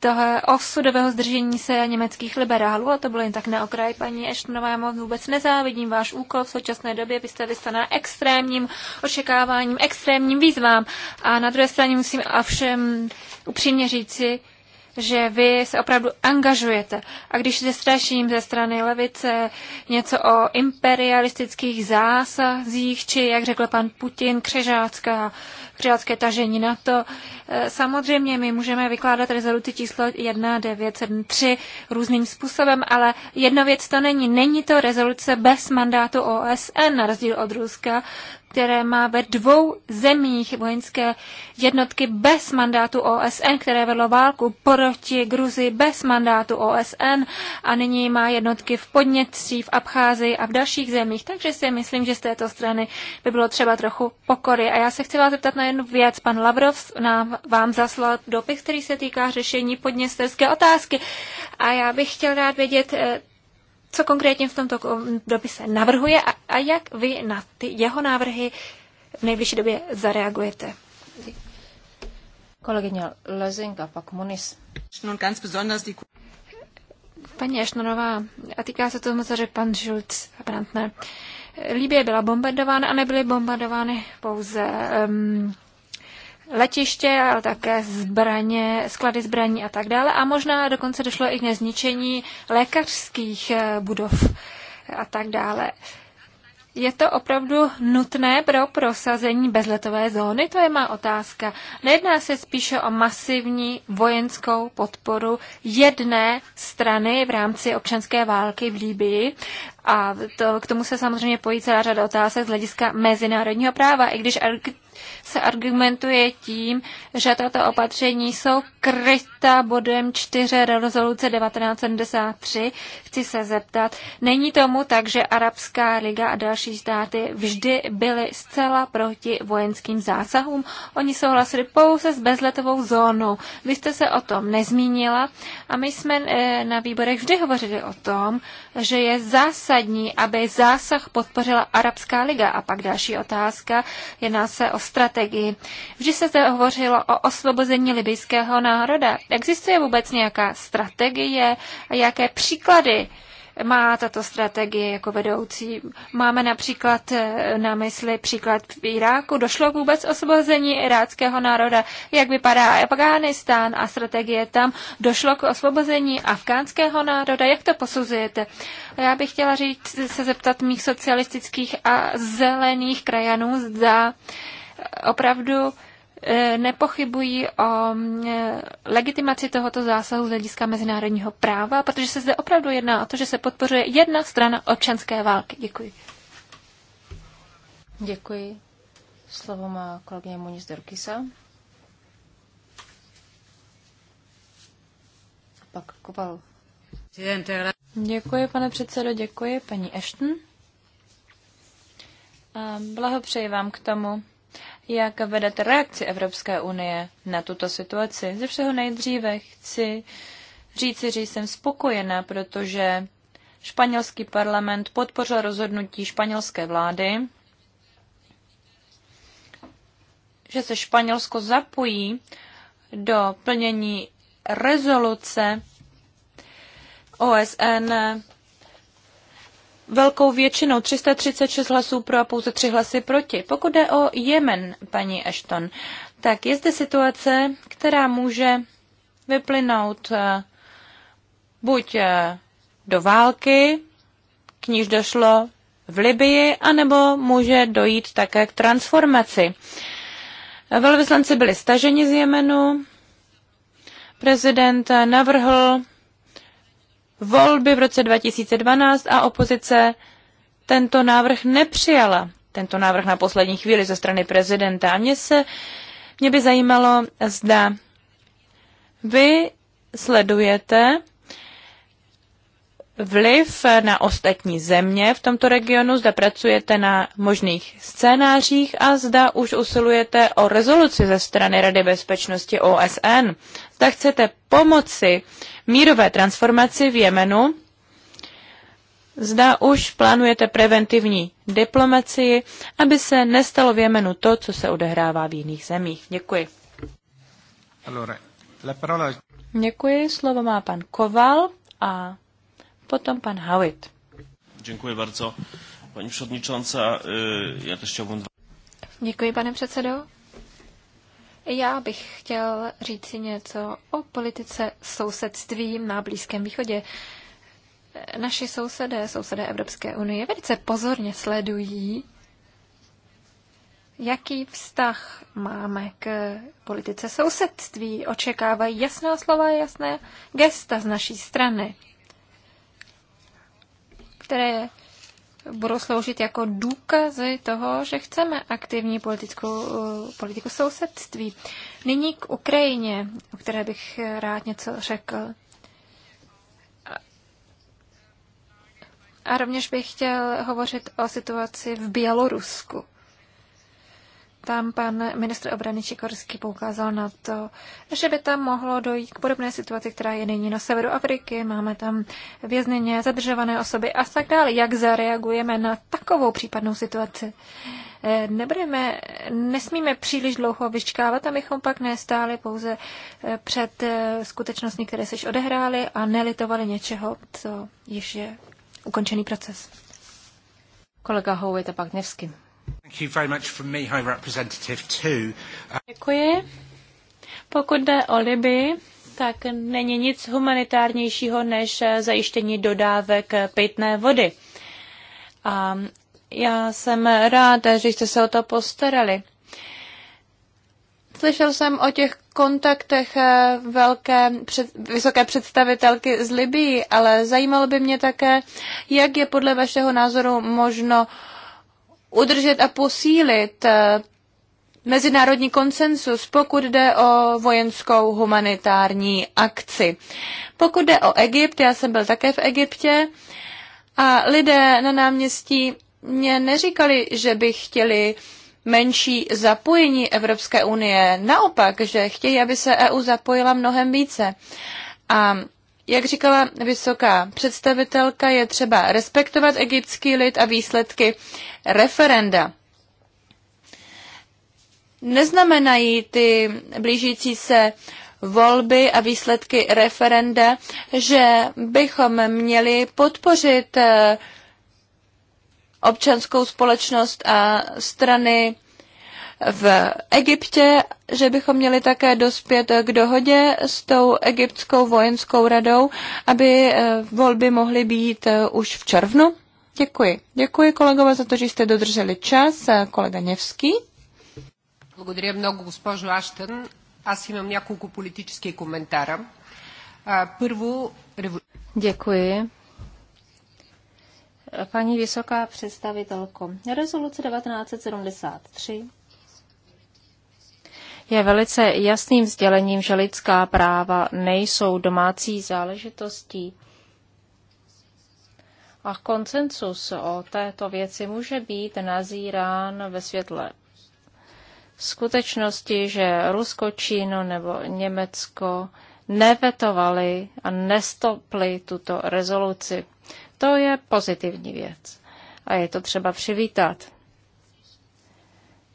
toho osudového zdržení se německých liberálů, a to bylo jen tak na okraji, paní Eštonová, já moc vůbec nezávidím váš úkol v současné době, vy jste vystaná extrémním očekáváním, extrémním výzvám. A na druhé straně musím a všem upřímně říci, že vy se opravdu angažujete. A když se straším ze strany levice něco o imperialistických zásazích, či, jak řekl pan Putin, křežácká přijatské tažení na to. Eh, samozřejmě my můžeme vykládat rezoluci číslo 1973 různým způsobem, ale jedna věc to není. Není to rezoluce bez mandátu OSN, na rozdíl od Ruska, které má ve dvou zemích vojenské jednotky bez mandátu OSN, které vedlo válku proti Gruzi bez mandátu OSN a nyní má jednotky v Podnětří, v Abcházii a v dalších zemích. Takže si myslím, že z této strany by bylo třeba trochu pokory. A já se chci vás zeptat na jeden věc. Pan Lavrov nám vám zaslal dopis, který se týká řešení podněsterské otázky. A já bych chtěl rád vědět, eh, co konkrétně v tomto dopise navrhuje a, a jak vy na ty jeho návrhy v nejbližší době zareagujete. Kolegyně Lezinka, pak Munis. Paní Ešnonová, a týká se toho, co řekl pan Schulz a Líbě byla bombardována a nebyly bombardovány pouze um, letiště, ale také zbraně, sklady zbraní a tak dále. A možná dokonce došlo i k nezničení lékařských eh, budov a tak dále. Je to opravdu nutné pro prosazení bezletové zóny? To je má otázka. Nejedná se spíše o masivní vojenskou podporu jedné strany v rámci občanské války v Líbii. A to, k tomu se samozřejmě pojí celá řada otázek z hlediska mezinárodního práva, i když se argumentuje tím, že tato opatření jsou kryta bodem 4 rezoluce 1973. Chci se zeptat, není tomu tak, že Arabská liga a další státy vždy byly zcela proti vojenským zásahům? Oni souhlasili pouze s bezletovou zónou. Vy jste se o tom nezmínila a my jsme eh, na výborech vždy hovořili o tom, že je zásadní, aby zásah podpořila Arabská liga. A pak další otázka. Jedná se o strategii. Vždy se zde hovořilo o osvobození libyjského národa. Existuje vůbec nějaká strategie a jaké příklady má tato strategie jako vedoucí. Máme například eh, na mysli příklad v Iráku. Došlo vůbec osvobození iráckého národa? Jak vypadá Afghánistán a strategie tam? Došlo k osvobození afgánského národa? Jak to posuzujete? Já bych chtěla říct, se zeptat mých socialistických a zelených krajanů, zda opravdu eh, nepochybují o eh, legitimaci tohoto zásahu z hlediska mezinárodního práva, protože se zde opravdu jedná o to, že se podpořuje jedna strana občanské války. Děkuji. Děkuji. Slovo má kolegyně Moniz Dorkisa. Pak Koval. Děkuji, pane předsedo, děkuji, paní Ashton. Blahopřeji vám k tomu, jak vedete reakci Evropské unie na tuto situaci. Ze všeho nejdříve chci říci, že jsem spokojená, protože španělský parlament podpořil rozhodnutí španělské vlády, že se Španělsko zapojí do plnění rezoluce OSN velkou většinou 336 hlasů pro a pouze 3 hlasy proti. Pokud jde o Jemen, paní Ashton, tak je zde situace, která může vyplynout eh, buď eh, do války, k níž došlo v Libii, anebo může dojít také k transformaci. Velvyslanci byli staženi z Jemenu, prezident navrhl volby v roce 2012 a opozice tento návrh nepřijala. Tento návrh na poslední chvíli ze strany prezidenta. A mě, se, mě by zajímalo, zda vy sledujete vliv na ostatní země v tomto regionu, zda pracujete na možných scénářích a zda už usilujete o rezoluci ze strany Rady bezpečnosti OSN. Zda chcete pomoci mírové transformaci v Jemenu, zda už plánujete preventivní diplomacii, aby se nestalo v Jemenu to, co se odehrává v jiných zemích. Děkuji. Děkuji, slovo má pan Koval a Potom pan Howitt. Děkuji bardzo. Paní předsedající, e, já też chciałbym... Děkuji, pane předsedo. Já bych chtěl říct si něco o politice sousedství na Blízkém východě. Naši sousedé, sousedé Evropské unie, velice pozorně sledují, jaký vztah máme k politice sousedství. Očekávají jasná slova, jasné gesta z naší strany které budou sloužit jako důkazy toho, že chceme aktivní politickou, eh, politiku sousedství. Nyní k Ukrajině, o které bych rád něco řekl. A rovněž bych chtěl hovořit o situaci v Bělorusku tam pan ministr obrany Čikorský poukázal na to, že by tam mohlo dojít k podobné situaci, která je nyní na severu Afriky. Máme tam vězněně, zadržované osoby a tak dále. Jak zareagujeme na takovou případnou situaci? Eh, nebudeme, nesmíme příliš dlouho vyčkávat, abychom pak nestáli pouze eh, před eh, skutečnostmi, které se již odehrály a nelitovali něčeho, co již je ukončený proces. Kolega Houvěta Pagněvský. Děkuji. Pokud jde o Liby, tak není nic humanitárnějšího než zajištění dodávek pitné vody. A já jsem rád, že jste se o to postarali. Slyšel jsem o těch kontaktech eh, velké, před, vysoké představitelky z Libii, ale zajímalo by mě také, jak je podle vašeho názoru možno uh, udržet a posílit eh, mezinárodní konsensus, pokud jde o vojenskou humanitární akci. Pokud jde o Egypt, já jsem byl také v Egyptě a lidé na náměstí mě neříkali, že by chtěli menší zapojení Evropské unie. Naopak, že chtějí, aby se EU zapojila mnohem více. A jak říkala vysoká představitelka, je třeba respektovat egyptský lid a výsledky referenda. Neznamenají ty blížící se volby a výsledky referenda, že bychom měli podpořit eh, občanskou společnost a strany v Egyptě, že bychom měli také dospět k dohodě s tou egyptskou vojenskou radou, aby eh, volby mohly být eh, už v červnu. Děkuji. Děkuji kolegové za to, že jste dodrželi čas. Kolega Něvský. Благодаря много, госпожо Аштън. Аз имам няколко политически коментара. Първо... Děkuji. Paní vysoká představitelko, rezoluce 1973 je velice jasným vzdělením, že lidská práva nejsou domácí záležitostí. A koncensus o této věci může být nazírán ve světle skutečnosti, že Rusko, Číno nebo Německo nevetovali a nestopli tuto rezoluci. To je pozitivní věc a je to třeba přivítat.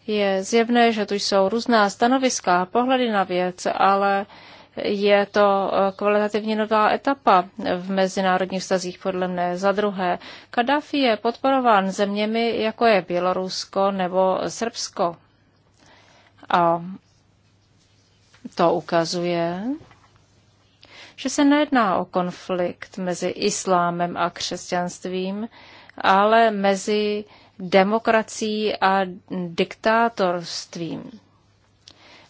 Je zjevné, že tu jsou různá stanoviska, a pohledy na věc, ale je to eh, kvalitativně nová etapa v mezinárodních vztazích podle mne. Za druhé, Kadhafi je podporován zeměmi, jako je Bělorusko nebo Srbsko. A to ukazuje, že se nejedná o konflikt mezi islámem a křesťanstvím, ale mezi demokracií a diktátorstvím.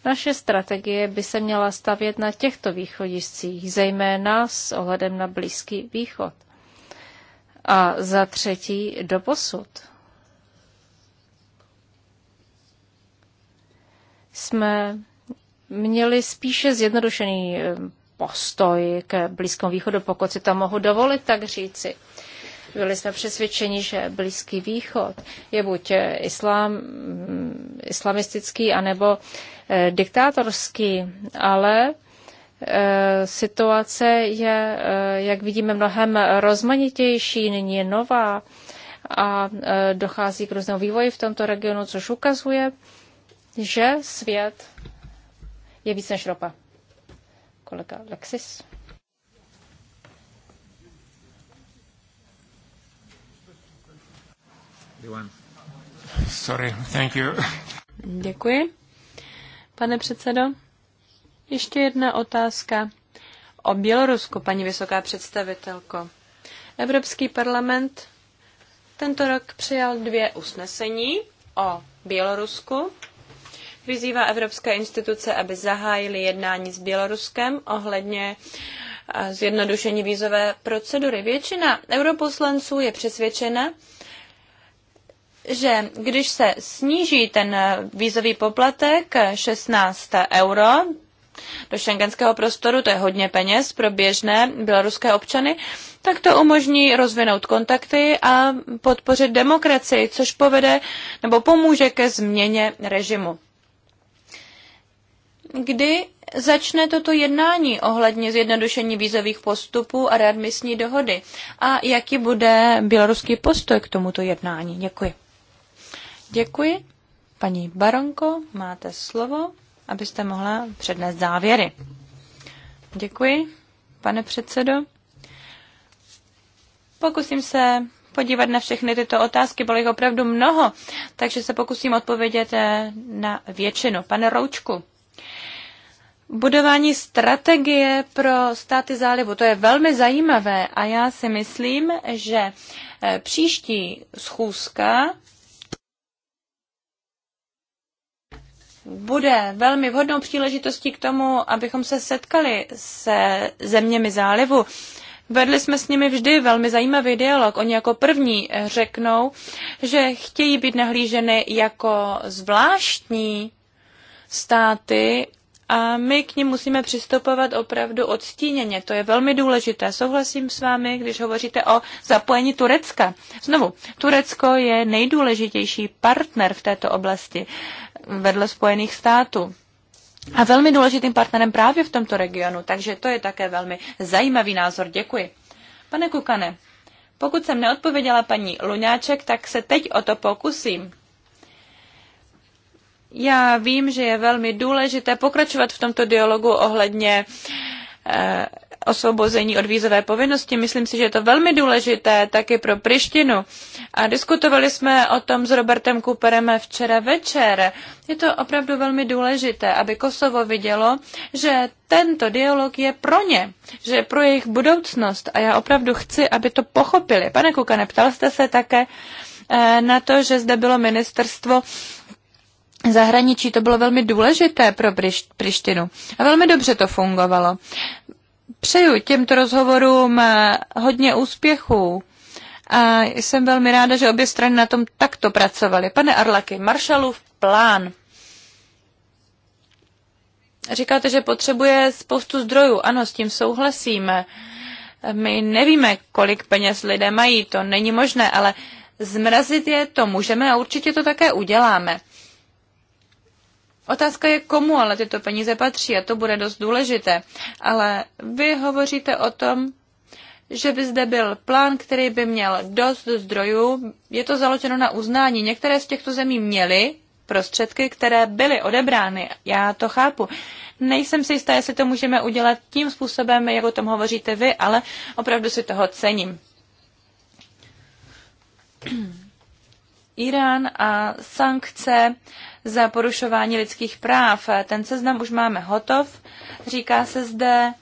Naše strategie by se měla stavět na těchto východiscích, zejména s ohledem na Blízký východ. A za třetí do posud. Jsme měli spíše zjednodušený eh, postoj k Blízkému východu, pokud si to mohu dovolit tak říci. Byli jsme přesvědčeni, že Blízký východ je buď eh, islám, mm, islamistický anebo eh, diktátorský, ale eh, situace je, jak vidíme, mnohem rozmanitější, nyní je nová a dochází k různému vývoji v tomto regionu, což ukazuje, že svět je víc než ropa. Kolega Lexis. Sorry, thank you. Děkuji. Pane předsedo, ještě jedna otázka o Bělorusku, paní vysoká představitelko. Evropský parlament tento rok přijal dvě usnesení o Bělorusku. Vyzývá evropské instituce, aby zahájili jednání s Běloruskem ohledně eh, zjednodušení vízové procedury. Většina europoslanců je přesvědčena, že když se sníží ten vízový poplatek 16 euro, do šengenského prostoru, to je hodně peněz pro běžné běloruské občany, tak to umožní rozvinout kontakty a podpořit demokracii, což povede nebo pomůže ke změně režimu. Kdy začne toto jednání ohledně zjednodušení vízových postupů a readmisní dohody? A jaký bude běloruský postoj k tomuto jednání? Děkuji. Děkuji. Paní Baronko, máte slovo, abyste mohla přednést závěry. Děkuji, pane předsedo. Pokusím se podívat na všechny tyto otázky, bylo jich opravdu mnoho, takže se pokusím odpovědět eh, na většinu. Pane Roučku, budování strategie pro státy zálivu, to je velmi zajímavé a já si myslím, že eh, příští schůzka bude velmi vhodnou příležitostí k tomu, abychom se setkali se zeměmi zálivu. Vedli jsme s nimi vždy velmi zajímavý dialog. Oni jako první řeknou, že chtějí být nahlíženy jako zvláštní státy a my k ním musíme přistupovat opravdu odstíněně. To je velmi důležité. Souhlasím s vámi, když hovoříte o zapojení Turecka. Znovu, Turecko je nejdůležitější partner v této oblasti vedle Spojených států. A velmi důležitým partnerem právě v tomto regionu, takže to je také velmi zajímavý názor. Děkuji. Pane Kukane, pokud jsem neodpověděla paní Luňáček, tak se teď o to pokusím. Já vím, že je velmi důležité pokračovat v tomto dialogu ohledně eh, osvobození od vízové povinnosti. Myslím si, že je to velmi důležité taky pro Prištinu. A diskutovali jsme o tom s Robertem Cooperem včera večer. Je to opravdu velmi důležité, aby Kosovo vidělo, že tento dialog je pro ně, že je pro jejich budoucnost. A já opravdu chci, aby to pochopili. Pane Kukane, ptal jste se také eh, na to, že zde bylo ministerstvo zahraničí, to bylo velmi důležité pro Prištinu. A velmi dobře to fungovalo přeju těmto rozhovorům eh, hodně úspěchů a jsem velmi ráda, že obě strany na tom takto pracovaly. Pane Arlaky, Marshallův plán. Říkáte, že potřebuje spoustu zdrojů. Ano, s tím souhlasíme. My nevíme, kolik peněz lidé mají, to není možné, ale zmrazit je to můžeme a určitě to také uděláme. Otázka je, komu ale tyto peníze patří a to bude dost důležité. Ale vy hovoříte o tom, že by zde byl plán, který by měl dost zdrojů. Je to založeno na uznání. Některé z těchto zemí měly prostředky, které byly odebrány. Já to chápu. Nejsem si jistá, jestli to můžeme udělat tím způsobem, jak o tom hovoříte vy, ale opravdu si toho cením. Irán a sankce za porušování lidských práv. Ten seznam už máme hotov, říká se zde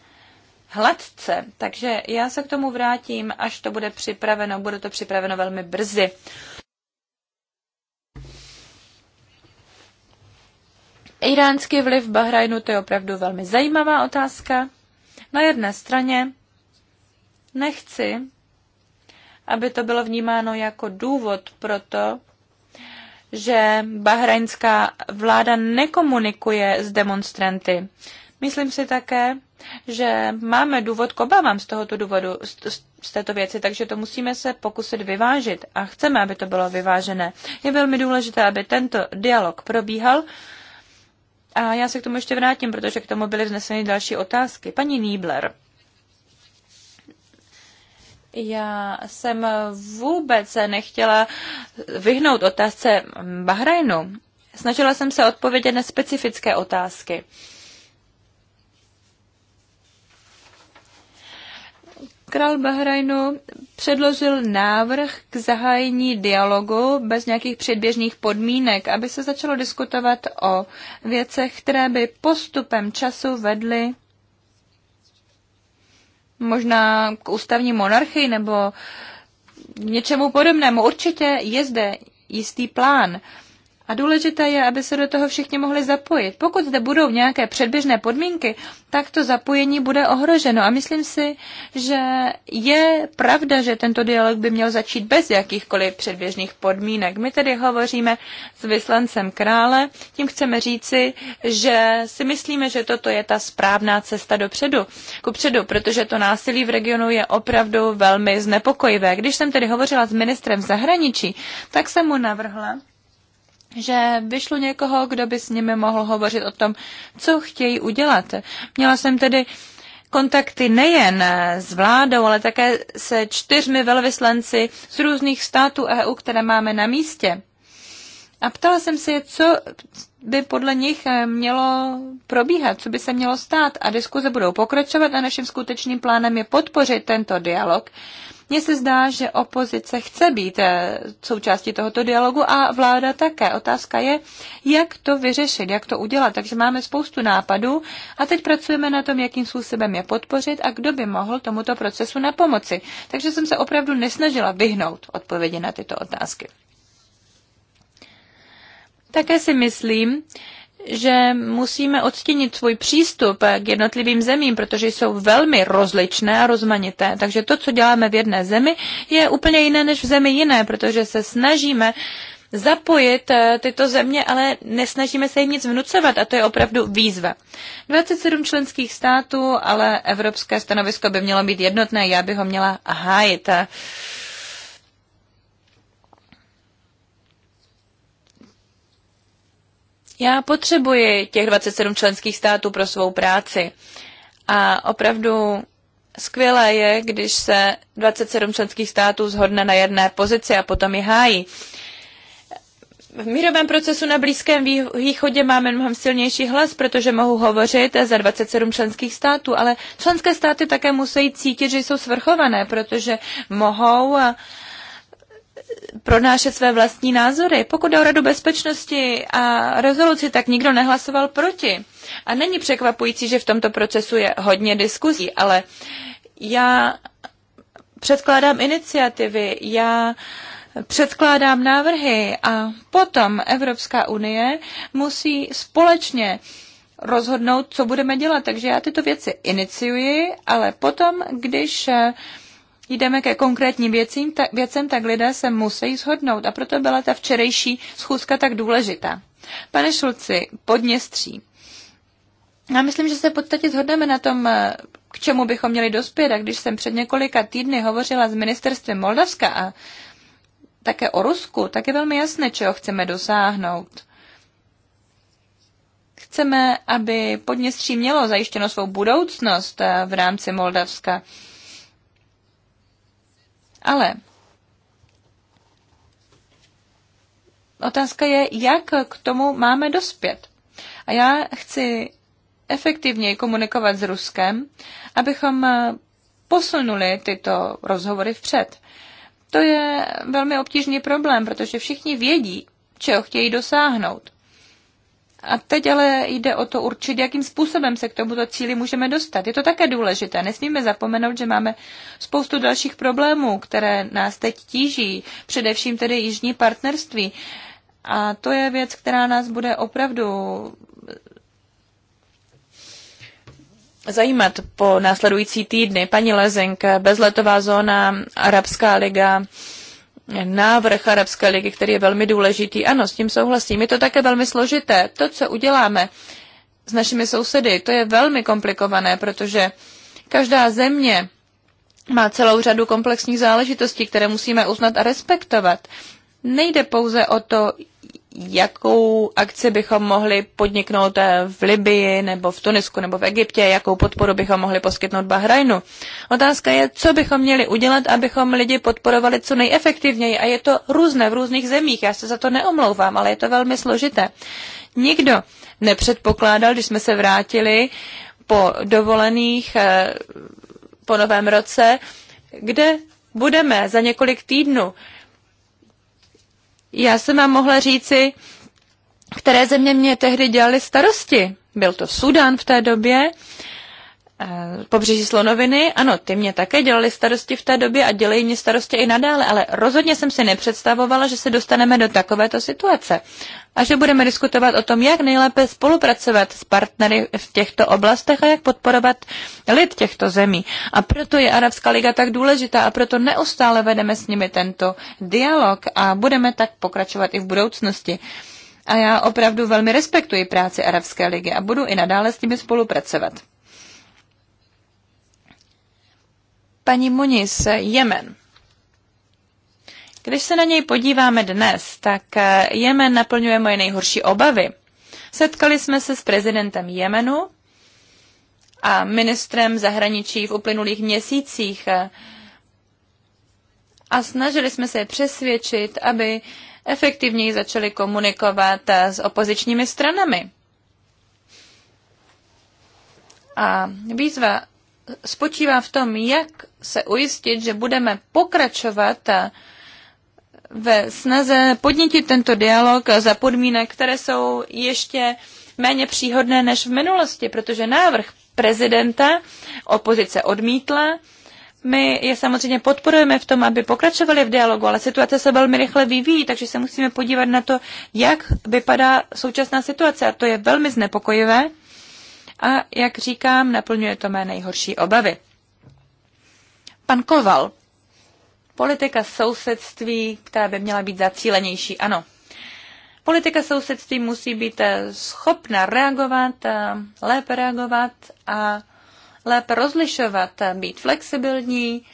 hladce, takže já se k tomu vrátím, až to bude připraveno. Bude to připraveno velmi brzy. Iránský vliv v Bahrajnu, to je opravdu velmi zajímavá otázka. Na jedné straně nechci, aby to bylo vnímáno jako důvod pro to, že bahrajnská vláda nekomunikuje s demonstranty. Myslím si také, že máme důvod k obavám z tohoto důvodu, z, z této věci, takže to musíme se pokusit vyvážit a chceme, aby to bylo vyvážené. Je velmi důležité, aby tento dialog probíhal a já se k tomu ještě vrátím, protože k tomu byly vzneseny další otázky. Paní Niebler já jsem vůbec nechtěla vyhnout otázce Bahrajnu. Snažila jsem se odpovědět na specifické otázky. Král Bahrajnu předložil návrh k zahájení dialogu bez nějakých předběžných podmínek, aby se začalo diskutovat o věcech, které by postupem času vedly možná k ústavní monarchii nebo něčemu podobnému. Určitě je zde jistý plán. A důležité je, aby se do toho všichni mohli zapojit. Pokud zde budou nějaké předběžné podmínky, tak to zapojení bude ohroženo. A myslím si, že je pravda, že tento dialog by měl začít bez jakýchkoliv předběžných podmínek. My tedy hovoříme s vyslancem krále, tím chceme říci, že si myslíme, že toto je ta správná cesta dopředu, kupředu, protože to násilí v regionu je opravdu velmi znepokojivé. Když jsem tedy hovořila s ministrem zahraničí, tak jsem mu navrhla, že vyšlo někoho, kdo by s nimi mohl hovořit o tom, co chtějí udělat. Měla jsem tedy kontakty nejen s vládou, ale také se čtyřmi velvyslanci z různých států EU, které máme na místě. A ptala jsem se, co by podle nich eh, mělo probíhat, co by se mělo stát. A diskuze budou pokračovat a naším skutečným plánem je podpořit tento dialog mně se zdá, že opozice chce být eh, součástí tohoto dialogu a vláda také. Otázka je, jak to vyřešit, jak to udělat. Takže máme spoustu nápadů a teď pracujeme na tom, jakým způsobem je podpořit a kdo by mohl tomuto procesu na pomoci. Takže jsem se opravdu nesnažila vyhnout odpovědi na tyto otázky. Také si myslím, že musíme odstínit svůj přístup k jednotlivým zemím, protože jsou velmi rozličné a rozmanité. Takže to, co děláme v jedné zemi, je úplně jiné než v zemi jiné, protože se snažíme zapojit eh, tyto země, ale nesnažíme se jim nic vnucovat a to je opravdu výzva. 27 členských států, ale evropské stanovisko by mělo být jednotné, já bych ho měla hájit. A Já potřebuji těch 27 členských států pro svou práci. A opravdu skvělé je, když se 27 členských států zhodne na jedné pozici a potom ji hájí. V mírovém procesu na Blízkém východě máme mnohem silnější hlas, protože mohu hovořit za 27 členských států, ale členské státy také musí cítit, že jsou svrchované, protože mohou eh, pronášet své vlastní názory. Pokud jde o Radu bezpečnosti a rezoluci, tak nikdo nehlasoval proti. A není překvapující, že v tomto procesu je hodně diskuzí, ale já předkládám iniciativy, já předkládám návrhy a potom Evropská unie musí společně rozhodnout, co budeme dělat. Takže já tyto věci iniciuji, ale potom, když jdeme ke konkrétním věcím, ta, věcem, tak lidé se musí shodnout. A proto byla ta včerejší schůzka tak důležitá. Pane Šulci, podněstří. Já myslím, že se v podstatě shodneme na tom, eh, k čemu bychom měli dospět. A když jsem před několika týdny hovořila s ministerstvem Moldavska a také o Rusku, tak je velmi jasné, čeho chceme dosáhnout. Chceme, aby Podněstří mělo zajištěno svou budoucnost eh, v rámci Moldavska. Ale otázka je, jak k tomu máme dospět. A já chci efektivněji komunikovat s Ruskem, abychom posunuli tyto rozhovory vpřed. To je velmi obtížný problém, protože všichni vědí, čeho chtějí dosáhnout. A teď ale jde o to určit, jakým způsobem se k tomuto cíli můžeme dostat. Je to také důležité. Nesmíme zapomenout, že máme spoustu dalších problémů, které nás teď tíží, především tedy jižní partnerství. A to je věc, která nás bude opravdu zajímat po následující týdny. Paní Lezenk, bezletová zóna, Arabská liga, návrh Arabské ligy, který je velmi důležitý. Ano, s tím souhlasím. Je to také velmi složité. To, co uděláme s našimi sousedy, to je velmi komplikované, protože každá země má celou řadu komplexních záležitostí, které musíme uznat a respektovat. Nejde pouze o to, jakou akci bychom mohli podniknout eh, v Libii nebo v Tunisku nebo v Egyptě, jakou podporu bychom mohli poskytnout Bahrajnu. Otázka je, co bychom měli udělat, abychom lidi podporovali co nejefektivněji. A je to různé v různých zemích, já se za to neomlouvám, ale je to velmi složité. Nikdo nepředpokládal, když jsme se vrátili po dovolených eh, po novém roce, kde budeme za několik týdnů já jsem vám mohla říci, které země mě tehdy dělaly starosti. Byl to Sudan v té době, eh, pobřeží Slonoviny, ano, ty mě také dělali starosti v té době a dělají mě starosti i nadále, ale rozhodně jsem si nepředstavovala, že se dostaneme do takovéto situace a že budeme diskutovat o tom, jak nejlépe spolupracovat s partnery v těchto oblastech a jak podporovat lid těchto zemí. A proto je Arabská liga tak důležitá a proto neustále vedeme s nimi tento dialog a budeme tak pokračovat i v budoucnosti. A já opravdu velmi respektuji práci Arabské ligy a budu i nadále s nimi spolupracovat. Paní Muniz, Jemen. Když se na něj podíváme dnes, tak eh, Jemen naplňuje moje nejhorší obavy. Setkali jsme se s prezidentem Jemenu a ministrem zahraničí v uplynulých měsících a snažili jsme se je přesvědčit, aby efektivněji začali komunikovat eh, s opozičními stranami. A výzva spočívá v tom, jak se ujistit, že budeme pokračovat eh, ve snaze podnítit tento dialog za podmínek, které jsou ještě méně příhodné než v minulosti, protože návrh prezidenta opozice odmítla. My je samozřejmě podporujeme v tom, aby pokračovali v dialogu, ale situace se velmi rychle vyvíjí, takže se musíme podívat na to, jak vypadá současná situace. A to je velmi znepokojivé. A jak říkám, naplňuje to mé nejhorší obavy. Pan Koval Politika sousedství, která by měla být zacílenější, ano. Politika sousedství musí být eh, schopna reagovat, eh, lépe reagovat a lépe rozlišovat, eh, být flexibilní,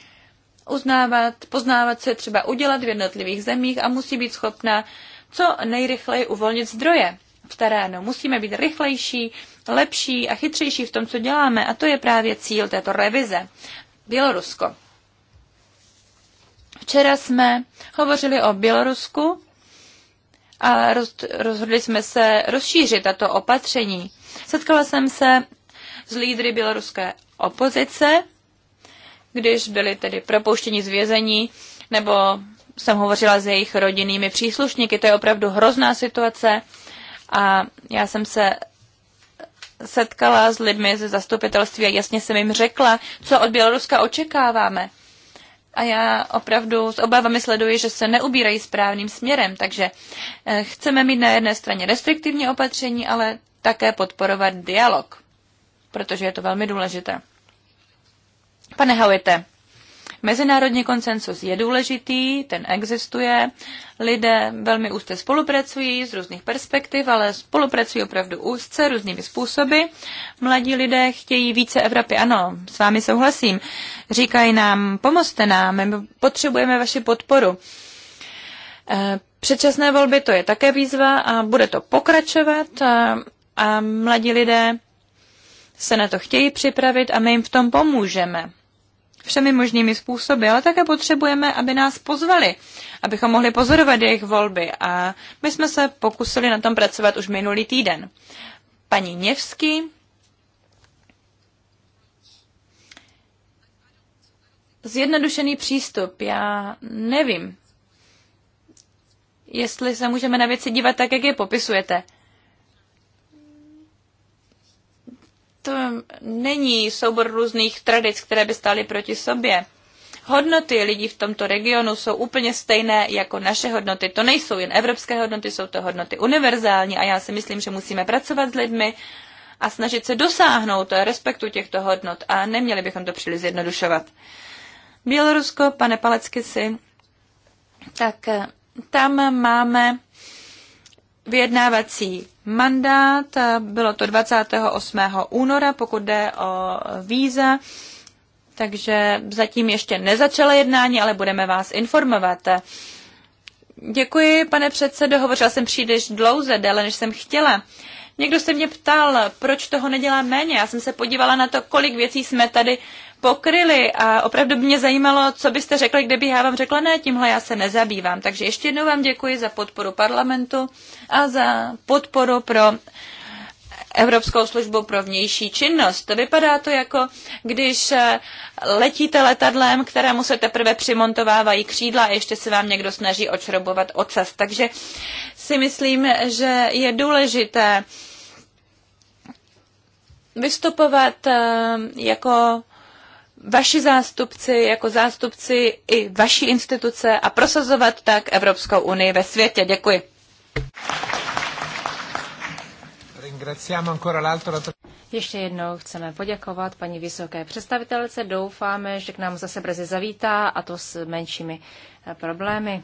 uznávat, poznávat, co je třeba udělat v jednotlivých zemích a musí být schopna co nejrychleji uvolnit zdroje v terénu. Musíme být rychlejší, lepší a chytřejší v tom, co děláme a to je právě cíl této revize. Bělorusko. Včera jsme hovořili o Bělorusku a rozhodli jsme se rozšířit tato opatření. Setkala jsem se s lídry běloruské opozice, když byli tedy propouštěni z vězení, nebo jsem hovořila s jejich rodinnými příslušníky. To je opravdu hrozná situace a já jsem se setkala s lidmi ze zastupitelství a jasně jsem jim řekla, co od Běloruska očekáváme a já opravdu s obavami sleduji, že se neubírají správným směrem, takže eh, chceme mít na jedné straně restriktivní opatření, ale také podporovat dialog, protože je to velmi důležité. Pane Hauete, Mezinárodní konsensus je důležitý, ten existuje. Lidé velmi úzce spolupracují z různých perspektiv, ale spolupracují opravdu úzce různými způsoby. Mladí lidé chtějí více Evropy. Ano, s vámi souhlasím. Říkají nám, pomozte nám, my potřebujeme vaši podporu. Eh, předčasné volby to je také výzva a bude to pokračovat a, a mladí lidé se na to chtějí připravit a my jim v tom pomůžeme všemi možnými způsoby, ale také potřebujeme, aby nás pozvali, abychom mohli pozorovat jejich volby. A my jsme se pokusili na tom pracovat už minulý týden. Paní Něvsky Zjednodušený přístup, já nevím, jestli se můžeme na věci dívat tak, jak je popisujete. to není soubor různých tradic, které by stály proti sobě. Hodnoty lidí v tomto regionu jsou úplně stejné jako naše hodnoty. To nejsou jen evropské hodnoty, jsou to hodnoty univerzální a já si myslím, že musíme pracovat s lidmi a snažit se dosáhnout respektu těchto hodnot a neměli bychom to příliš zjednodušovat. Bělorusko, pane Palecky si, tak eh, tam máme vyjednávací mandát. Bylo to 28. února, pokud jde o víza. Takže zatím ještě nezačala jednání, ale budeme vás informovat. Děkuji, pane předsedo. Hovořila jsem příliš dlouze, déle než jsem chtěla. Někdo se mě ptal, proč toho nedělá méně. Já jsem se podívala na to, kolik věcí jsme tady pokryli a opravdu mě zajímalo, co byste řekli, kdyby já vám řekla, ne, tímhle já se nezabývám. Takže ještě jednou vám děkuji za podporu parlamentu a za podporu pro Evropskou službu pro vnější činnost. To vypadá to jako, když eh, letíte letadlem, kterému se teprve přimontovávají křídla a ještě se vám někdo snaží očrobovat ocas. Takže si myslím, že je důležité vystupovat eh, jako vaši zástupci, jako zástupci i vaší instituce a prosazovat tak Evropskou unii ve světě. Děkuji. Ještě jednou chceme poděkovat paní vysoké představitelce. Doufáme, že k nám zase brzy zavítá a to s menšími eh, problémy.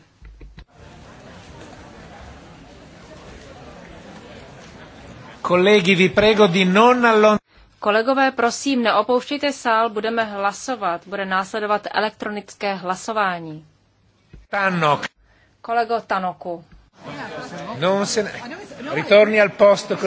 Kolegy, vy prego di non allontanarvi. Kolegové, prosím, neopouštějte sál, budeme hlasovat. Bude následovat elektronické hlasování. Tanok. Kolego Tanoku. Non se... Ritorni al posto.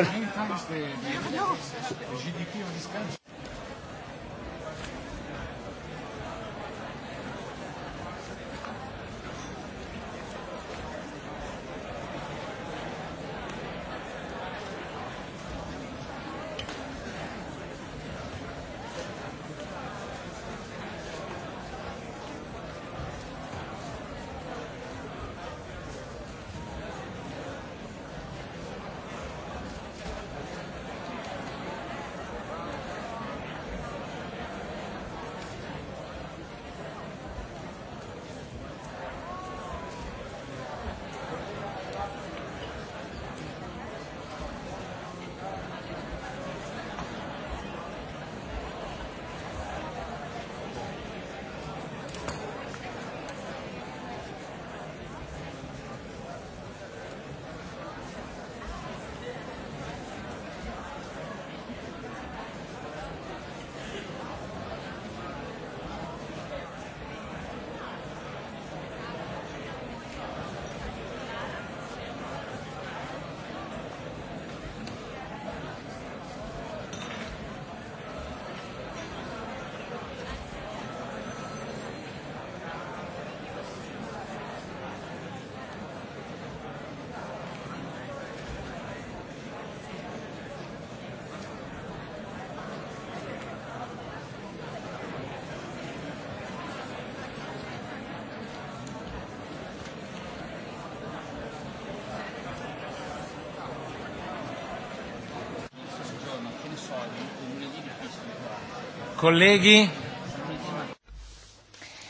Kolegy.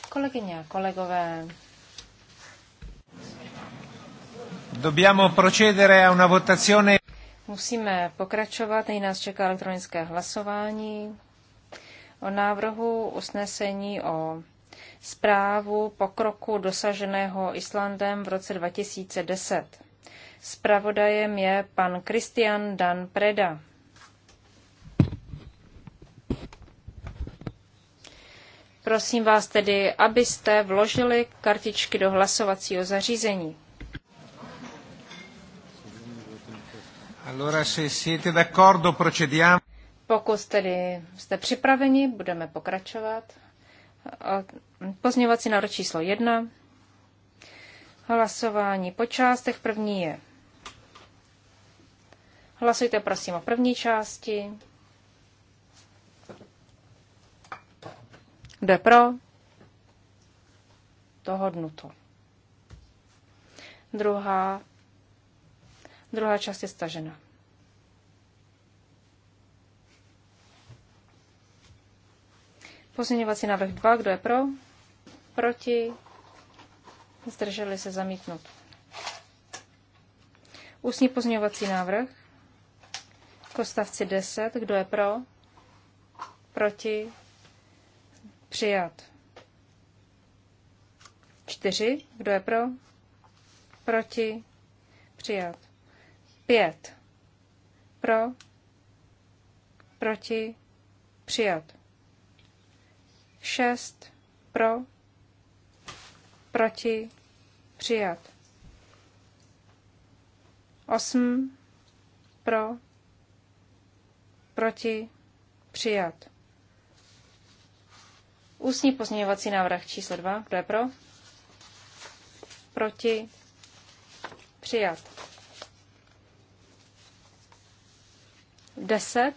Kolegyně kolegové. Dobbiamo procedere a una votazione. Musíme pokračovat, nyní nás čeká elektronické hlasování o návrhu usnesení o zprávu pokroku dosaženého Islandem v roce 2010. Spravodajem je pan Christian Dan Preda. Prosím vás tedy, abyste vložili kartičky do hlasovacího zařízení. Pokud tedy jste připraveni, budeme pokračovat. Pozměňovací návrh číslo jedna. Hlasování po částech. První je. Hlasujte prosím o první části. kde je pro? Dohodnuto. Druhá, druhá část je stažena. Pozměňovací návrh 2, kdo je pro? Proti? Zdrželi se zamítnout. Ústní pozměňovací návrh kostavci 10, kdo je pro? Proti? Přijat. Čtyři. Kdo je pro? Proti? Přijat. Pět. Pro? Proti? Přijat. Šest. Pro? Proti? Přijat. Osm. Pro? Proti? Přijat. Ústní pozměňovací návrh číslo 2. Kdo je pro? Proti? Přijat. 10.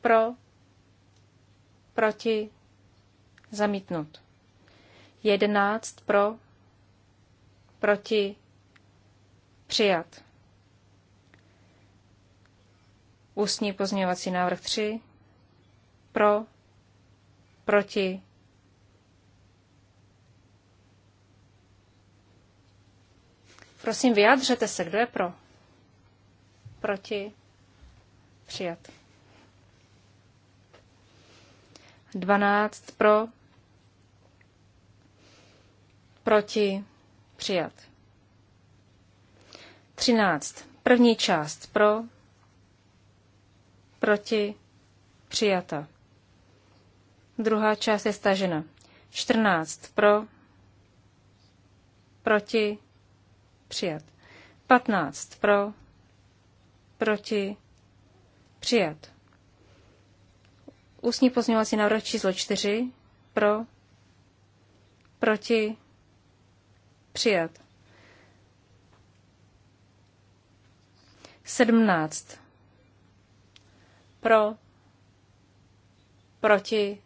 Pro? Proti? Zamítnut. 11. Pro? Proti? Přijat. Ústní pozměňovací návrh 3. Pro? Proti? Prosím, vyjádřete se, kdo je pro? Proti? Přijat. 12 pro, proti, přijat. 13. První část pro, proti, přijata. Druhá část je stažena. 14 pro, proti, přijat. 15 pro, proti, přijat. Ústní pozměňovací návrh číslo 4 pro, proti, přijat. 17 pro, proti,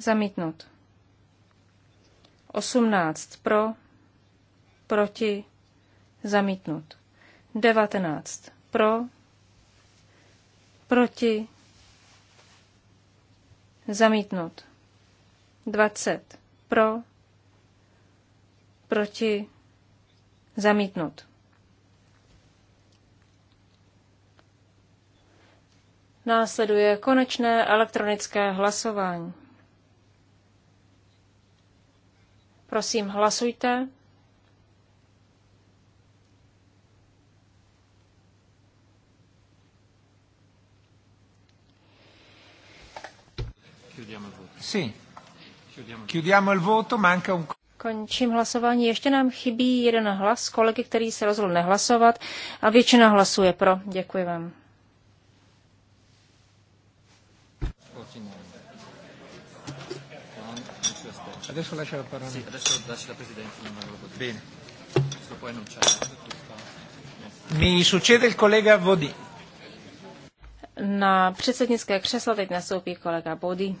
Zamítnut. 18 pro, proti, zamítnut. 19 pro, proti, zamítnut. 20 pro, proti, zamítnut. Následuje konečné elektronické hlasování. Prosím, hlasujte. Sì. Chiudiamo il voto, manca un... Končím hlasování. Ještě nám chybí jeden hlas kolegy, který se rozhodl nehlasovat a většina hlasuje pro. Děkuji vám. Adesso lascia la parola. Sì, adesso lascia la Presidente. Bene. Questo poi non c'è. Mi succede il collega Vodi. Na předsednické křeslo teď nastoupí kolega Body.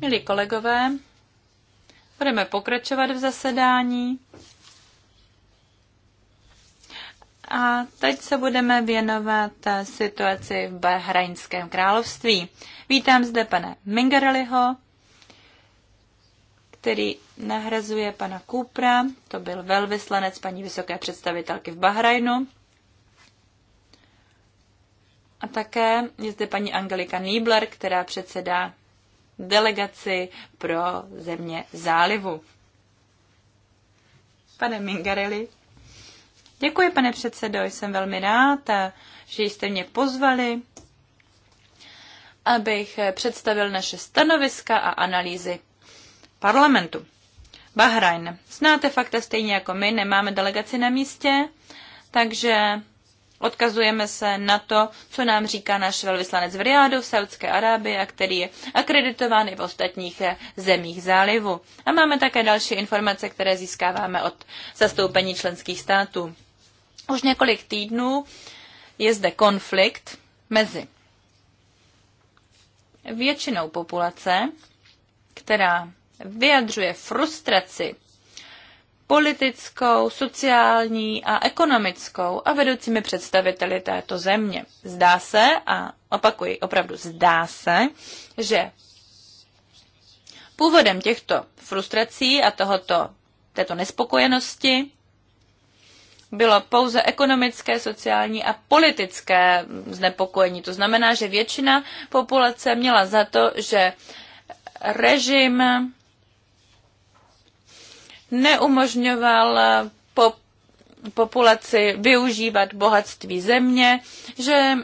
Milí kolegové, budeme pokračovat v zasedání. A teď se budeme věnovat situaci v Bahrajnském království. Vítám zde pana Mingareliho, který nahrazuje pana Kupra, to byl velvyslanec paní vysoké představitelky v Bahrajnu také je zde paní Angelika Niebler, která předsedá delegaci pro země zálivu. Pane Mingarelli. Děkuji, pane předsedo, jsem velmi rád, že jste mě pozvali, abych představil naše stanoviska a analýzy parlamentu. Bahrajn. Znáte fakta stejně jako my, nemáme delegaci na místě, takže Odkazujeme se na to, co nám říká náš velvyslanec v Riádu v Saudské Arábii, a který je akreditován i v ostatních eh, zemích zálivu. A máme také další informace, které získáváme od zastoupení členských států. Už několik týdnů je zde konflikt mezi většinou populace, která vyjadřuje frustraci politickou, sociální a ekonomickou a vedoucími představiteli této země. Zdá se, a opakuji, opravdu zdá se, že původem těchto frustrací a tohoto, této nespokojenosti bylo pouze ekonomické, sociální a politické znepokojení. To znamená, že většina populace měla za to, že režim neumožňoval eh, po populaci využívat bohatství země, že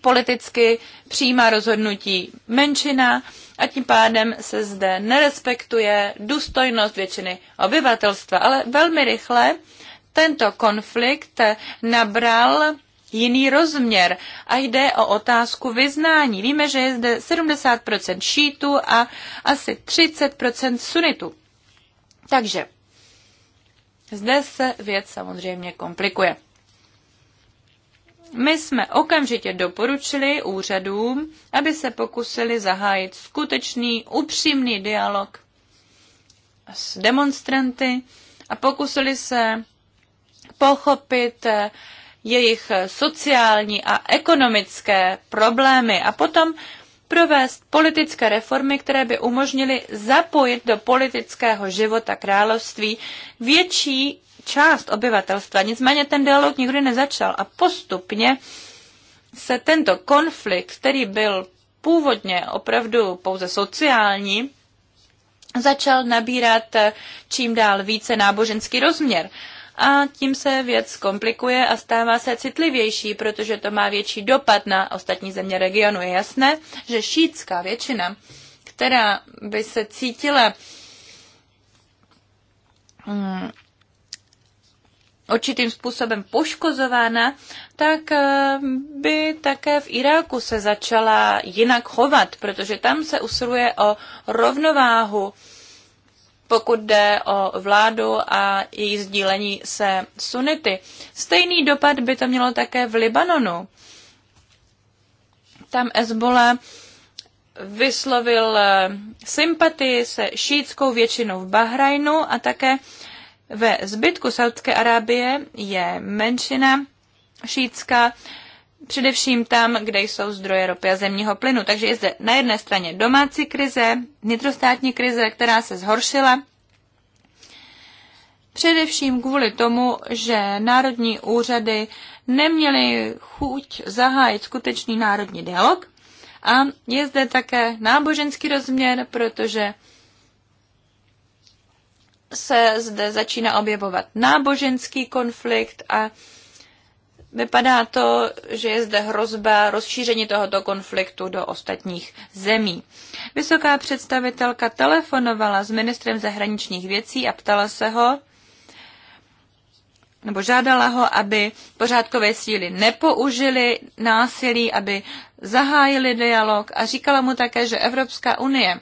politicky přijímá rozhodnutí menšina a tím pádem se zde nerespektuje důstojnost většiny obyvatelstva. Ale velmi rychle tento konflikt nabral jiný rozměr a jde o otázku vyznání. Víme, že je zde 70% šítů a asi 30% sunitů. Takže zde se věc samozřejmě komplikuje. My jsme okamžitě doporučili úřadům, aby se pokusili zahájit skutečný, upřímný dialog s demonstranty a pokusili se pochopit eh, jejich sociální a ekonomické problémy a potom provést politické reformy, které by umožnily zapojit do politického života království větší část obyvatelstva. Nicméně ten dialog nikdy nezačal a postupně se tento konflikt, který byl původně opravdu pouze sociální, začal nabírat čím dál více náboženský rozměr a tím se věc komplikuje a stává se citlivější, protože to má větší dopad na ostatní země regionu. Je jasné, že šítská většina, která by se cítila hmm, určitým způsobem poškozována, tak eh, by také v Iráku se začala jinak chovat, protože tam se usiluje o rovnováhu pokud jde o vládu a její sdílení se sunity. Stejný dopad by to mělo také v Libanonu. Tam Ezbole vyslovil eh, sympatii se šítskou většinou v Bahrajnu a také ve zbytku Saudské Arábie je menšina šítská, především tam, kde jsou zdroje ropy a zemního plynu. Takže je zde na jedné straně domácí krize, vnitrostátní krize, která se zhoršila, především kvůli tomu, že národní úřady neměly chuť zahájit skutečný národní dialog. A je zde také náboženský rozměr, protože se zde začíná objevovat náboženský konflikt a Vypadá to, že je zde hrozba rozšíření tohoto konfliktu do ostatních zemí. Vysoká představitelka telefonovala s ministrem zahraničních věcí a ptala se ho, nebo žádala ho, aby pořádkové síly nepoužili násilí, aby zahájili dialog a říkala mu také, že Evropská unie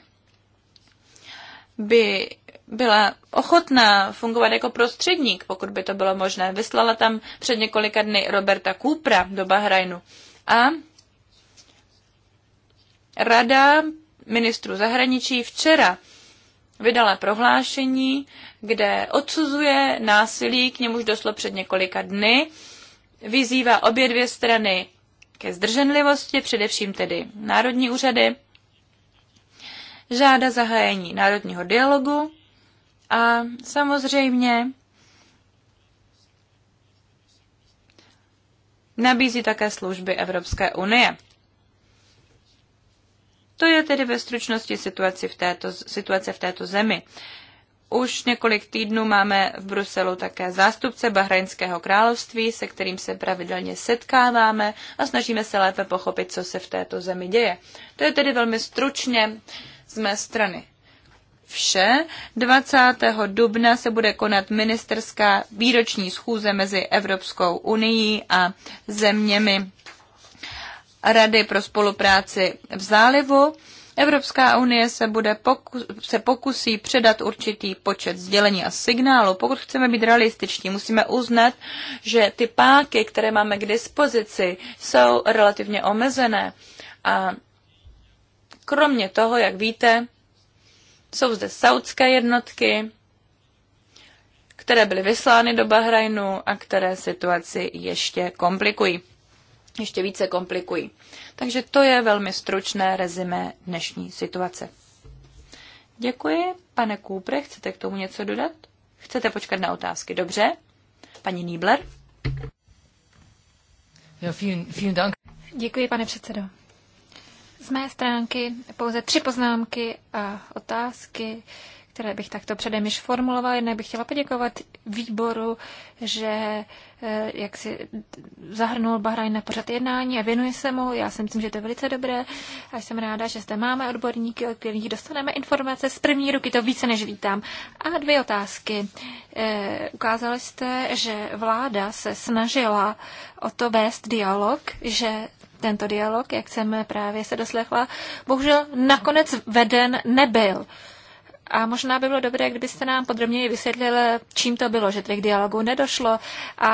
by byla ochotná fungovat jako prostředník, pokud by to bylo možné. Vyslala tam před několika dny Roberta Kupra do Bahrajnu. A rada ministru zahraničí včera vydala prohlášení, kde odsuzuje násilí, k němuž došlo před několika dny, vyzývá obě dvě strany ke zdrženlivosti, především tedy národní úřady, žáda zahájení národního dialogu a samozřejmě nabízí také služby Evropské unie. To je tedy ve stručnosti situaci v této, situace v této zemi. Už několik týdnů máme v Bruselu také zástupce Bahrajnského království, se kterým se pravidelně setkáváme a snažíme se lépe pochopit, co se v této zemi děje. To je tedy velmi stručně z mé strany vše. 20. dubna se bude konat ministerská výroční schůze mezi Evropskou unii a zeměmi Rady pro spolupráci v zálivu. Evropská unie se, bude pokus, se pokusí předat určitý počet sdělení a signálu. Pokud chceme být realističní, musíme uznat, že ty páky, které máme k dispozici, jsou relativně omezené. A kromě toho, jak víte, jsou zde saudské jednotky, které byly vyslány do Bahrajnu a které situaci ještě komplikují. Ještě více komplikují. Takže to je velmi stručné rezime dnešní situace. Děkuji. Pane Kůpre, chcete k tomu něco dodat? Chcete počkat na otázky, dobře? Paní Niebler? Děkuji, pane předsedo. Z mé stránky pouze tři poznámky a otázky, které bych takto předem již formulovala. Jednak bych chtěla poděkovat výboru, že eh, jak si zahrnul Bahrajn na pořad jednání a věnuje se mu. Já si myslím, že to je velice dobré a jsem ráda, že zde máme odborníky, od kterých dostaneme informace z první ruky, to více než vítám. A dvě otázky. Eh, ukázali jste, že vláda se snažila o to vést dialog, že tento dialog, jak jsem právě se doslechla, bohužel nakonec veden nebyl. A možná by bylo dobré, kdybyste nám podrobněji vysvětlil, čím to bylo, že tedy k dialogu nedošlo a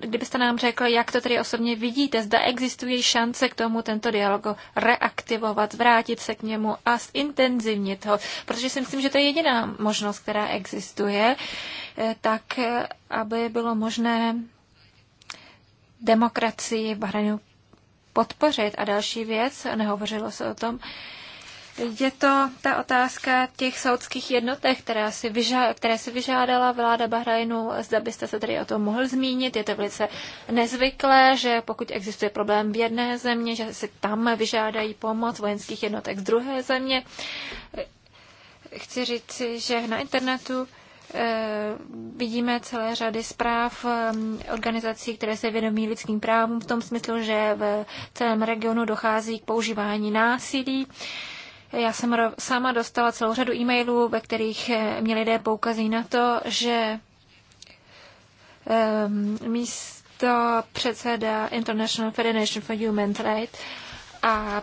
kdybyste nám řekl, jak to tedy osobně vidíte, zda existují šance k tomu tento dialog reaktivovat, vrátit se k němu a zintenzivnit ho, protože si myslím, že to je jediná možnost, která existuje, tak aby bylo možné demokracii v Bahrajnu podpořit. A další věc, nehovořilo se o tom, je to ta otázka těch saudských jednotek, která si vyžá, které si vyžádala vláda Bahrajnu. Zda byste se tedy o tom mohl zmínit. Je to velice nezvyklé, že pokud existuje problém v jedné země, že si tam vyžádají pomoc vojenských jednotek z druhé země. Chci říct, že na internetu Eh, vidíme celé řady zpráv eh, organizací, které se vědomí lidským právům v tom smyslu, že v celém regionu dochází k používání násilí. Já jsem sama dostala celou řadu e-mailů, ve kterých eh, mě lidé poukazují na to, že ehm, místo předseda International Federation for Human Rights a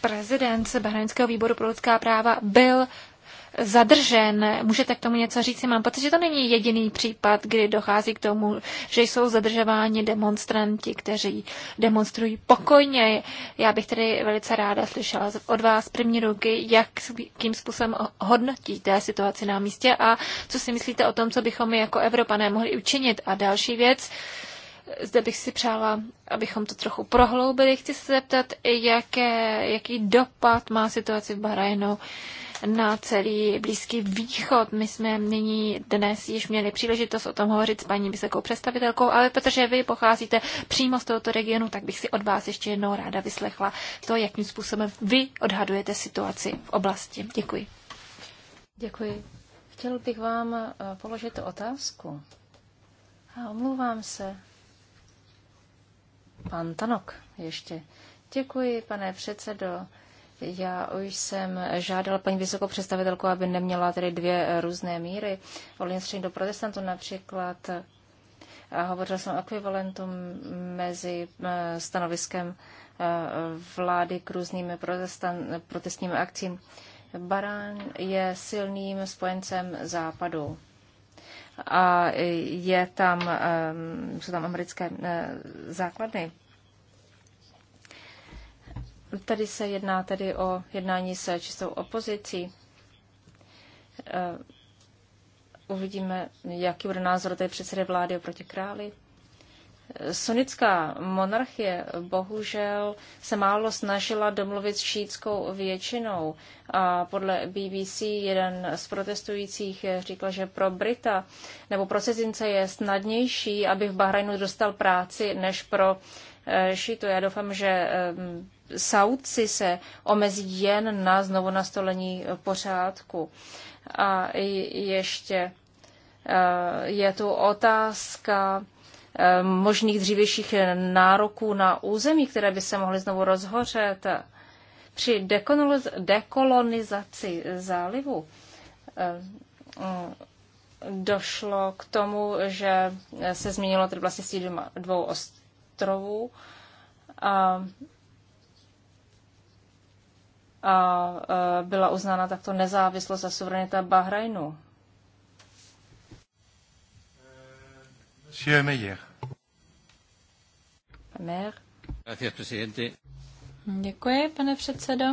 prezident Bahrajnského výboru pro lidská práva byl zadržen. Můžete k tomu něco říct? Mám pocit, že to není jediný případ, kdy dochází k tomu, že jsou zadržováni demonstranti, kteří demonstrují pokojně. Já bych tedy velice ráda slyšela od vás první ruky, jakým způsobem hodnotíte situaci na místě a co si myslíte o tom, co bychom my jako Evropané mohli učinit. A další věc, zde bych si přála, abychom to trochu prohloubili. Chci se zeptat, jaké, jaký dopad má situace v Bahrajnu na celý Blízký východ. My jsme nyní dnes již měli příležitost o tom hovořit s paní vysokou představitelkou, ale protože vy pocházíte přímo z tohoto regionu, tak bych si od vás ještě jednou ráda vyslechla to, jakým způsobem vy odhadujete situaci v oblasti. Děkuji. Děkuji. Chtěl bych vám eh, položit otázku. A omlouvám se. Pan Tanok ještě. Děkuji, pane předsedo. Já už jsem žádala paní vysokou představitelku, aby neměla tedy dvě různé míry. Orientační do protestantů například. A hovořila jsem o ekvivalentu mezi eh, stanoviskem eh, vlády k různým protestním akcím. Barán je silným spojencem západu a je tam, eh, jsou tam americké základny. Tady se jedná tedy o jednání se čistou opozicí. E, uvidíme, jaký bude názor té předsedy vlády oproti králi. E, Sunická monarchie bohužel se málo snažila domluvit s šítskou většinou. A podle BBC jeden z protestujících říkal, že pro Brita nebo pro cizince je snadnější, aby v Bahrajnu dostal práci, než pro e, šítu. Já doufám, že Saudci se omezí jen na znovu nastolení eh, pořádku. A ještě eh, je tu otázka eh, možných dřívějších nároků na území, které by se mohly znovu rozhořet. Při dekolonizaci zálivu mm, došlo k tomu, že se změnilo tedy vlastnictví dvou ostrovů. A a byla uznána takto nezávislost a suverenita Bahrajnu. Monsieur Meyer. Meyer. Děkuji, pane předsedo.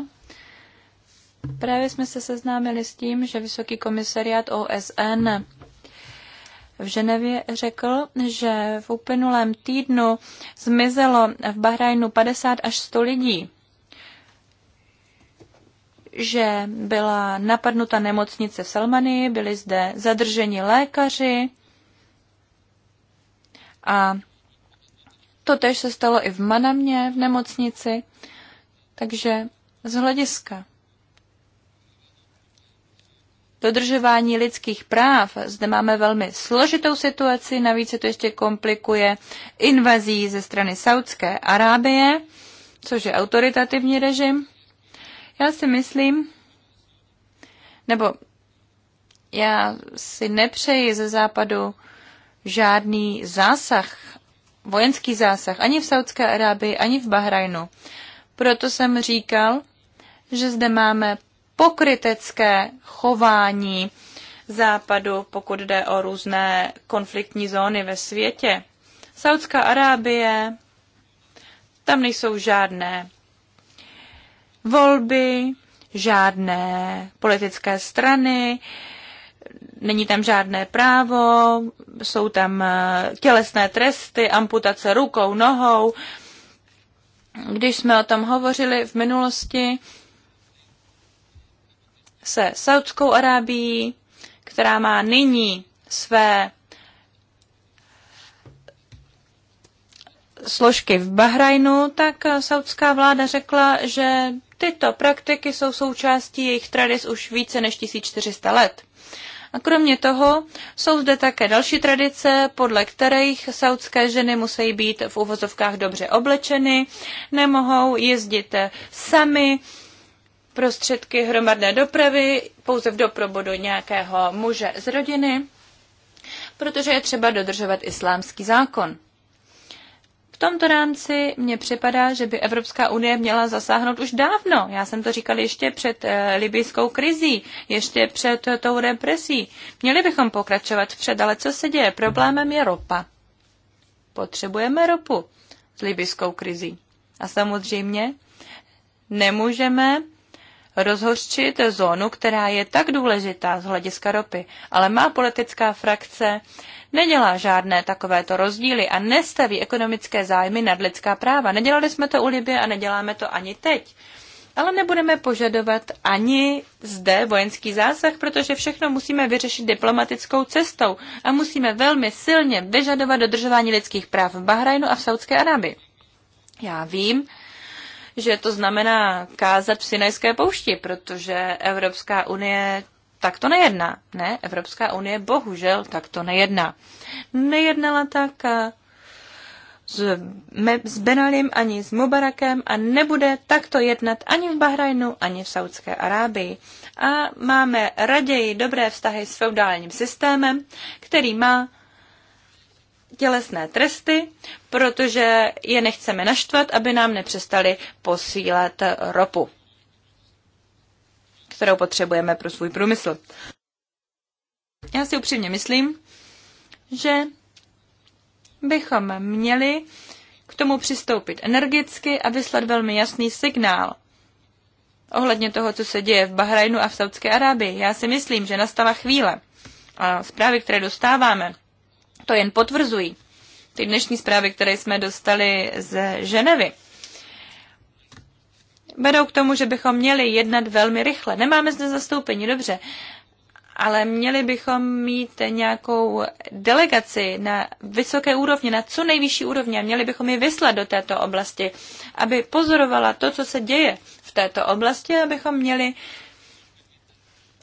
Právě jsme se seznámili s tím, že Vysoký komisariát OSN v Ženevě řekl, že v uplynulém týdnu zmizelo v Bahrajnu 50 až 100 lidí že byla napadnuta nemocnice v Salmanii, byli zde zadrženi lékaři a to tež se stalo i v Manamě v nemocnici. Takže z hlediska dodržování lidských práv. Zde máme velmi složitou situaci, navíc se to ještě komplikuje invazí ze strany Saudské Arábie, což je autoritativní režim. Já si myslím, nebo já si nepřeji ze západu žádný zásah, vojenský zásah, ani v Saudské Arábii, ani v Bahrajnu. Proto jsem říkal, že zde máme pokrytecké chování západu, pokud jde o různé konfliktní zóny ve světě. Saudská Arábie, tam nejsou žádné volby, žádné politické strany, není tam žádné právo, jsou tam eh, tělesné tresty, amputace rukou, nohou. Když jsme o tom hovořili v minulosti se Saudskou Arábií, která má nyní své složky v Bahrajnu, tak eh, saudská vláda řekla, že Tyto praktiky jsou součástí jejich tradic už více než 1400 let. A kromě toho jsou zde také další tradice, podle kterých saudské ženy musí být v uvozovkách dobře oblečeny, nemohou jezdit sami, prostředky hromadné dopravy pouze v doprobodu nějakého muže z rodiny, protože je třeba dodržovat islámský zákon. V tomto rámci mně připadá, že by Evropská unie měla zasáhnout už dávno. Já jsem to říkal ještě před eh, libijskou krizí, ještě před eh, tou represí. Měli bychom pokračovat vpřed, ale co se děje? Problémem je ropa. Potřebujeme ropu s libijskou krizí. A samozřejmě nemůžeme rozhořčit zónu, která je tak důležitá z hlediska ropy, ale má politická frakce nedělá žádné takovéto rozdíly a nestaví ekonomické zájmy nad lidská práva. Nedělali jsme to u Libie a neděláme to ani teď. Ale nebudeme požadovat ani zde vojenský zásah, protože všechno musíme vyřešit diplomatickou cestou a musíme velmi silně vyžadovat dodržování lidských práv v Bahrajnu a v Saudské Arábii. Já vím, že to znamená kázat v Sinajské poušti, protože Evropská unie tak to nejedná. Ne, Evropská unie bohužel tak to nejedná. Nejednala tak eh, s, s Benalim ani s Mubarakem a nebude takto jednat ani v Bahrajnu, ani v Saudské Arábii. A máme raději dobré vztahy s feudálním systémem, který má tělesné tresty, protože je nechceme naštvat, aby nám nepřestali posílat ropu kterou potřebujeme pro svůj průmysl. Já si upřímně myslím, že bychom měli k tomu přistoupit energicky a vyslat velmi jasný signál ohledně toho, co se děje v Bahrajnu a v Saudské Arábii. Já si myslím, že nastala chvíle a zprávy, které dostáváme, to jen potvrzují. Ty dnešní zprávy, které jsme dostali z Ženevy, vedou k tomu, že bychom měli jednat velmi rychle. Nemáme zde zastoupení, dobře, ale měli bychom mít nějakou delegaci na vysoké úrovni, na co nejvyšší úrovni a měli bychom ji vyslat do této oblasti, aby pozorovala to, co se děje v této oblasti, abychom měli uh,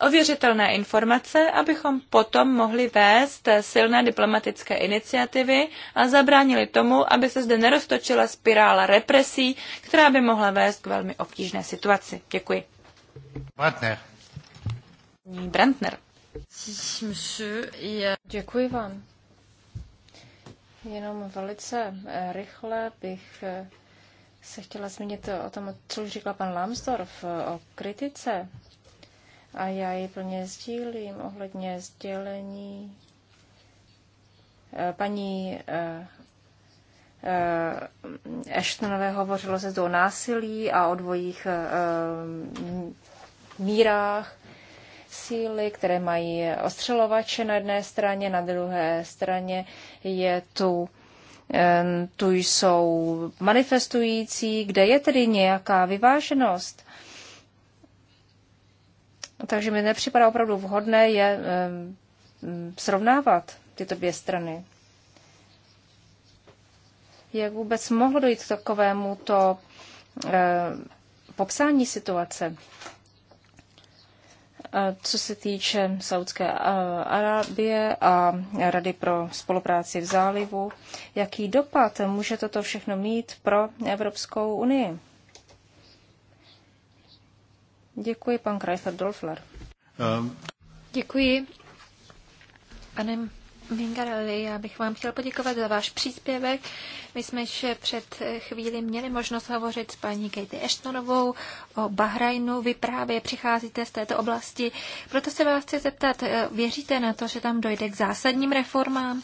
ověřitelné informace, abychom potom mohli vést silné diplomatické iniciativy a zabránili tomu, aby se zde neroztočila spirála represí, která by mohla vést k velmi obtížné situaci. Děkuji. Brandner. Brandner. Děkuji vám. Jenom velice eh, rychle bych eh, se chtěla zmínit o tom, co už říkal pan Lambsdorff, eh, o kritice a já ji plně sdílím ohledně sdělení eh, paní Eštonové eh, eh, hovořilo se o násilí a o dvojích mírách síly, které mají ostřelovače na jedné straně, na druhé straně je tu tu jsou manifestující, kde je tedy nějaká vyváženost No, takže mi nepřipadá opravdu vhodné je eh, mm, srovnávat tyto dvě strany. Jak vůbec mohlo dojít k takovému to eh, popsání situace? Eh, co se týče Saudské Arábie a Rady pro spolupráci v zálivu, jaký dopad může toto všechno mít pro Evropskou unii? Děkuji, pan Kreisler Dolfler. Um. Děkuji. Pane Mingarelli, já bych vám chtěl poděkovat za váš příspěvek. My jsme již před chvíli měli možnost hovořit s paní Katy Ashtonovou o Bahrajnu. Vy právě přicházíte z této oblasti. Proto se vás chci zeptat, eh, věříte na to, že tam dojde k zásadním reformám?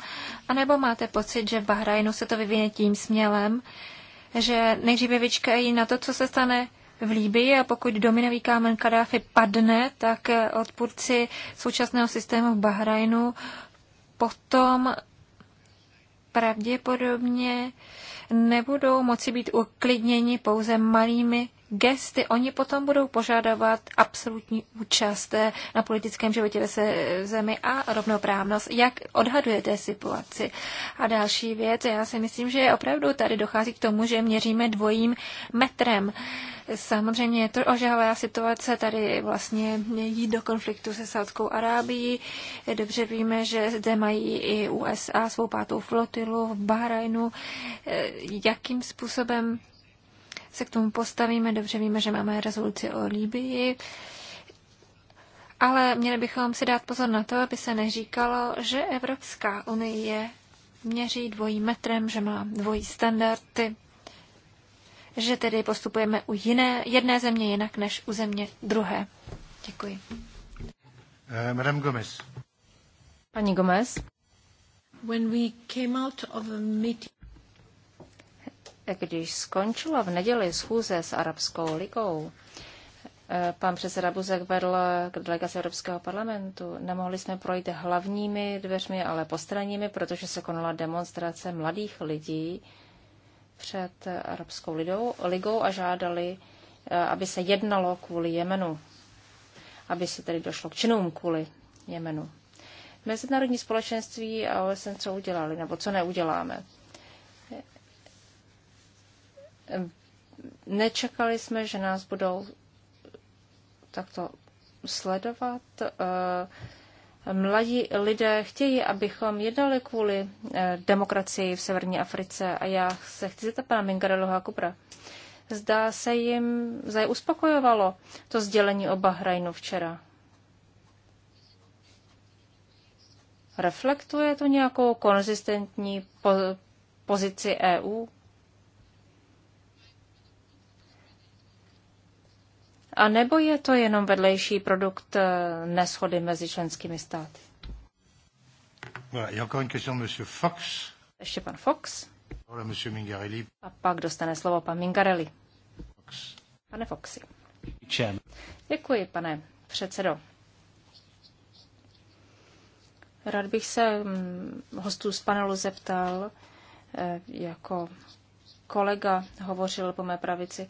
A nebo máte pocit, že v Bahrajnu se to vyvine tím smělem, že nejdříve vyčkají na to, co se stane v Líbii a pokud dominový kámen Kadáfi padne, tak eh, odpůrci současného systému v Bahrajnu potom pravděpodobně nebudou moci být uklidněni pouze malými gesty, oni potom budou požadovat absolutní účast eh, na politickém životě ve eh, zemi a rovnoprávnost. Jak odhadujete situaci? A další věc, já si myslím, že opravdu tady dochází k tomu, že měříme dvojím metrem. Samozřejmě je to ožahová situace, tady vlastně jít do konfliktu se Saudskou Arábií. Dobře víme, že zde mají i USA svou pátou flotilu v Bahrajnu. Eh, jakým způsobem se k tomu postavíme. Dobře víme, že máme rezoluci o Líbii, ale měli bychom si dát pozor na to, aby se neříkalo, že Evropská unie měří dvojím metrem, že má dvojí standardy, že tedy postupujeme u jiné, jedné země jinak než u země druhé. Děkuji. Eh, Madame Gomez. Paní Gomez. When we came out of a meeting... Když skončila v neděli schůze s Arabskou ligou, eh, pan předseda Buzek vedl k delegaci Evropského parlamentu. Nemohli jsme projít hlavními dveřmi, ale postranními, protože se konala demonstrace mladých lidí před Arabskou lidou, ligou a žádali, eh, aby se jednalo kvůli Jemenu, aby se tedy došlo k činům kvůli Jemenu. Mezinárodní společenství a OSN co udělali, nebo co neuděláme. Nečekali jsme, že nás budou takto sledovat. Eh, mladí lidé chtějí, abychom jednali kvůli eh, demokracii v severní Africe a já se chci zeptat pana Mingareloha Kupra. Zdá se jim, zda uspokojovalo to sdělení o Bahrajnu včera. Reflektuje to nějakou konzistentní pozici EU? A nebo je to jenom vedlejší produkt eh, neschody mezi členskými státy? Ještě pan Fox. A pak dostane slovo pan Mingarelli. Pane Foxy. Děkuji, pane předsedo. Rád bych se mm, hostů z panelu zeptal, eh, jako kolega hovořil po mé pravici,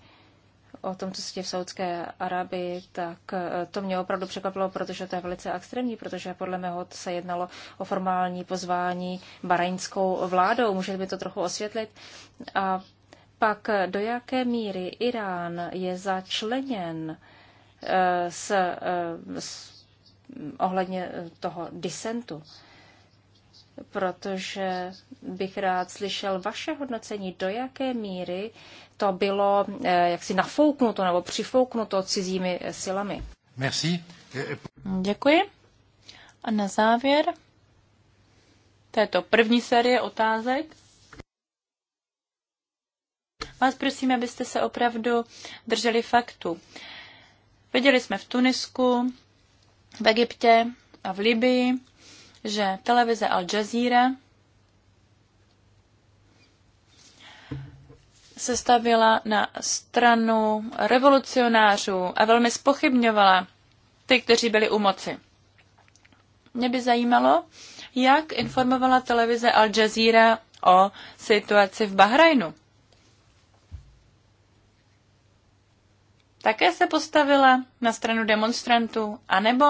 o tom, co se děje v Saudské Arabii, tak eh, to mě opravdu překvapilo, protože to je velice extrémní, protože podle mého se jednalo o formální pozvání barajnskou vládou. Můžete by to trochu osvětlit? A pak do jaké míry Irán je začleněn eh, s, eh, s ohledně toho disentu? protože bych rád slyšel vaše hodnocení, do jaké míry to bylo eh, jaksi nafouknuto nebo přifouknuto cizími eh, silami. Merci. Děkuji. A na závěr této první série otázek vás prosím, abyste se opravdu drželi faktu. Viděli jsme v Tunisku, v Egyptě a v Libii, že televize Al Jazeera se stavila na stranu revolucionářů a velmi spochybňovala ty, kteří byli u moci. Mě by zajímalo, jak informovala televize Al Jazeera o situaci v Bahrajnu. Také se postavila na stranu demonstrantů, anebo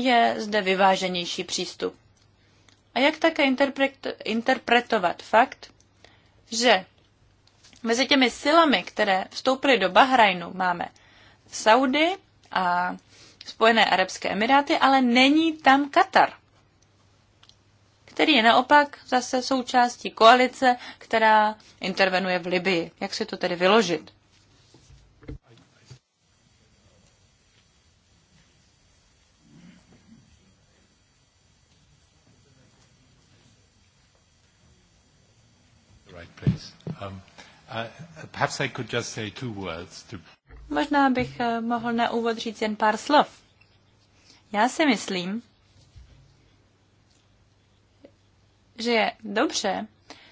je zde vyváženější přístup. A jak také interpretovat fakt, že mezi těmi silami, které vstoupily do Bahrajnu, máme Saudy a Spojené arabské emiráty, ale není tam Katar, který je naopak zase součástí koalice, která intervenuje v Libii. Jak si to tedy vyložit? Možná bych eh, mohl na úvod říct jen pár slov. Já si myslím, že je dobře,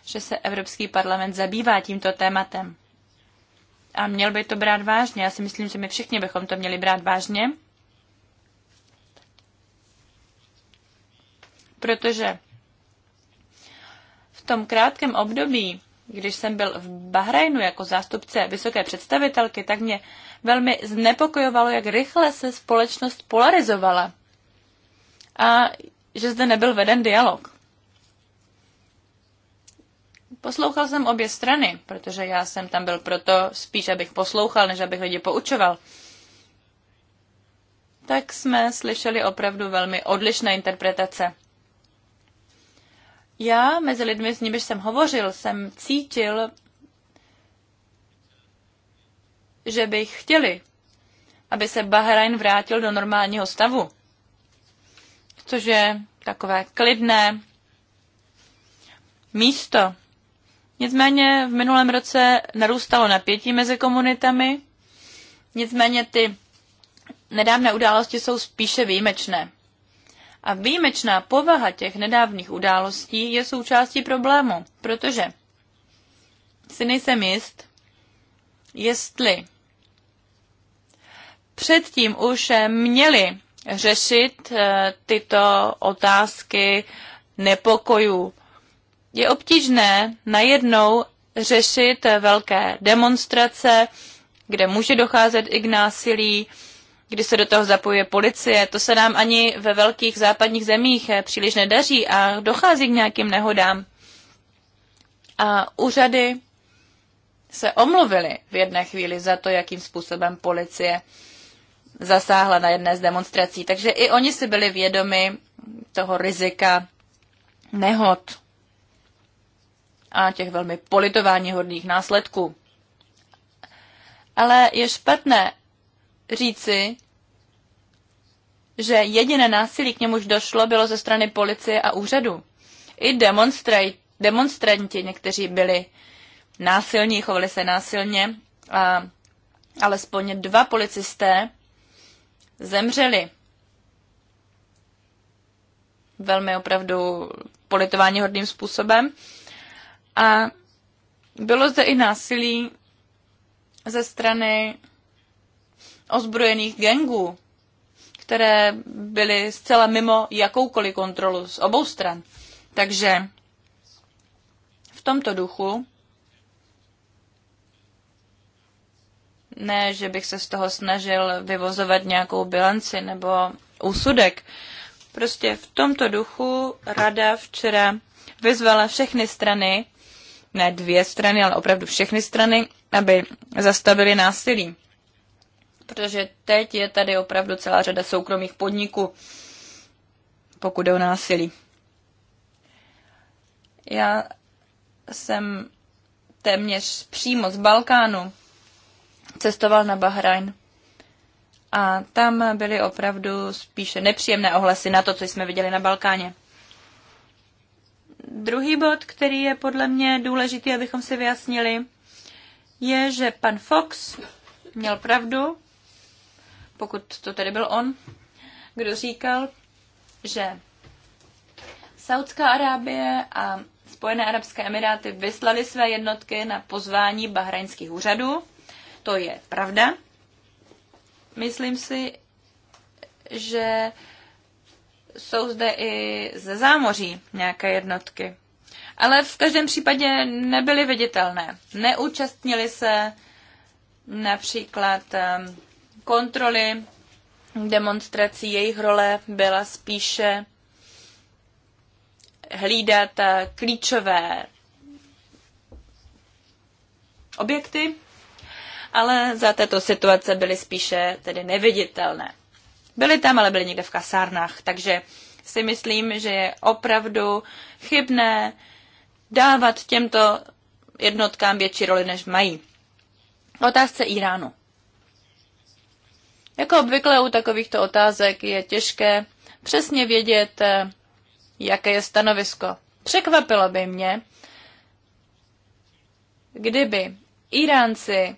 že se Evropský parlament zabývá tímto tématem. A měl by to brát vážně. Já si myslím, že my všichni bychom to měli brát vážně. Protože v tom krátkém období, když jsem byl v Bahrajnu jako zástupce vysoké představitelky, tak mě velmi znepokojovalo, jak rychle se společnost polarizovala a že zde nebyl veden dialog. Poslouchal jsem obě strany, protože já jsem tam byl proto spíš, abych poslouchal, než abych lidi poučoval. Tak jsme slyšeli opravdu velmi odlišné interpretace. Já mezi lidmi, s nimiž jsem hovořil, jsem cítil, že bych chtěli, aby se Bahrajn vrátil do normálního stavu. Což je takové klidné místo. Nicméně v minulém roce narůstalo napětí mezi komunitami, nicméně ty nedávné události jsou spíše výjimečné. A výjimečná povaha těch nedávných událostí je součástí problému, protože si nejsem jist, jestli předtím už měli řešit eh, tyto otázky nepokojů. Je obtížné najednou řešit velké demonstrace, kde může docházet i k násilí, kdy se do toho zapojuje policie. To se nám ani ve velkých západních zemích eh, příliš nedaří a dochází k nějakým nehodám. A úřady se omluvili v jedné chvíli za to, jakým způsobem policie zasáhla na jedné z demonstrací. Takže i oni si byli vědomi toho rizika nehod a těch velmi politováníhodných následků. Ale je špatné, říci, že jediné násilí, k němuž došlo, bylo ze strany policie a úřadu. I demonstranti někteří byli násilní, chovali se násilně a alespoň dva policisté zemřeli. Velmi opravdu politování hodným způsobem. A bylo zde i násilí ze strany ozbrojených gengů, které byly zcela mimo jakoukoliv kontrolu z obou stran. Takže v tomto duchu, ne, že bych se z toho snažil vyvozovat nějakou bilanci nebo úsudek, prostě v tomto duchu rada včera vyzvala všechny strany, ne dvě strany, ale opravdu všechny strany, aby zastavili násilí protože teď je tady opravdu celá řada soukromých podniků, pokud jde o násilí. Já jsem téměř přímo z Balkánu cestoval na Bahrajn. A tam byly opravdu spíše nepříjemné ohlasy na to, co jsme viděli na Balkáně. Druhý bod, který je podle mě důležitý, abychom si vyjasnili, je, že pan Fox měl pravdu, pokud to tedy byl on, kdo říkal, že Saudská Arábie a Spojené arabské emiráty vyslali své jednotky na pozvání bahrajnských úřadů. To je pravda. Myslím si, že jsou zde i ze zámoří nějaké jednotky. Ale v každém případě nebyly viditelné. Neúčastnili se například ehm, kontroly demonstrací, jejich role byla spíše hlídat eh, klíčové objekty, ale za této situace byly spíše tedy neviditelné. Byly tam, ale byly někde v kasárnách, takže si myslím, že je opravdu chybné dávat těmto jednotkám větší roli, než mají. Otázce Iránu. Jako obvykle u takovýchto otázek je těžké přesně vědět, eh, jaké je stanovisko. Překvapilo by mě, kdyby Iránci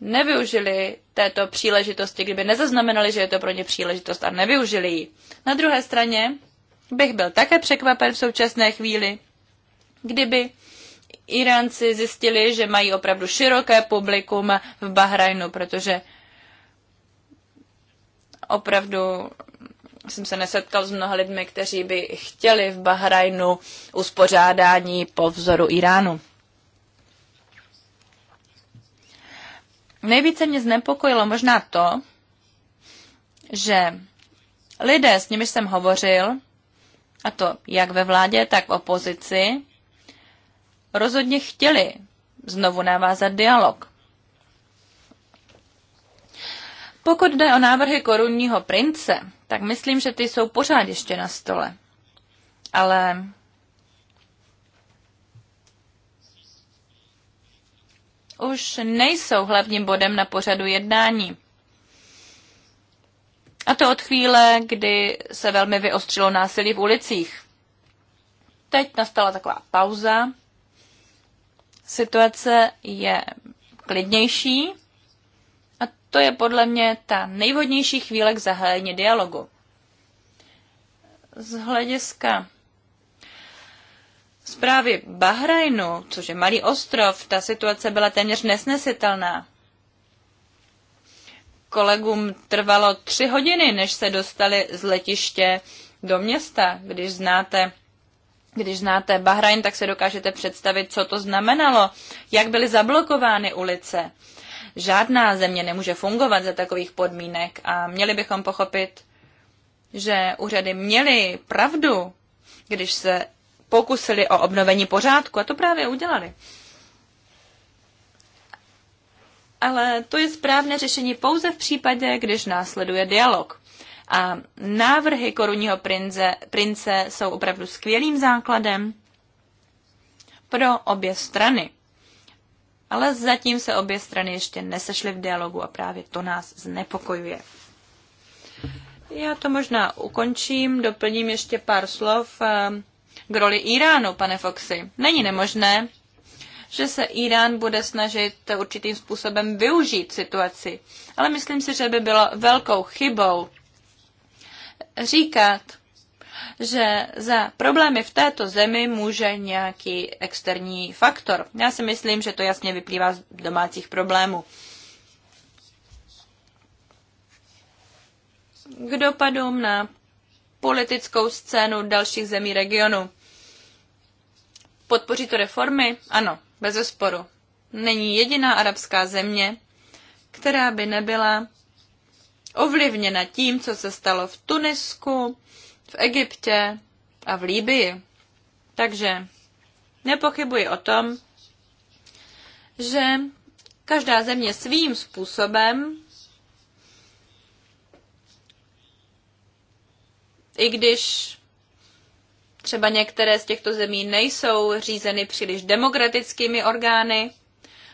nevyužili této příležitosti, kdyby nezaznamenali, že je to pro ně příležitost a nevyužili ji. Na druhé straně bych byl také překvapen v současné chvíli, kdyby Iránci zjistili, že mají opravdu široké publikum v Bahrajnu, protože Opravdu jsem se nesetkal s mnoha lidmi, kteří by chtěli v Bahrajnu uspořádání po vzoru Iránu. Nejvíce mě znepokojilo možná to, že lidé, s nimiž jsem hovořil, a to jak ve vládě, tak v opozici, rozhodně chtěli znovu navázat dialog. Pokud jde o návrhy korunního prince, tak myslím, že ty jsou pořád ještě na stole. Ale už nejsou hlavním bodem na pořadu jednání. A to od chvíle, kdy se velmi vyostřilo násilí v ulicích. Teď nastala taková pauza. Situace je klidnější, to je podle mě ta nejvhodnější chvíle k zahájení dialogu. Z hlediska zprávy Bahrajnu, což je malý ostrov, ta situace byla téměř nesnesitelná. Kolegům trvalo tři hodiny, než se dostali z letiště do města. Když znáte, když znáte Bahrajn, tak se dokážete představit, co to znamenalo, jak byly zablokovány ulice žádná země nemůže fungovat za takových podmínek a měli bychom pochopit, že úřady měly pravdu, když se pokusili o obnovení pořádku a to právě udělali. Ale to je správné řešení pouze v případě, když následuje dialog. A návrhy korunního prince, prince jsou opravdu skvělým základem pro obě strany ale zatím se obě strany ještě nesešly v dialogu a právě to nás znepokojuje. Já to možná ukončím, doplním ještě pár slov eh, k roli Iránu, pane Foxy. Není nemožné, že se Irán bude snažit určitým způsobem využít situaci, ale myslím si, že by bylo velkou chybou říkat, že za problémy v této zemi může nějaký externí faktor. Já si myslím, že to jasně vyplývá z domácích problémů. K dopadům na politickou scénu dalších zemí regionu. Podpoří to reformy? Ano, bez zesporu. Není jediná arabská země, která by nebyla ovlivněna tím, co se stalo v Tunisku, v Egyptě a v Líbii. Takže nepochybuji o tom, že každá země svým způsobem, i když třeba některé z těchto zemí nejsou řízeny příliš demokratickými orgány,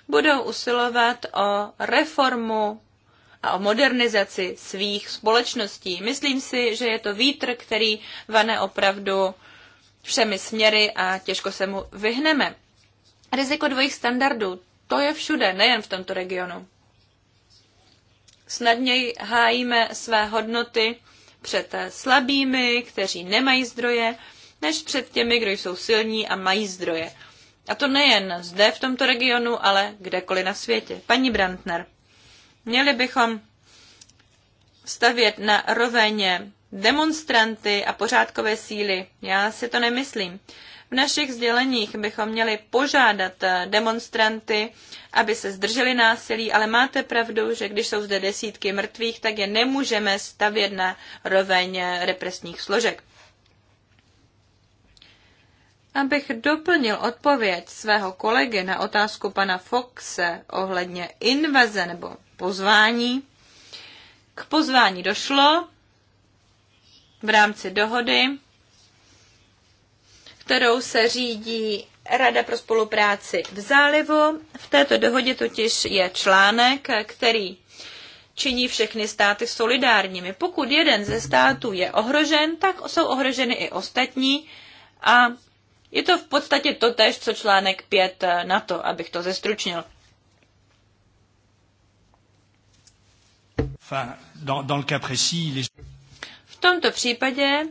budou usilovat o reformu a o modernizaci svých společností. Myslím si, že je to vítr, který vane opravdu všemi směry a těžko se mu vyhneme. Riziko dvojích standardů, to je všude, nejen v tomto regionu. Snadněji hájíme své hodnoty před slabými, kteří nemají zdroje, než před těmi, kdo jsou silní a mají zdroje. A to nejen zde v tomto regionu, ale kdekoliv na světě. Paní Brandner. Měli bychom stavět na roveně demonstranty a pořádkové síly. Já si to nemyslím. V našich sděleních bychom měli požádat eh, demonstranty, aby se zdrželi násilí, ale máte pravdu, že když jsou zde desítky mrtvých, tak je nemůžeme stavět na roveň eh, represních složek. Abych doplnil odpověď svého kolegy na otázku pana Foxe ohledně invaze nebo pozvání. K pozvání došlo v rámci dohody, kterou se řídí Rada pro spolupráci v zálivu. V této dohodě totiž je článek, který činí všechny státy solidárními. Pokud jeden ze států je ohrožen, tak jsou ohroženy i ostatní a je to v podstatě to tež, co článek 5 na to, abych to zestručnil. V tomto případě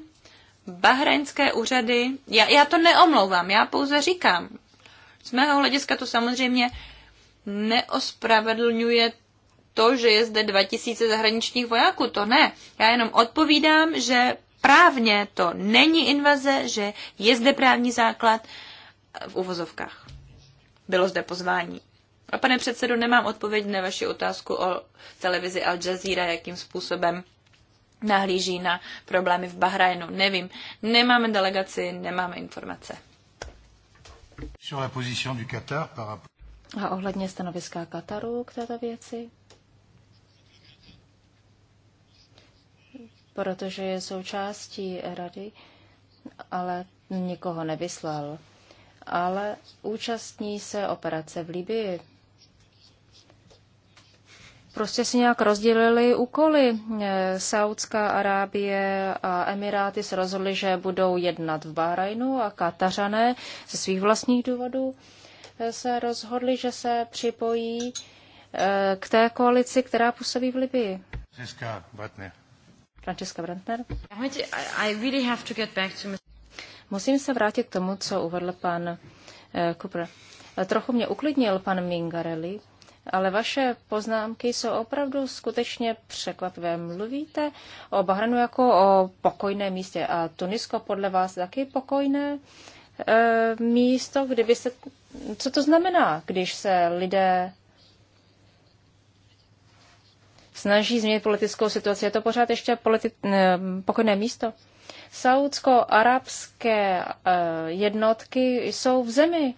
bahrajnské úřady, já, já to neomlouvám, já pouze říkám, z mého hlediska to samozřejmě neospravedlňuje to, že je zde 2000 zahraničních vojáků, to ne. Já jenom odpovídám, že právně to není invaze, že je zde právní základ v uvozovkách. Bylo zde pozvání. A pane předsedo, nemám odpověď na vaši otázku o televizi Al Jazeera, jakým způsobem nahlíží na problémy v Bahrajnu. Nevím. Nemáme delegaci, nemáme informace. A ohledně stanoviska Kataru k této věci? Protože je součástí rady, ale nikoho nevyslal. Ale účastní se operace v Libii prostě si nějak rozdělili úkoly. Eh, Saudská Arábie a Emiráty se rozhodli, že budou jednat v Bahrajnu a Katařané ze svých vlastních důvodů eh, se rozhodli, že se připojí eh, k té koalici, která působí v Libii. Francesca Brantner. Francesca Brantner. Musím se vrátit k tomu, co uvedl pan Cooper. Trochu mě uklidnil pan Mingarelli, ale vaše poznámky jsou opravdu skutečně překvapivé. Mluvíte o Bahranu jako o pokojném místě a Tunisko podle vás taky pokojné e, místo, kdyby se... Co to znamená, když se lidé snaží změnit politickou situaci? Je to pořád ještě politi... E, pokojné místo? Saudsko-arabské e, jednotky jsou v zemi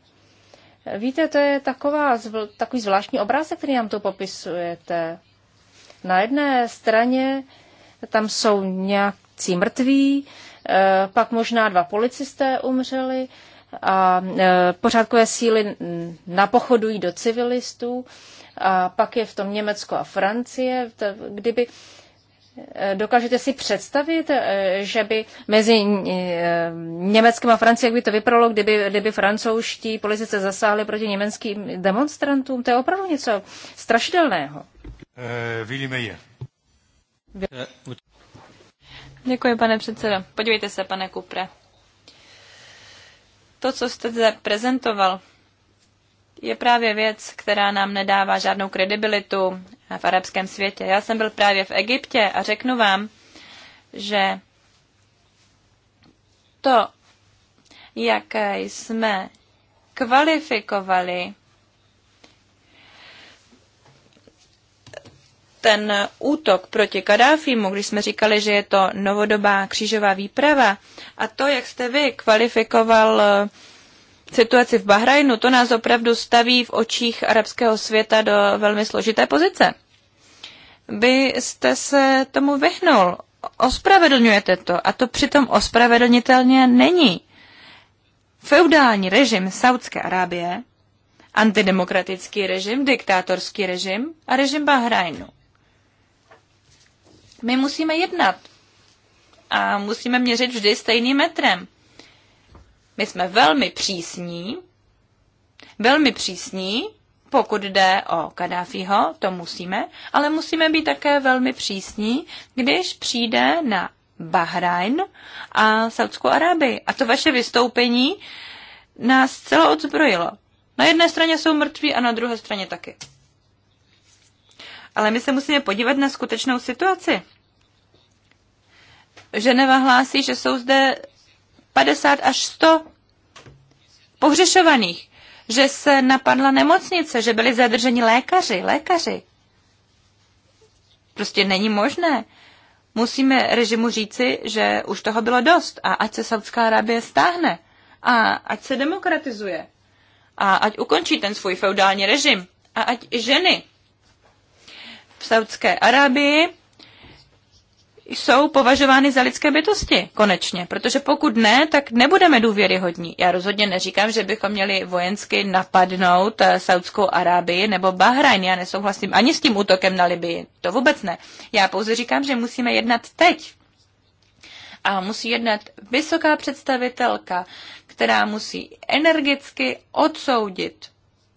Víte, to je taková, takový zvláštní obrázek, který nám to popisujete. Na jedné straně tam jsou nějakí mrtví, eh, pak možná dva policisté umřeli a eh, pořádkové síly napochodují do civilistů a pak je v tom Německo a Francie. Kdyby Dokážete si představit, eh, že by mezi eh, Německem a Francií, jak by to vypadalo, kdyby, kdyby francouzští politici zasáhli proti německým demonstrantům? To je opravdu něco strašidelného. Eh, vidíme je. Děkuji, pane předsedo. Podívejte se, pane Kupre. To, co jste zde prezentoval, je právě věc, která nám nedává žádnou kredibilitu v arabském světě. Já jsem byl právě v Egyptě a řeknu vám, že to, jak jsme kvalifikovali ten útok proti Kadáfimu, když jsme říkali, že je to novodobá křížová výprava, a to, jak jste vy kvalifikoval situaci v Bahrajnu, to nás opravdu staví v očích arabského světa do velmi složité pozice. Vy jste se tomu vyhnul, ospravedlňujete to a to přitom ospravedlnitelně není. Feudální režim Saudské Arábie, antidemokratický režim, diktátorský režim a režim Bahrajnu. My musíme jednat a musíme měřit vždy stejným metrem. My jsme velmi přísní, velmi přísní, pokud jde o Kadáfího, to musíme, ale musíme být také velmi přísní, když přijde na Bahrajn a Saudskou Arábii. A to vaše vystoupení nás celo odzbrojilo. Na jedné straně jsou mrtví a na druhé straně taky. Ale my se musíme podívat na skutečnou situaci. Ženeva hlásí, že jsou zde 50 až 100 pohřešovaných, že se napadla nemocnice, že byli zadrženi lékaři, lékaři. Prostě není možné. Musíme režimu říci, že už toho bylo dost a ať se Saudská Arábie stáhne a ať se demokratizuje a ať ukončí ten svůj feudální režim a ať i ženy v Saudské Arábii jsou považovány za lidské bytosti konečně, protože pokud ne, tak nebudeme důvěryhodní. Já rozhodně neříkám, že bychom měli vojensky napadnout eh, Saudskou Arábii nebo Bahrajn. Já nesouhlasím ani s tím útokem na Libii. To vůbec ne. Já pouze říkám, že musíme jednat teď. A musí jednat vysoká představitelka, která musí energicky odsoudit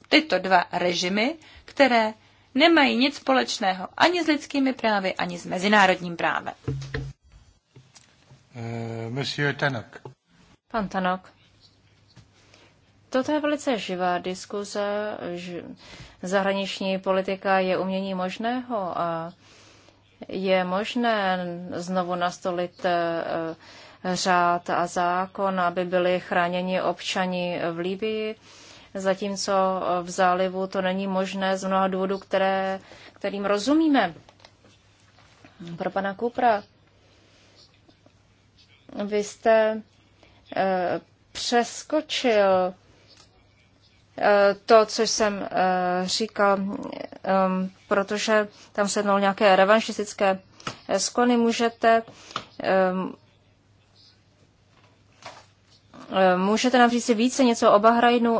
tyto dva režimy, které nemají nic společného ani s lidskými právy, ani s mezinárodním právem. Eh, monsieur Tanok. Pan Tanok. Toto je velice živá diskuze. Zahraniční politika je umění možného a je možné znovu nastolit eh, eh, řád a zákon, aby byli chráněni občani v Libii zatímco v zálivu to není možné z mnoha důvodů, které, kterým rozumíme. Pro pana Kupra, vy jste e, přeskočil eh, to, co jsem eh, říkal, ehm, protože tam se jednalo nějaké revanšistické sklony, můžete ehm, Eh, můžete nám říct si více něco o Bahrajnu,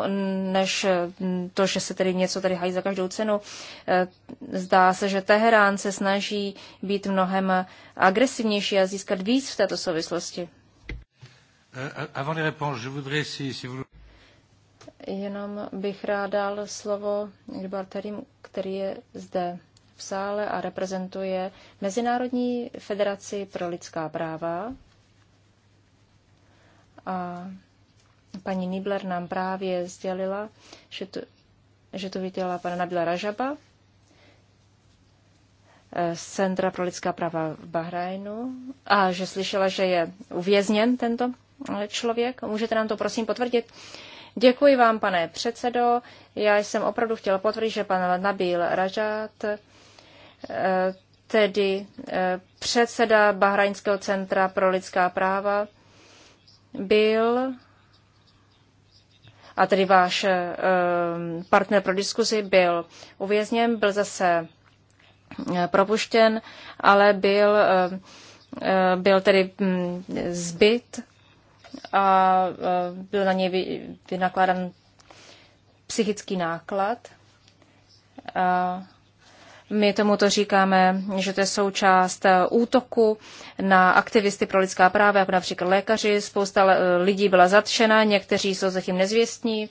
než mm, to, že se tedy něco tady hají za každou cenu. Eh, zdá se, že Teherán se snaží být mnohem agresivnější a získat víc v této souvislosti. Eh, Jenom bych rád dal slovo Gibraltarim, který je zde v sále a reprezentuje Mezinárodní federaci pro lidská práva a paní Nibler nám právě sdělila, že to, že to viděla pana Nabila Ražaba z Centra pro lidská práva v Bahrajnu a že slyšela, že je uvězněn tento člověk. Můžete nám to prosím potvrdit? Děkuji vám, pane předsedo. Já jsem opravdu chtěla potvrdit, že pan Nabil Rajat, eh, tedy eh, předseda Bahrajnského centra pro lidská práva, byl a tedy váš eh, partner pro diskuzi byl uvězněn, byl zase eh, propuštěn, ale byl, eh, byl tedy hm, zbyt a byl na něj vynakládán psychický náklad. My tomuto říkáme, že to je součást eh, útoku na aktivisty pro lidská práva, jako například lékaři. Spousta eh, lidí byla zatčena, někteří jsou zatím nezvěstní.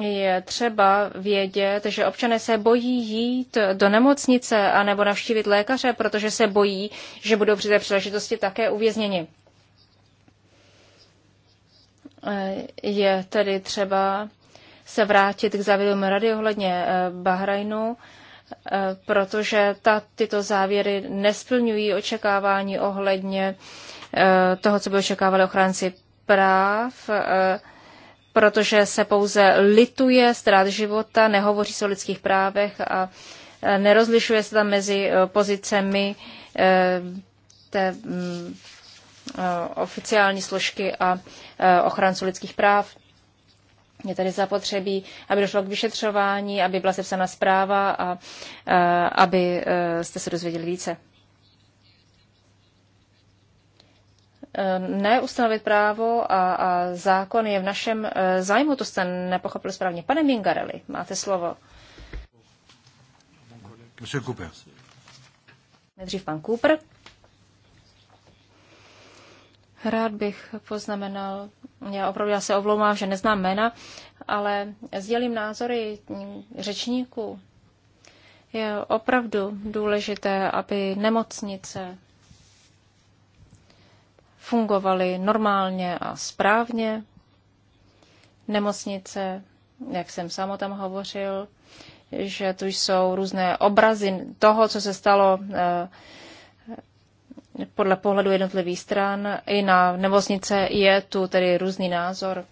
Je třeba vědět, že občané se bojí jít do nemocnice anebo navštívit lékaře, protože se bojí, že budou při té příležitosti také uvězněni. Eh, je tedy třeba se vrátit k závěrům rady ohledně Bahrajnu. Eh, protože ta, tyto závěry nesplňují očekávání ohledně eh, toho, co by očekávali ochránci práv, eh, protože se pouze lituje ztrát života, nehovoří se o lidských právech a nerozlišuje se tam mezi pozicemi té mm, oficiální složky a ochránců lidských práv. Je tedy zapotřebí, aby došlo k vyšetřování, aby byla sepsána zpráva a, a aby e, jste se dozvěděli více. E, Neustanovit právo a, a zákon je v našem e, zájmu, to jste nepochopil správně. Pane Mingarelli, máte slovo. Monsieur Cooper. Nejdřív pan Cooper. Rád bych poznamenal, já opravdu já se ovlouvám, že neznám jména, ale sdělím názory řečníků. Je opravdu důležité, aby nemocnice fungovaly normálně a správně. Nemocnice, jak jsem sám tam hovořil, že tu jsou různé obrazy toho, co se stalo eh, podle pohledu jednotlivých stran. I na nemocnice je tu tedy různý názor.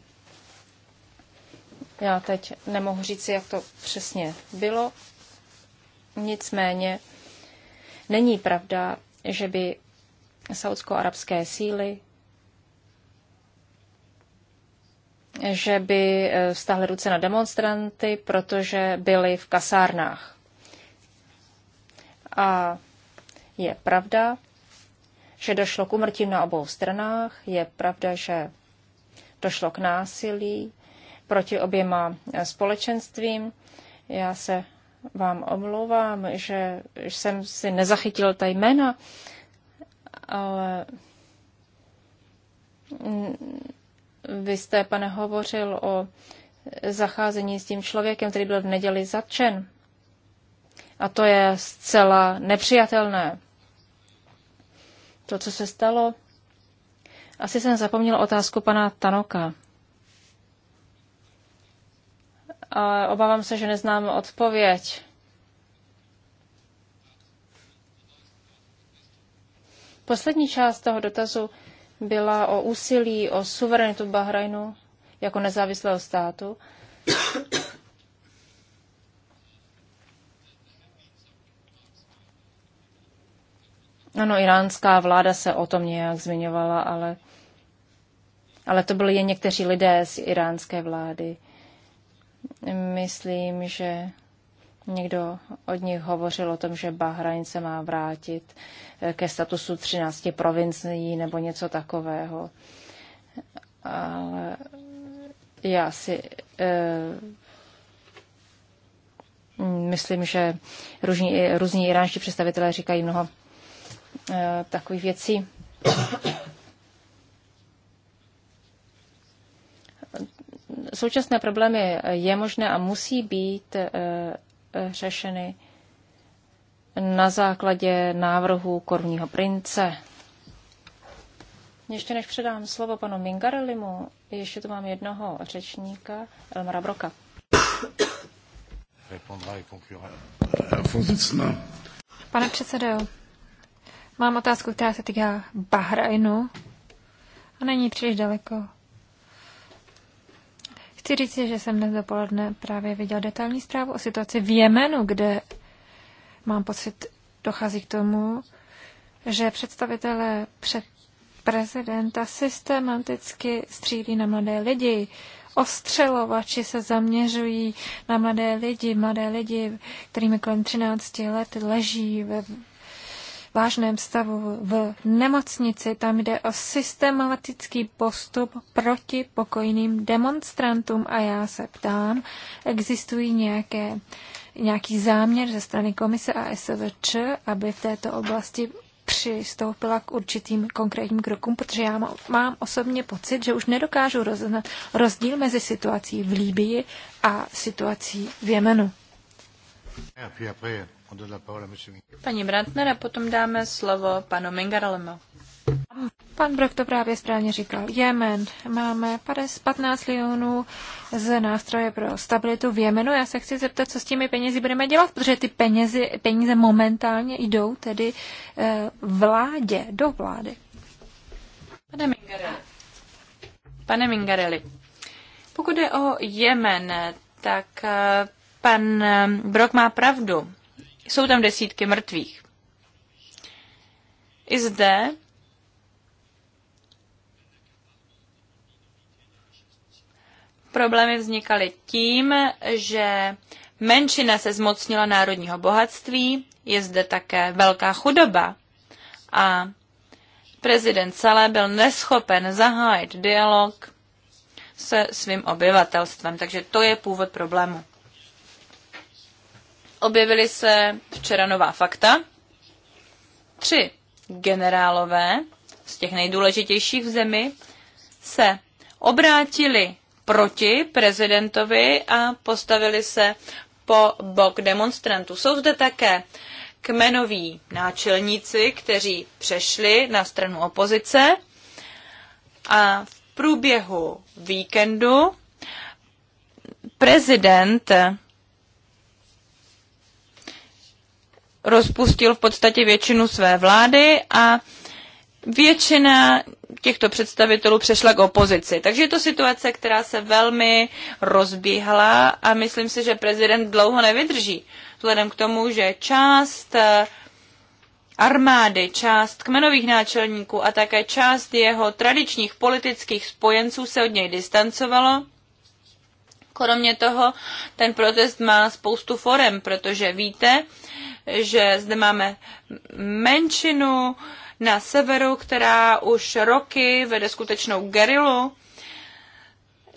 Já teď nemohu říct, jak to přesně bylo. Nicméně není pravda, že by saudsko-arabské síly že by stáhly eh, ruce na demonstranty, protože byli v kasárnách. A je pravda, že došlo k umrtím na obou stranách. Je pravda, že došlo k násilí proti oběma eh, společenstvím. Já se vám omlouvám, že jsem si nezachytil ta jména, ale vy jste, pane, hovořil o zacházení s tím člověkem, který byl v neděli zatčen. A to je zcela nepřijatelné to, co se stalo. Asi jsem zapomněl otázku pana Tanoka. Ale obávám se, že neznám odpověď. Poslední část toho dotazu byla o úsilí o suverenitu Bahrajnu jako nezávislého státu. Ano, iránská vláda se o tom nějak zmiňovala, ale, ale to byli jen někteří lidé z iránské vlády. Myslím, že někdo od nich hovořil o tom, že Bahrajn se má vrátit eh, ke statusu 13 provincií nebo něco takového. Ale já si e, myslím, že různí, různí iránští představitelé říkají mnoho Eh, takových věcí. Současné problémy je možné a musí být eh, řešeny na základě návrhu korunního prince. Ještě než předám slovo panu Mingarelimu, ještě tu mám jednoho řečníka, Elmara Broka. Pane předsedo, Mám otázku, která se týká Bahrajnu a není příliš daleko. Chci říct, že jsem dnes dopoledne právě viděl detailní zprávu o situaci v Jemenu, kde mám pocit, dochází k tomu, že představitelé před prezidenta systematicky střílí na mladé lidi. Ostřelovači se zaměřují na mladé lidi, mladé lidi, kterými kolem 13 let leží ve vážném stavu v nemocnici. Tam jde o systematický postup proti pokojným demonstrantům a já se ptám, existují nějaké, nějaký záměr ze strany komise a SVČ, aby v této oblasti přistoupila k určitým konkrétním krokům, protože já mám osobně pocit, že už nedokážu rozeznat rozdíl mezi situací v Líbii a situací v Jemenu. Yeah, yeah, yeah. Paní Brantner a potom dáme slovo panu Mingarelemu. Pan Brok to právě správně říkal. Jemen. Máme 15 milionů z nástroje pro stabilitu v Jemenu. Já se chci zeptat, co s těmi penězi budeme dělat, protože ty penězi, peníze momentálně jdou tedy eh, vládě, do vlády. Pane Mingarelli. Pane Mingarelli, pokud je o Jemen, tak eh, pan Brok má pravdu. Jsou tam desítky mrtvých. I zde problémy vznikaly tím, že menšina se zmocnila národního bohatství, je zde také velká chudoba a prezident Salé byl neschopen zahájit dialog se svým obyvatelstvem, takže to je původ problému. Objevily se včera nová fakta. Tři generálové z těch nejdůležitějších v zemi se obrátili proti prezidentovi a postavili se po bok demonstrantů. Jsou zde také kmenoví náčelníci, kteří přešli na stranu opozice a v průběhu víkendu prezident rozpustil v podstatě většinu své vlády a většina těchto představitelů přešla k opozici. Takže je to situace, která se velmi rozbíhla a myslím si, že prezident dlouho nevydrží. Vzhledem k tomu, že část eh, armády, část kmenových náčelníků a také část jeho tradičních politických spojenců se od něj distancovalo. Kromě toho, ten protest má spoustu forem, protože víte, že zde máme menšinu na severu, která už roky vede skutečnou gerilu.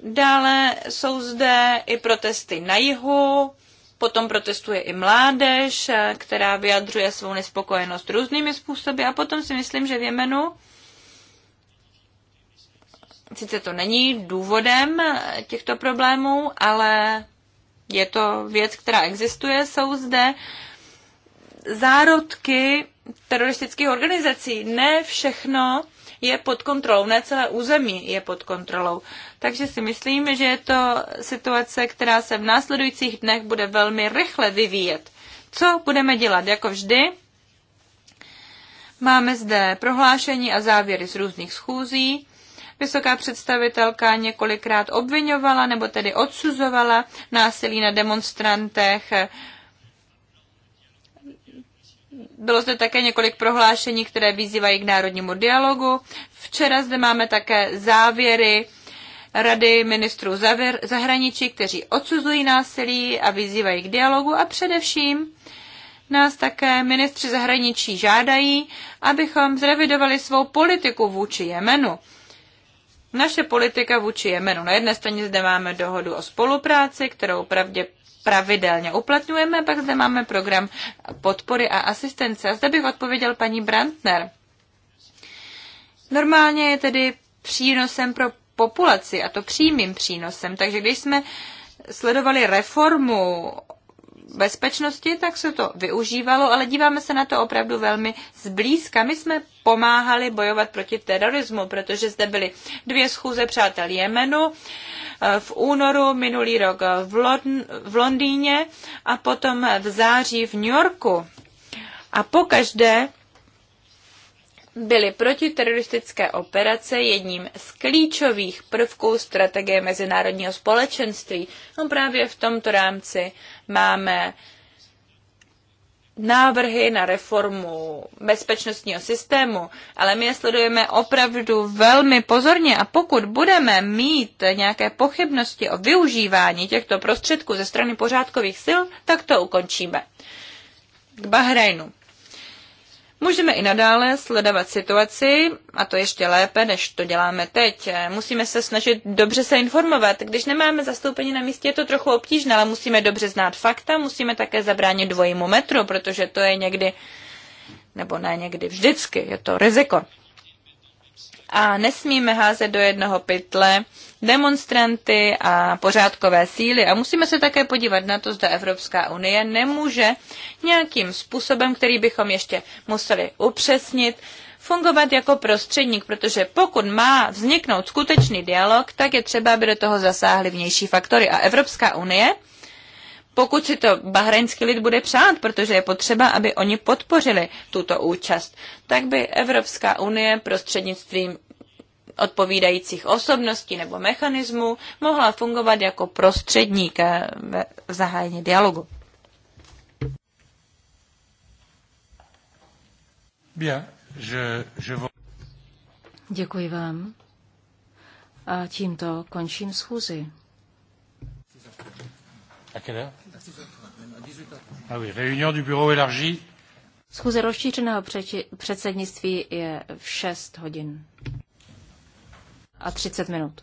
Dále jsou zde i protesty na jihu, potom protestuje i mládež, která vyjadřuje svou nespokojenost různými způsoby a potom si myslím, že v Jemenu sice to není důvodem těchto problémů, ale je to věc, která existuje, jsou zde uh, zárodky teroristických organizací. Ne všechno je pod kontrolou, ne celé území je pod kontrolou. Takže si myslím, že je to situace, která se v následujících dnech bude velmi rychle vyvíjet. Co budeme dělat? Jako vždy, máme zde prohlášení a závěry z různých schůzí. Vysoká představitelka několikrát obvinovala nebo tedy odsuzovala násilí na demonstrantech, bylo zde také několik prohlášení, které vyzývají k národnímu dialogu. Včera zde máme také závěry Rady ministrů zahraničí, kteří odsuzují násilí a vyzývají k dialogu a především nás také ministři zahraničí žádají, abychom zrevidovali svou politiku vůči Jemenu. Naše politika vůči Jemenu. Na jedné straně zde máme dohodu o spolupráci, kterou pravdě pravidelně uplatňujeme. Pak zde máme program podpory a asistence. A zde bych odpověděl paní Brandner. Normálně je tedy přínosem pro populaci, a to přímým přínosem. Takže když jsme sledovali reformu bezpečnosti, tak se to využívalo, ale díváme se na to opravdu velmi zblízka. My jsme pomáhali bojovat proti terorismu, protože zde byly dvě schůze přátel Jemenu eh, v únoru minulý rok v, Lond- v Londýně a potom v září v New Yorku. A pokaždé byly protiteroristické operace jedním z klíčových prvků strategie mezinárodního společenství. No právě v tomto rámci máme návrhy na reformu bezpečnostního systému, ale my je sledujeme opravdu velmi pozorně a pokud budeme mít nějaké pochybnosti o využívání těchto prostředků ze strany pořádkových sil, tak to ukončíme. K Bahrajnu. Můžeme i nadále sledovat situaci, a to ještě lépe, než to děláme teď. Musíme se snažit dobře se informovat. Když nemáme zastoupení na místě, je to trochu obtížné, ale musíme dobře znát fakta, musíme také zabránit dvojímu metru, protože to je někdy, nebo ne někdy, vždycky je to riziko. A nesmíme házet do jednoho pytle demonstranty a pořádkové síly. A musíme se také podívat na to, zda Evropská unie nemůže nějakým způsobem, který bychom ještě museli upřesnit, fungovat jako prostředník, protože pokud má vzniknout skutečný dialog, tak je třeba, aby do toho zasáhly vnější faktory. A Evropská unie, pokud si to bahrajnský lid bude přát, protože je potřeba, aby oni podpořili tuto účast, tak by Evropská unie prostřednictvím odpovídajících osobností nebo mechanismů mohla fungovat jako prostředník eh, ve zahájení dialogu. Děkuji vám. A tímto končím schůzi. À quelle heure Ah oui, réunion du bureau élargi. Schůze rozšířeného předsednictví je v 6 hodin a 30 minut.